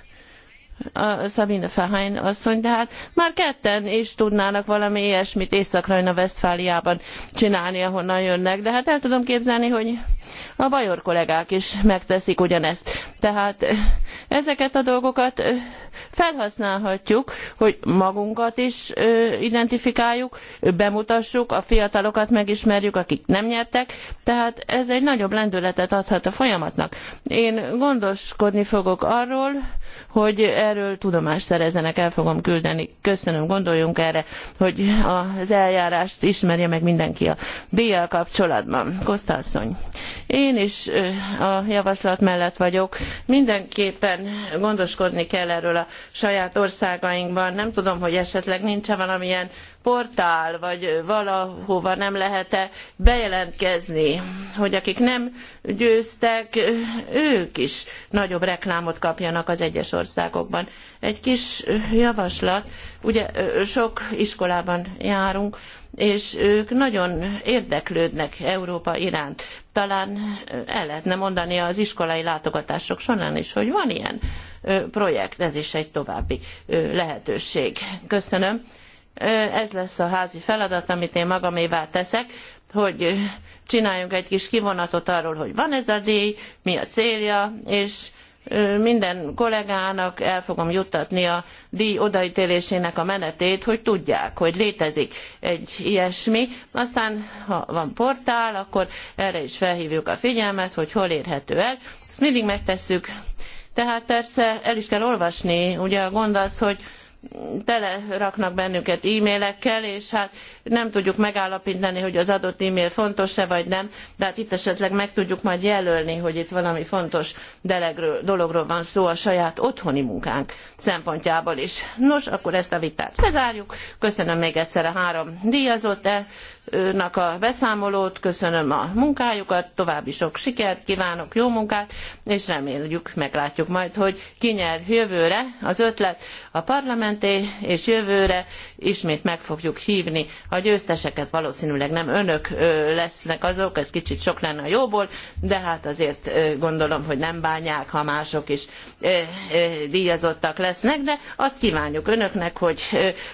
a Sabine Fehány asszony, de hát már ketten is tudnának valami ilyesmit Észak-Rajna-Vesztfáliában csinálni, ahonnan jönnek, de hát el tudom képzelni, hogy a bajor kollégák is megteszik ugyanezt. Tehát ezeket a dolgokat felhasználhatjuk, hogy magunkat is identifikáljuk, bemutassuk, a fiatalokat megismerjük, akik nem nyertek, tehát ez egy nagyobb lendületet adhat a folyamatnak. Én gondoskodni fogok arról, hogy erről tudomást szerezzenek, el fogom küldeni. Köszönöm, gondoljunk erre, hogy az eljárást ismerje meg mindenki a díjjal kapcsolatban. Kosztászony, én is a javaslat mellett vagyok. Mindenképpen gondoskodni kell erről a saját országainkban. Nem tudom, hogy esetleg nincs-e valamilyen portál, vagy valahova nem lehet-e bejelentkezni, hogy akik nem győztek, ők is nagyobb reklámot kapjanak az egyes országokban. Egy kis javaslat, ugye sok iskolában járunk, és ők nagyon érdeklődnek Európa iránt. Talán el lehetne mondani az iskolai látogatások során is, hogy van ilyen projekt. Ez is egy további lehetőség. Köszönöm. Ez lesz a házi feladat, amit én magamévá teszek, hogy csináljunk egy kis kivonatot arról, hogy van ez a díj, mi a célja, és minden kollégának el fogom juttatni a díj odaítélésének a menetét, hogy tudják, hogy létezik egy ilyesmi. Aztán, ha van portál, akkor erre is felhívjuk a figyelmet, hogy hol érhető el. Ezt mindig megtesszük tehát persze el is kell olvasni. Ugye a gond az, hogy tele raknak bennünket e-mailekkel, és hát nem tudjuk megállapítani, hogy az adott e-mail fontos-e vagy nem, de hát itt esetleg meg tudjuk majd jelölni, hogy itt valami fontos delegről, dologról van szó a saját otthoni munkánk szempontjából is. Nos, akkor ezt a vitát lezárjuk. Köszönöm még egyszer a három díjazottnak a beszámolót, köszönöm a munkájukat, további sok sikert kívánok, jó munkát, és reméljük, meglátjuk majd, hogy kinyer jövőre az ötlet a parlamenté, és jövőre ismét meg fogjuk hívni a a győzteseket valószínűleg nem önök lesznek azok, ez kicsit sok lenne a jóból, de hát azért gondolom, hogy nem bánják, ha mások is díjazottak lesznek, de azt kívánjuk önöknek, hogy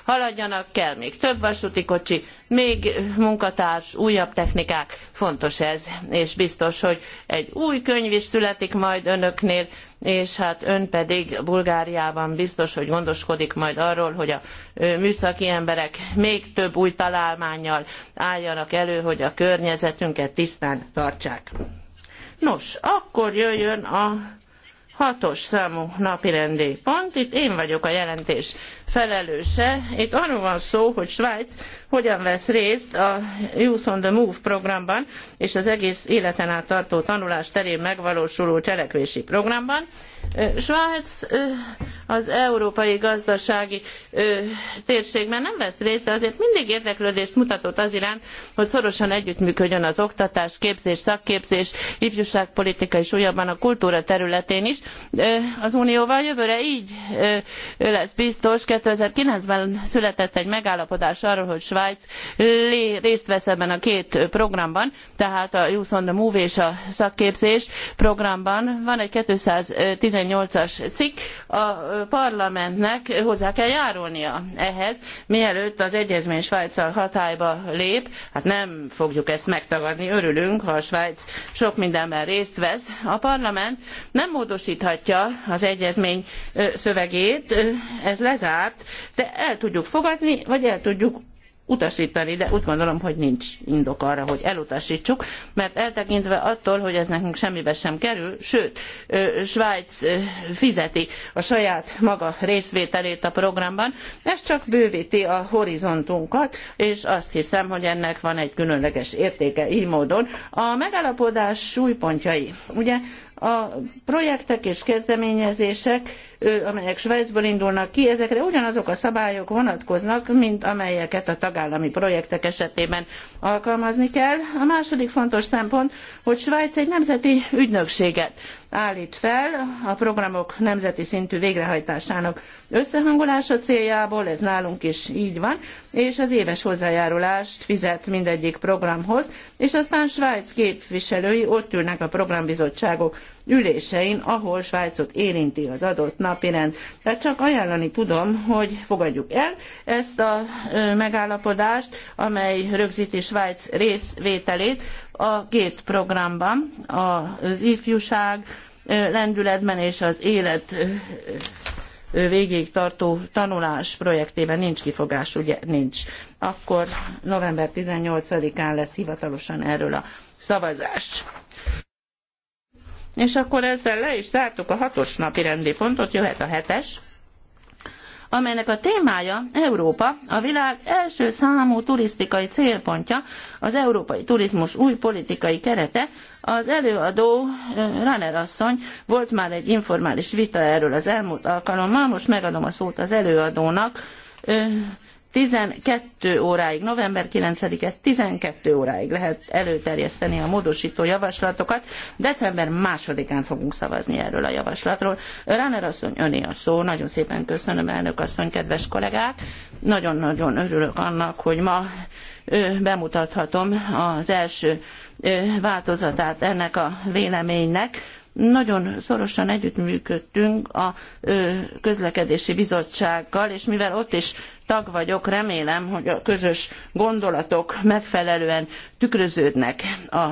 haladjanak, kell még több vasúti kocsi, még munkatárs, újabb technikák, fontos ez, és biztos, hogy egy új könyv is születik majd önöknél, és hát ön pedig Bulgáriában biztos, hogy gondoskodik majd arról, hogy a műszaki emberek még több új találmányjal álljanak elő, hogy a környezetünket tisztán tartsák. Nos, akkor jöjjön a hatos számú napirendi pont. Itt én vagyok a jelentés felelőse. Itt arról van szó, hogy Svájc hogyan vesz részt a Youth on the Move programban és az egész életen át tartó tanulás terén megvalósuló cselekvési programban. Svájc az európai gazdasági térségben nem vesz részt, de azért mindig érdeklődést mutatott az iránt, hogy szorosan együttműködjön az oktatás, képzés, szakképzés, ifjúságpolitika és újabban a kultúra területén is. Az Unióval jövőre így lesz biztos. 2009-ben született egy megállapodás arról, hogy Svájc részt vesz ebben a két programban, tehát a Youth on the Move és a szakképzés programban. Van egy 210 18-as cikk, a parlamentnek hozzá kell járulnia ehhez, mielőtt az egyezmény Svájccal hatályba lép. Hát nem fogjuk ezt megtagadni, örülünk, ha a Svájc sok mindenben részt vesz. A parlament nem módosíthatja az egyezmény szövegét, ez lezárt, de el tudjuk fogadni, vagy el tudjuk utasítani, de úgy gondolom, hogy nincs indok arra, hogy elutasítsuk, mert eltekintve attól, hogy ez nekünk semmibe sem kerül, sőt, Svájc fizeti a saját maga részvételét a programban, ez csak bővíti a horizontunkat, és azt hiszem, hogy ennek van egy különleges értéke így módon. A megállapodás súlypontjai. Ugye a projektek és kezdeményezések, amelyek Svájcból indulnak ki, ezekre ugyanazok a szabályok vonatkoznak, mint amelyeket a tagállami projektek esetében alkalmazni kell. A második fontos szempont, hogy Svájc egy nemzeti ügynökséget állít fel a programok nemzeti szintű végrehajtásának összehangolása céljából, ez nálunk is így van, és az éves hozzájárulást fizet mindegyik programhoz, és aztán Svájc képviselői ott ülnek a programbizottságok ülésein, ahol Svájcot érinti az adott napirend. Tehát csak ajánlani tudom, hogy fogadjuk el ezt a megállapodást, amely rögzíti Svájc részvételét a két programban, az ifjúság lendületben és az élet végig tartó tanulás projektében nincs kifogás, ugye nincs. Akkor november 18-án lesz hivatalosan erről a szavazás. És akkor ezzel le is zártuk a hatos napi rendi pontot, jöhet a hetes amelynek a témája Európa, a világ első számú turisztikai célpontja, az európai turizmus új politikai kerete. Az előadó Runner asszony volt már egy informális vita erről az elmúlt alkalommal, most megadom a szót az előadónak 12 óráig, november 9-e 12 óráig lehet előterjeszteni a módosító javaslatokat. December 2-án fogunk szavazni erről a javaslatról. Ráner asszony, öné a szó. Nagyon szépen köszönöm, elnök asszony, kedves kollégák. Nagyon-nagyon örülök annak, hogy ma bemutathatom az első változatát ennek a véleménynek nagyon szorosan együttműködtünk a közlekedési bizottsággal, és mivel ott is tag vagyok, remélem, hogy a közös gondolatok megfelelően tükröződnek a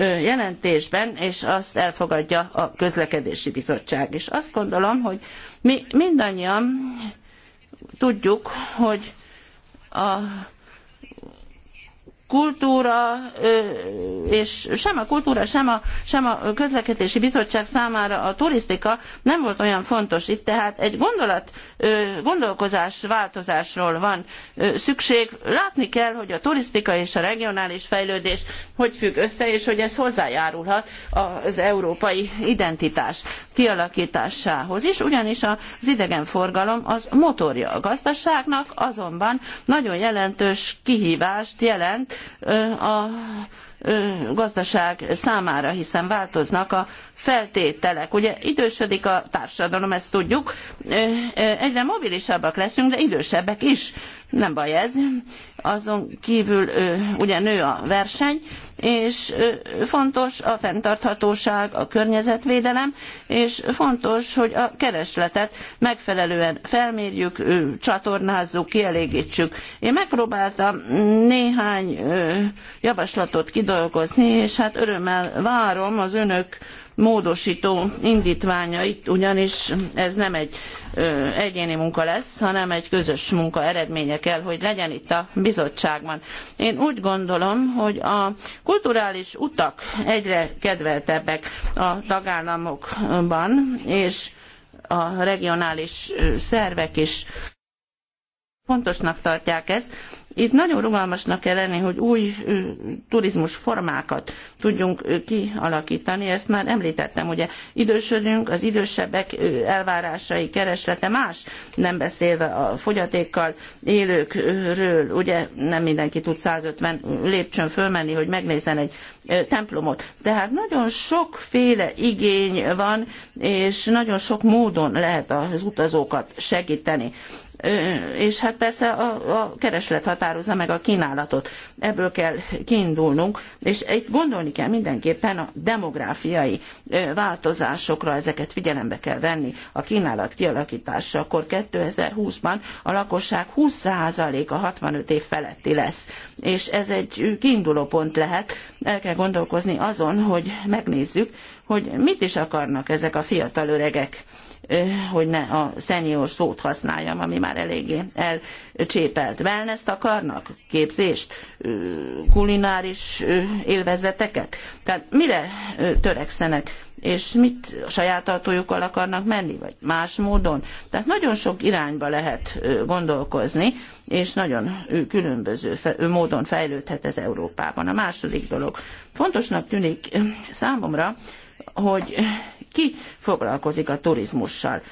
jelentésben, és azt elfogadja a közlekedési bizottság. És azt gondolom, hogy mi mindannyian tudjuk, hogy a kultúra, és sem a kultúra, sem a, sem a közlekedési bizottság számára a turisztika nem volt olyan fontos itt, tehát egy gondolat, gondolkozás változásról van szükség. Látni kell, hogy a turisztika és a regionális fejlődés hogy függ össze, és hogy ez hozzájárulhat az európai identitás kialakításához is, ugyanis az idegenforgalom az motorja a gazdaságnak, azonban nagyon jelentős kihívást jelent a gazdaság számára, hiszen változnak a feltételek. Ugye idősödik a társadalom, ezt tudjuk, egyre mobilisabbak leszünk, de idősebbek is nem baj ez. Azon kívül ugye nő a verseny, és fontos a fenntarthatóság, a környezetvédelem, és fontos, hogy a keresletet megfelelően felmérjük, csatornázzuk, kielégítsük. Én megpróbáltam néhány javaslatot kidolgozni, és hát örömmel várom az önök módosító itt ugyanis ez nem egy ö, egyéni munka lesz, hanem egy közös munka eredménye kell, hogy legyen itt a bizottságban. Én úgy gondolom, hogy a kulturális utak egyre kedveltebbek a tagállamokban, és a regionális szervek is fontosnak tartják ezt, itt nagyon rugalmasnak kell lenni, hogy új turizmus formákat tudjunk kialakítani. Ezt már említettem, ugye idősödünk, az idősebbek elvárásai, kereslete más, nem beszélve a fogyatékkal élőkről, ugye nem mindenki tud 150 lépcsőn fölmenni, hogy megnézzen egy templomot. Tehát nagyon sokféle igény van, és nagyon sok módon lehet az utazókat segíteni és hát persze a, a kereslet határozza meg a kínálatot. Ebből kell kiindulnunk, és itt gondolni kell mindenképpen a demográfiai változásokra, ezeket figyelembe kell venni a kínálat kialakításakor 2020-ban a lakosság 20%-a 65 év feletti lesz, és ez egy kiinduló pont lehet, el kell gondolkozni azon, hogy megnézzük, hogy mit is akarnak ezek a fiatal öregek hogy ne a szenior szót használjam, ami már eléggé elcsépelt. wellness akarnak? Képzést? Kulináris élvezeteket? Tehát mire törekszenek? és mit a saját autójukkal akarnak menni, vagy más módon. Tehát nagyon sok irányba lehet gondolkozni, és nagyon különböző módon fejlődhet ez Európában. A második dolog. Fontosnak tűnik számomra, hogy ki foglalkozik a turizmussal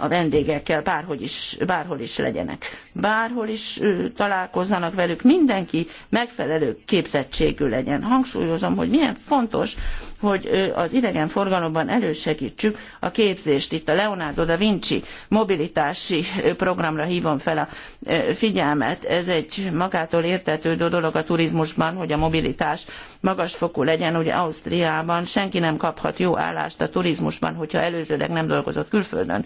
a vendégekkel bárhogy is, bárhol is legyenek. Bárhol is találkozzanak velük, mindenki megfelelő képzettségű legyen. Hangsúlyozom, hogy milyen fontos, hogy az idegenforgalomban elősegítsük a képzést. Itt a Leonardo da Vinci mobilitási programra hívom fel a figyelmet. Ez egy magától értetődő dolog a turizmusban, hogy a mobilitás magasfokú legyen. Ugye Ausztriában senki nem kaphat jó állást a turizmusban, hogyha előzőleg nem dolgozott külföldön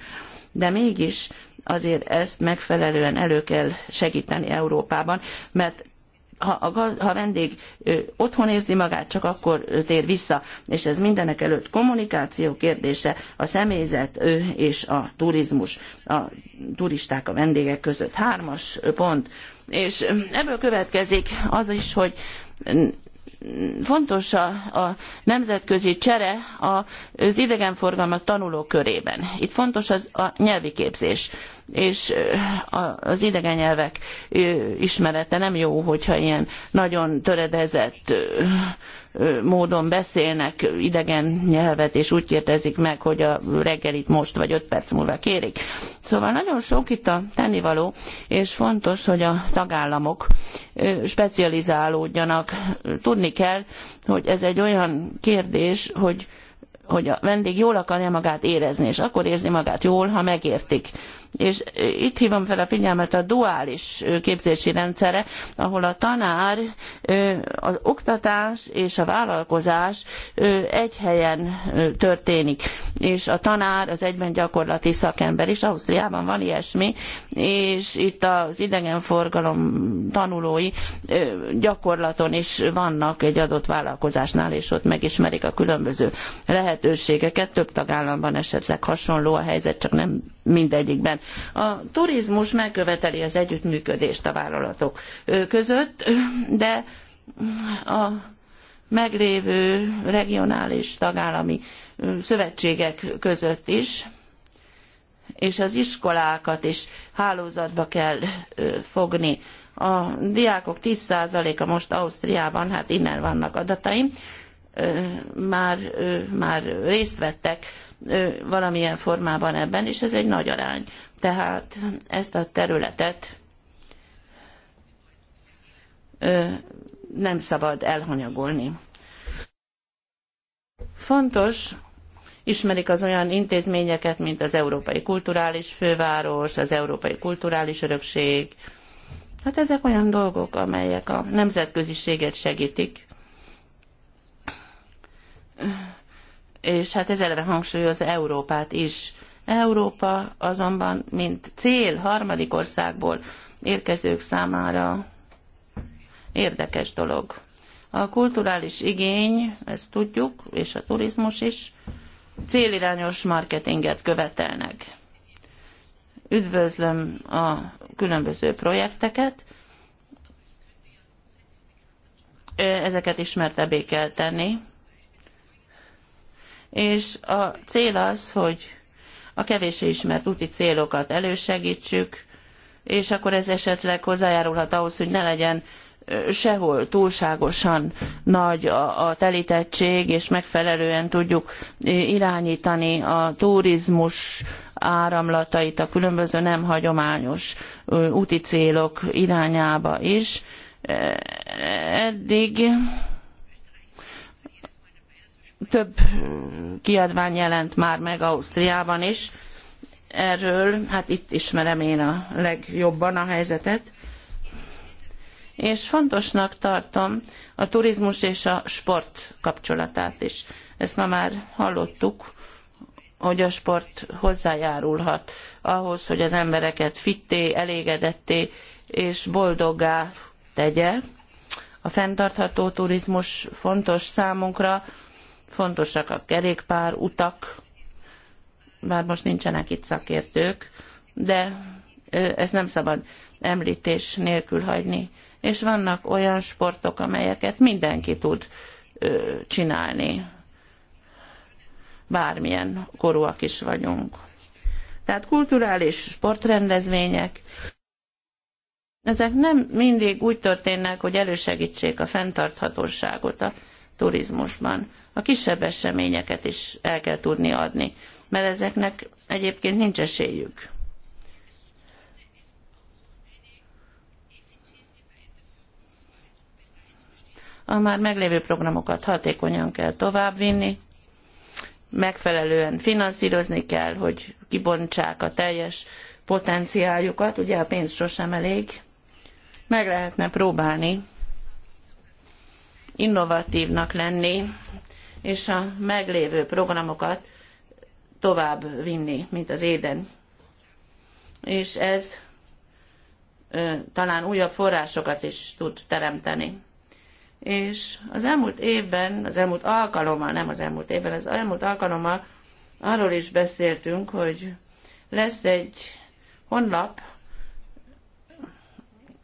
de mégis azért ezt megfelelően elő kell segíteni Európában, mert ha a, gaz, ha a vendég otthon érzi magát, csak akkor tér vissza, és ez mindenek előtt kommunikáció kérdése, a személyzet ő, és a turizmus, a turisták, a vendégek között. Hármas pont. És ebből következik az is, hogy fontos a, a nemzetközi csere az idegenforgalmat tanulók körében. Itt fontos az a nyelvi képzés, és az idegen nyelvek ismerete nem jó, hogyha ilyen nagyon töredezett módon beszélnek idegen nyelvet, és úgy kérdezik meg, hogy a reggelit most vagy öt perc múlva kérik. Szóval nagyon sok itt a tennivaló, és fontos, hogy a tagállamok specializálódjanak, tudni kell, hogy ez egy olyan kérdés, hogy, hogy a vendég jól akarja magát érezni, és akkor érzi magát jól, ha megértik és itt hívom fel a figyelmet a duális képzési rendszerre, ahol a tanár, az oktatás és a vállalkozás egy helyen történik, és a tanár az egyben gyakorlati szakember is, Ausztriában van ilyesmi, és itt az idegenforgalom tanulói gyakorlaton is vannak egy adott vállalkozásnál, és ott megismerik a különböző lehetőségeket. Több tagállamban esetleg hasonló a helyzet, csak nem mindegyikben. A turizmus megköveteli az együttműködést a vállalatok között, de a meglévő regionális tagállami szövetségek között is, és az iskolákat is hálózatba kell fogni. A diákok 10%-a most Ausztriában, hát innen vannak adataim, már, már részt vettek valamilyen formában ebben, és ez egy nagy arány. Tehát ezt a területet nem szabad elhanyagolni. Fontos, ismerik az olyan intézményeket, mint az Európai Kulturális Főváros, az Európai Kulturális Örökség. Hát ezek olyan dolgok, amelyek a nemzetköziséget segítik. És hát ez eleve hangsúlyoz Európát is Európa azonban, mint cél harmadik országból érkezők számára érdekes dolog. A kulturális igény, ezt tudjuk, és a turizmus is, célirányos marketinget követelnek. Üdvözlöm a különböző projekteket, ezeket ismertebbé kell tenni, és a cél az, hogy a kevésé ismert úti célokat elősegítsük, és akkor ez esetleg hozzájárulhat ahhoz, hogy ne legyen sehol túlságosan nagy a, a telítettség, és megfelelően tudjuk irányítani a turizmus áramlatait a különböző nem hagyományos úti célok irányába is. Eddig több kiadvány jelent már meg Ausztriában is. Erről, hát itt ismerem én a legjobban a helyzetet. És fontosnak tartom a turizmus és a sport kapcsolatát is. Ezt ma már hallottuk, hogy a sport hozzájárulhat ahhoz, hogy az embereket fitté, elégedetté és boldoggá tegye. A fenntartható turizmus fontos számunkra, fontosak a kerékpár utak, bár most nincsenek itt szakértők, de ez nem szabad említés nélkül hagyni. És vannak olyan sportok, amelyeket mindenki tud csinálni. Bármilyen korúak is vagyunk. Tehát kulturális sportrendezvények, ezek nem mindig úgy történnek, hogy elősegítsék a fenntarthatóságot a turizmusban a kisebb eseményeket is el kell tudni adni, mert ezeknek egyébként nincs esélyük. A már meglévő programokat hatékonyan kell továbbvinni, megfelelően finanszírozni kell, hogy kibontsák a teljes potenciáljukat, ugye a pénz sosem elég. Meg lehetne próbálni innovatívnak lenni, és a meglévő programokat tovább vinni, mint az éden. És ez ö, talán újabb forrásokat is tud teremteni. És az elmúlt évben, az elmúlt alkalommal, nem az elmúlt évben, az elmúlt alkalommal arról is beszéltünk, hogy lesz egy honlap,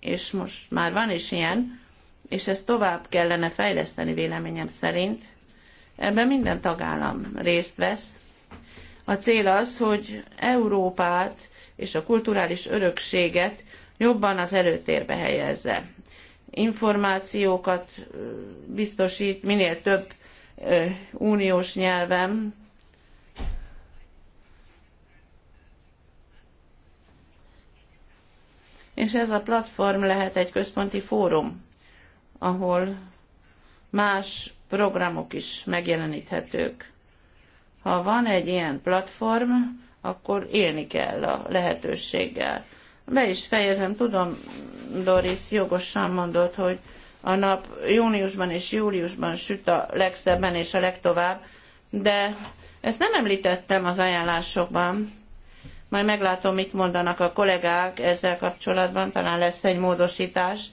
és most már van is ilyen, és ezt tovább kellene fejleszteni véleményem szerint, Ebben minden tagállam részt vesz. A cél az, hogy Európát és a kulturális örökséget jobban az előtérbe helyezze. Információkat biztosít minél több uniós nyelven, és ez a platform lehet egy központi fórum, ahol más programok is megjeleníthetők. Ha van egy ilyen platform, akkor élni kell a lehetőséggel. Be is fejezem, tudom, Doris jogosan mondott, hogy a nap júniusban és júliusban süt a legszebben és a legtovább, de ezt nem említettem az ajánlásokban. Majd meglátom, mit mondanak a kollégák ezzel kapcsolatban, talán lesz egy módosítás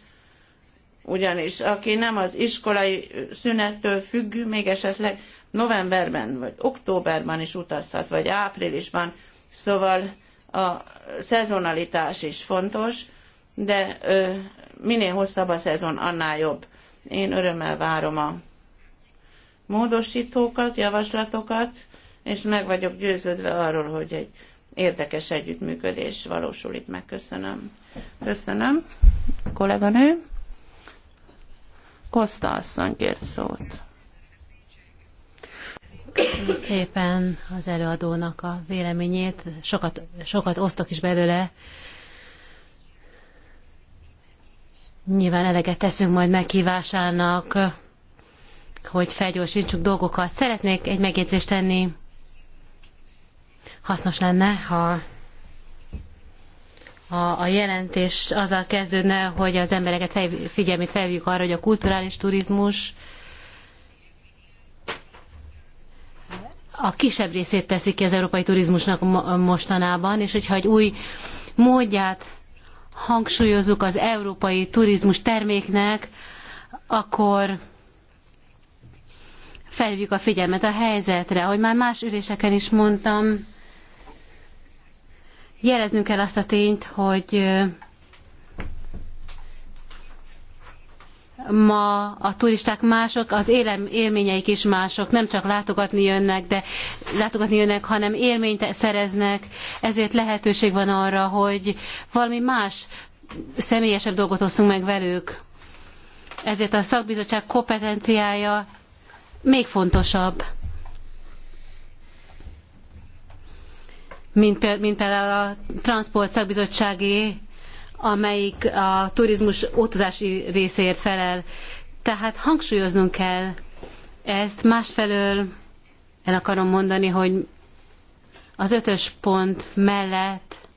ugyanis aki nem az iskolai szünettől függ, még esetleg novemberben, vagy októberben is utazhat, vagy áprilisban, szóval a szezonalitás is fontos, de ö, minél hosszabb a szezon, annál jobb. Én örömmel várom a módosítókat, javaslatokat, és meg vagyok győződve arról, hogy egy érdekes együttműködés valósul itt meg. Köszönöm. Köszönöm, kolléganő. Kosta asszony kért szót.
Köszönöm szépen az előadónak a véleményét. Sokat, sokat osztok is belőle. Nyilván eleget teszünk majd meghívásának, hogy felgyorsítsuk dolgokat. Szeretnék egy megjegyzést tenni. Hasznos lenne, ha a, a jelentés azzal kezdődne, hogy az embereket fej, figyelmét felhívjuk arra, hogy a kulturális turizmus a kisebb részét teszik ki az európai turizmusnak mostanában, és hogyha egy új módját hangsúlyozzuk az európai turizmus terméknek, akkor felhívjuk a figyelmet a helyzetre. Ahogy már más üléseken is mondtam, jeleznünk kell azt a tényt, hogy ma a turisták mások, az élem, élményeik is mások, nem csak látogatni jönnek, de látogatni jönnek, hanem élményt szereznek, ezért lehetőség van arra, hogy valami más, személyesebb dolgot osszunk meg velük. Ezért a szakbizottság kompetenciája még fontosabb. mint, mint például a Transport szakbizottságé, amelyik a turizmus utazási részéért felel. Tehát hangsúlyoznunk kell ezt. Másfelől el akarom mondani, hogy az ötös pont mellett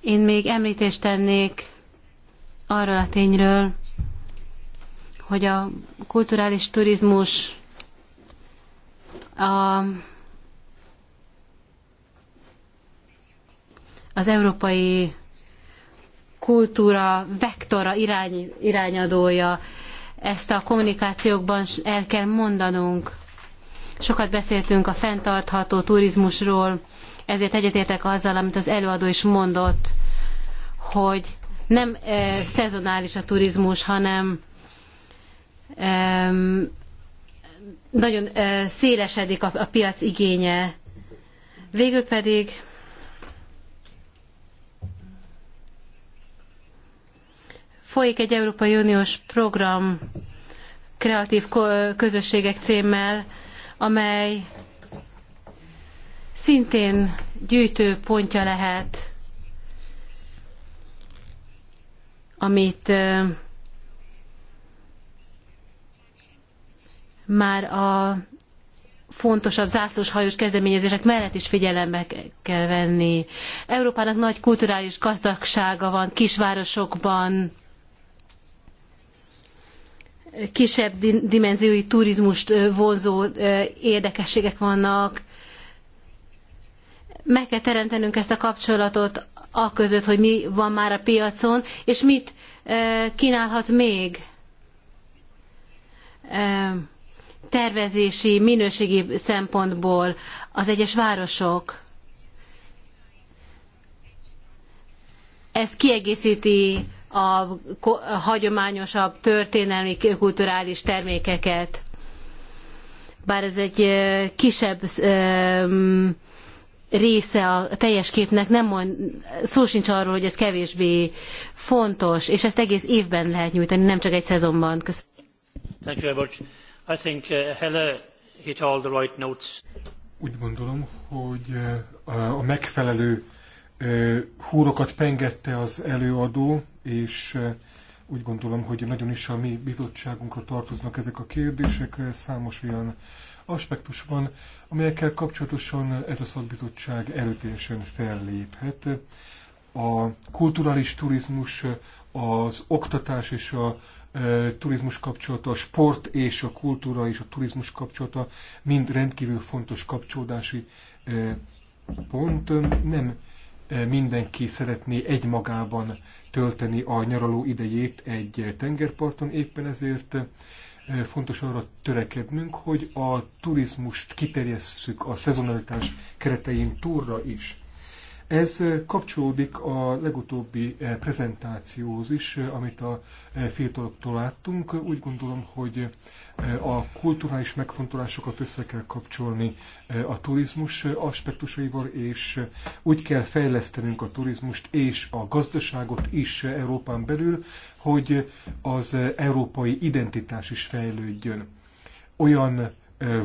én még említést tennék arról a tényről, hogy a kulturális turizmus a az európai kultúra vektora, irány, irányadója. Ezt a kommunikációkban el kell mondanunk. Sokat beszéltünk a fenntartható turizmusról, ezért egyetértek azzal, amit az előadó is mondott, hogy nem e, szezonális a turizmus, hanem e, nagyon e, szélesedik a, a piac igénye. Végül pedig Folyik egy Európai Uniós program kreatív közösségek címmel, amely szintén gyűjtő pontja lehet, amit már a fontosabb zászlóshajós kezdeményezések mellett is figyelembe kell venni. Európának nagy kulturális gazdagsága van kisvárosokban, kisebb dimenziói turizmust vonzó érdekességek vannak. Meg kell teremtenünk ezt a kapcsolatot a között, hogy mi van már a piacon, és mit kínálhat még tervezési, minőségi szempontból az egyes városok. Ez kiegészíti a hagyományosabb történelmi kulturális termékeket. Bár ez egy kisebb része a teljes képnek, nem mond, szó sincs arról, hogy ez kevésbé fontos, és ezt egész évben lehet nyújtani, nem csak egy szezonban.
Köszönöm.
Thank you very much. I think uh, hit all the right notes.
Úgy gondolom, hogy uh, a megfelelő uh, húrokat pengette az előadó, és eh, úgy gondolom, hogy nagyon is a mi bizottságunkra tartoznak ezek a kérdések. Eh, számos olyan aspektus van, amelyekkel kapcsolatosan ez a szakbizottság erőteljesen felléphet. A kulturális turizmus, eh, az oktatás és a turizmus kapcsolata, a sport és a kultúra és a turizmus kapcsolata mind rendkívül fontos kapcsolódási pont. Nem mindenki szeretné egymagában tölteni a nyaraló idejét egy tengerparton, éppen ezért e, fontos arra törekednünk, hogy a turizmust kiterjesszük a szezonalitás keretein túlra is. Ez kapcsolódik a legutóbbi prezentációhoz is, amit a fiataloktól láttunk. Úgy gondolom, hogy a kulturális megfontolásokat össze kell kapcsolni a turizmus aspektusaival, és úgy kell fejlesztenünk a turizmust és a gazdaságot is Európán belül, hogy az európai identitás is fejlődjön. Olyan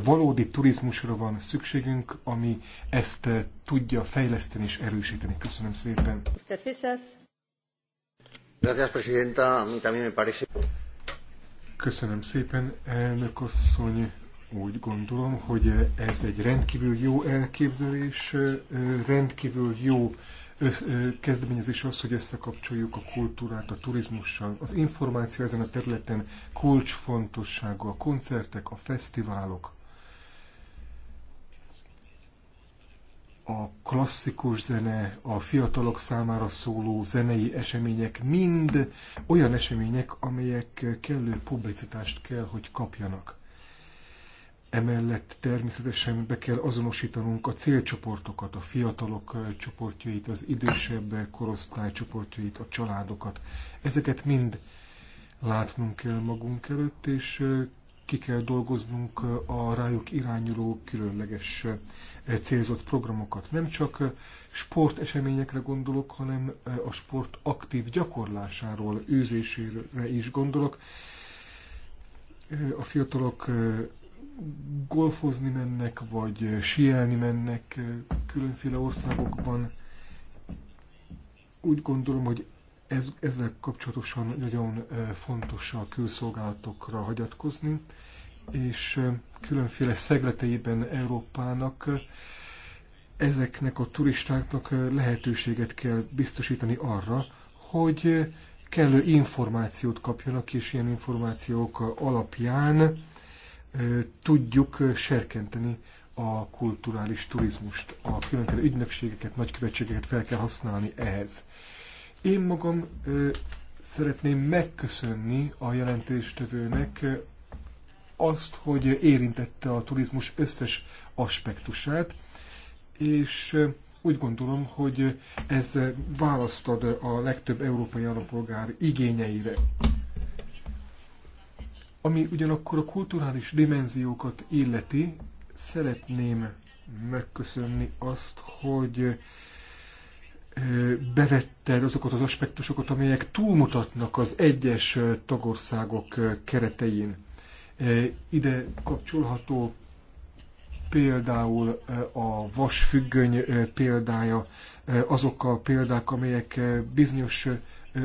valódi turizmusra van szükségünk, ami ezt tudja fejleszteni és erősíteni. Köszönöm szépen. Köszönöm szépen, elnök asszony úgy gondolom, hogy ez egy rendkívül jó elképzelés, rendkívül jó össz, kezdeményezés az, hogy összekapcsoljuk a kultúrát a turizmussal. Az információ ezen a területen kulcsfontosságú, a koncertek, a fesztiválok, a klasszikus zene, a fiatalok számára szóló zenei események mind olyan események, amelyek kellő publicitást kell, hogy kapjanak. Emellett természetesen be kell azonosítanunk a célcsoportokat, a fiatalok eh, csoportjait, az idősebb eh, korosztály csoportjait, a családokat. Ezeket mind látnunk kell magunk előtt, és eh, ki kell dolgoznunk a rájuk irányuló különleges célzott programokat. Nem csak sporteseményekre gondolok, hanem a sport aktív gyakorlásáról, űzésére is gondolok. A fiatalok golfozni mennek, vagy sielni mennek eh, különféle országokban. Úgy gondolom, hogy ez, ezzel kapcsolatosan nagyon eh, fontos a külszolgálatokra hagyatkozni, és eh, különféle szegleteiben Európának ezeknek a turistáknak lehetőséget kell biztosítani arra, hogy kellő információt kapjanak, és ilyen információk alapján tudjuk serkenteni a kulturális turizmust. A különböző ügynökségeket, nagykövetségeket fel kell használni ehhez. Én magam szeretném megköszönni a jelentéstevőnek azt, hogy érintette a turizmus összes aspektusát, és úgy gondolom, hogy ez választad a legtöbb európai állampolgár igényeire. Ami ugyanakkor a kulturális dimenziókat illeti, szeretném megköszönni azt, hogy bevetted azokat az aspektusokat, amelyek túlmutatnak az egyes tagországok keretein. Ide kapcsolható például a vasfüggöny példája, azok a példák, amelyek bizonyos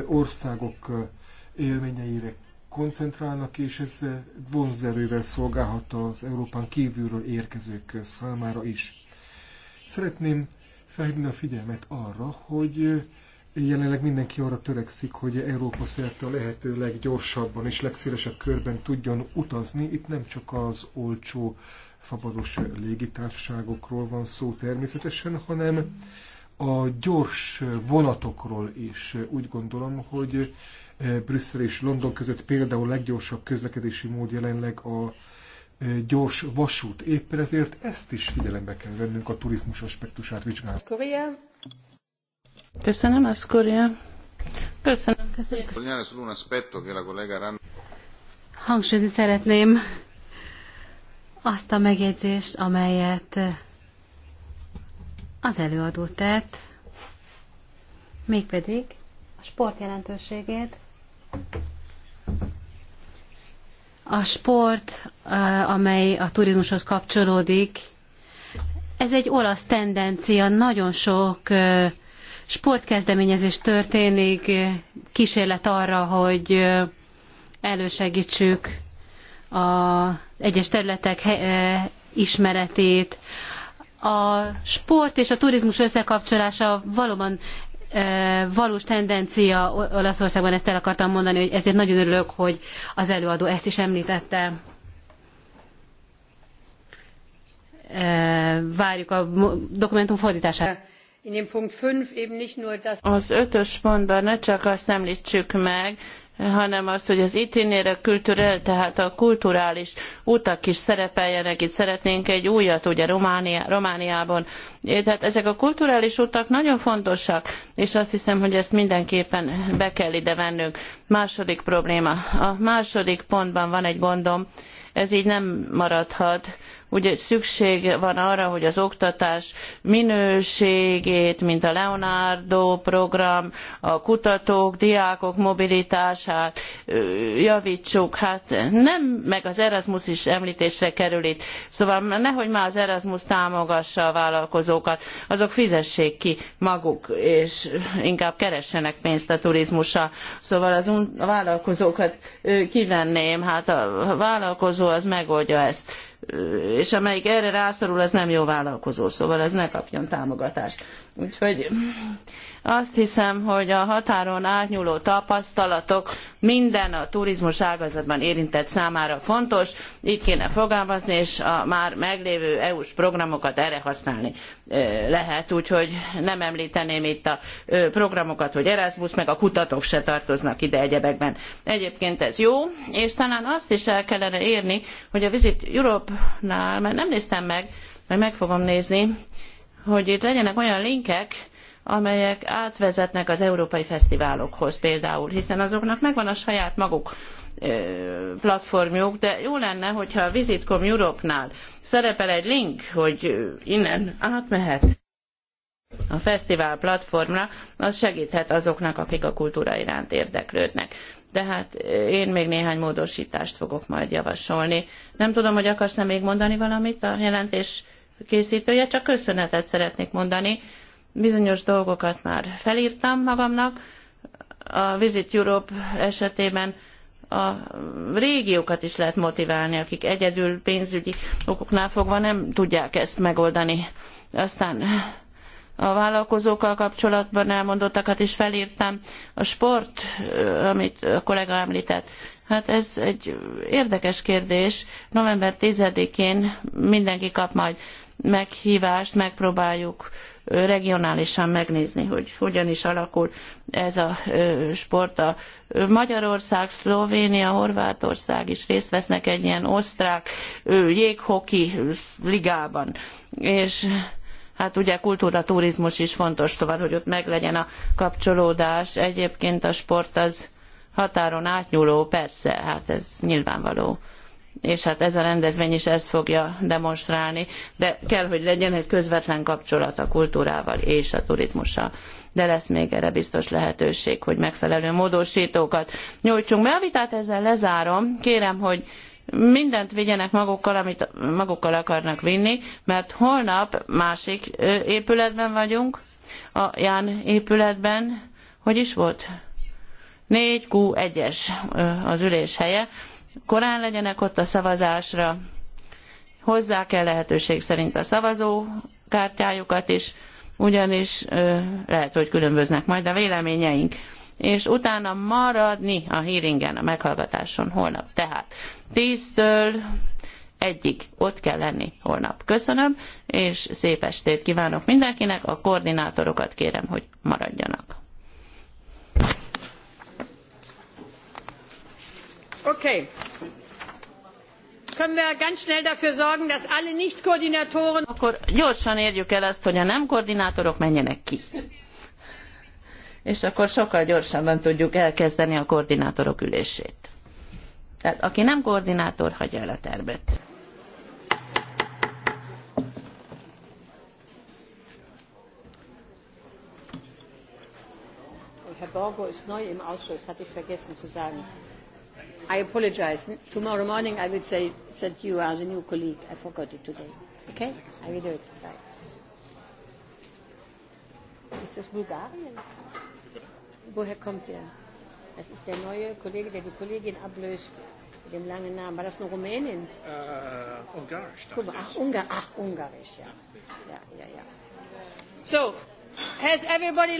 országok élményeire koncentrálnak, és ez vonzerővel szolgálhat az Európán kívülről érkezők számára is. Szeretném felhívni a figyelmet arra, hogy jelenleg mindenki arra törekszik, hogy Európa szerte a lehető leggyorsabban és legszélesebb körben tudjon utazni. Itt nem csak az olcsó fabados légitárságokról van szó természetesen, hanem a gyors vonatokról is. Úgy gondolom, hogy Eh, Brüsszel és London között például leggyorsabb közlekedési mód jelenleg a eh, gyors vasút. Éppen ezért ezt is figyelembe kell vennünk a turizmus aspektusát vizsgálni.
Korea. Köszönöm, az Korea. Köszönöm.
Köszönöm.
Hangsúlyozni szeretném azt a megjegyzést, amelyet az előadó tett, mégpedig a sport jelentőségét a sport, amely a turizmushoz kapcsolódik, ez egy olasz tendencia, nagyon sok sportkezdeményezés történik, kísérlet arra, hogy elősegítsük az egyes területek ismeretét. A sport és a turizmus összekapcsolása valóban valós tendencia Olaszországban, ezt el akartam mondani, hogy ezért nagyon örülök, hogy az előadó ezt is említette.
Várjuk a dokumentum fordítását. Az ötös pontban ne csak azt említsük meg, hanem az, hogy az itinére kulturál, tehát a kulturális utak is szerepeljenek. Itt szeretnénk egy újat, ugye Románia, Romániában. Tehát ezek a kulturális utak nagyon fontosak, és azt hiszem, hogy ezt mindenképpen be kell ide vennünk. Második probléma. A második pontban van egy gondom, ez így nem maradhat, Ugye szükség van arra, hogy az oktatás minőségét, mint a Leonardo program, a kutatók, diákok mobilitását javítsuk. Hát nem, meg az Erasmus is említésre kerül itt. Szóval nehogy már az Erasmus támogassa a vállalkozókat, azok fizessék ki maguk, és inkább keressenek pénzt a turizmussal. Szóval az a vállalkozókat kivenném, hát a vállalkozó az megoldja ezt és amelyik erre rászorul, az nem jó vállalkozó, szóval ez ne kapjon támogatást. Úgyhogy azt hiszem, hogy a határon átnyúló tapasztalatok minden a turizmus ágazatban érintett számára fontos, így kéne fogalmazni, és a már meglévő EU-s programokat erre használni lehet, úgyhogy nem említeném itt a programokat, hogy Erasmus, meg a kutatók se tartoznak ide egyebekben. Egyébként ez jó, és talán azt is el kellene érni, hogy a Visit Europe-nál, mert nem néztem meg, majd meg fogom nézni, hogy itt legyenek olyan linkek, amelyek átvezetnek az európai fesztiválokhoz például, hiszen azoknak megvan a saját maguk platformjuk, de jó lenne, hogyha a Visitcom Europe-nál szerepel egy link, hogy innen átmehet a fesztivál platformra, az segíthet azoknak, akik a kultúra iránt érdeklődnek. Tehát én még néhány módosítást fogok majd javasolni. Nem tudom, hogy akarsz-e még mondani valamit a jelentés készítője, csak köszönetet szeretnék mondani. Bizonyos dolgokat már felírtam magamnak. A Visit Europe esetében a régiókat is lehet motiválni, akik egyedül pénzügyi okoknál fogva nem tudják ezt megoldani. Aztán a vállalkozókkal kapcsolatban elmondottakat is felírtam. A sport, amit a kollega említett, hát ez egy érdekes kérdés. November 10-én mindenki kap majd meghívást megpróbáljuk regionálisan megnézni, hogy hogyan is alakul ez a sport. A Magyarország, Szlovénia, Horvátország is részt vesznek egy ilyen osztrák jéghoki ligában. És hát ugye kultúra, turizmus is fontos, szóval, hogy ott meglegyen a kapcsolódás. Egyébként a sport az határon átnyúló, persze, hát ez nyilvánvaló és hát ez a rendezvény is ezt fogja demonstrálni, de kell, hogy legyen egy közvetlen kapcsolat a kultúrával és a turizmussal. De lesz még erre biztos lehetőség, hogy megfelelő módosítókat nyújtsunk be. A vitát ezzel lezárom. Kérem, hogy mindent vigyenek magukkal, amit magukkal akarnak vinni, mert holnap másik épületben vagyunk, a Ján épületben, hogy is volt? 4Q1-es az ülés helye korán legyenek ott a szavazásra, hozzá kell lehetőség szerint a szavazókártyájukat is, ugyanis lehet, hogy különböznek majd a véleményeink és utána maradni a hearingen, a meghallgatáson holnap. Tehát 10-től egyig ott kell lenni holnap. Köszönöm, és szép estét kívánok mindenkinek, a koordinátorokat kérem, hogy maradjanak. Okay. Können wir ganz schnell dafür sorgen, dass alle Nicht-Koordinatoren... Akkor gyorsan érjük el azt, hogy a nem koordinátorok menjenek ki. És akkor sokkal gyorsabban tudjuk elkezdeni a koordinátorok ülését. Tehát aki nem koordinátor, hagyja el a termet.
Herr Borgo ist neu im Ausschuss, hatte ich vergessen zu sagen. I apologize. Tomorrow morning I will say that you are the new colleague. I forgot it today. Okay? I will do it. Bye. Ist das Bulgarien? Woher kommt der? Das ist der neue Kollege, der die Kollegin ablöst, mit
dem langen Namen. War das nur Rumänien?
Äh, Ungarisch. Guck mal, ach, Ungar, ach, Ungarisch, ja. Ja, ja, ja. So,
has everybody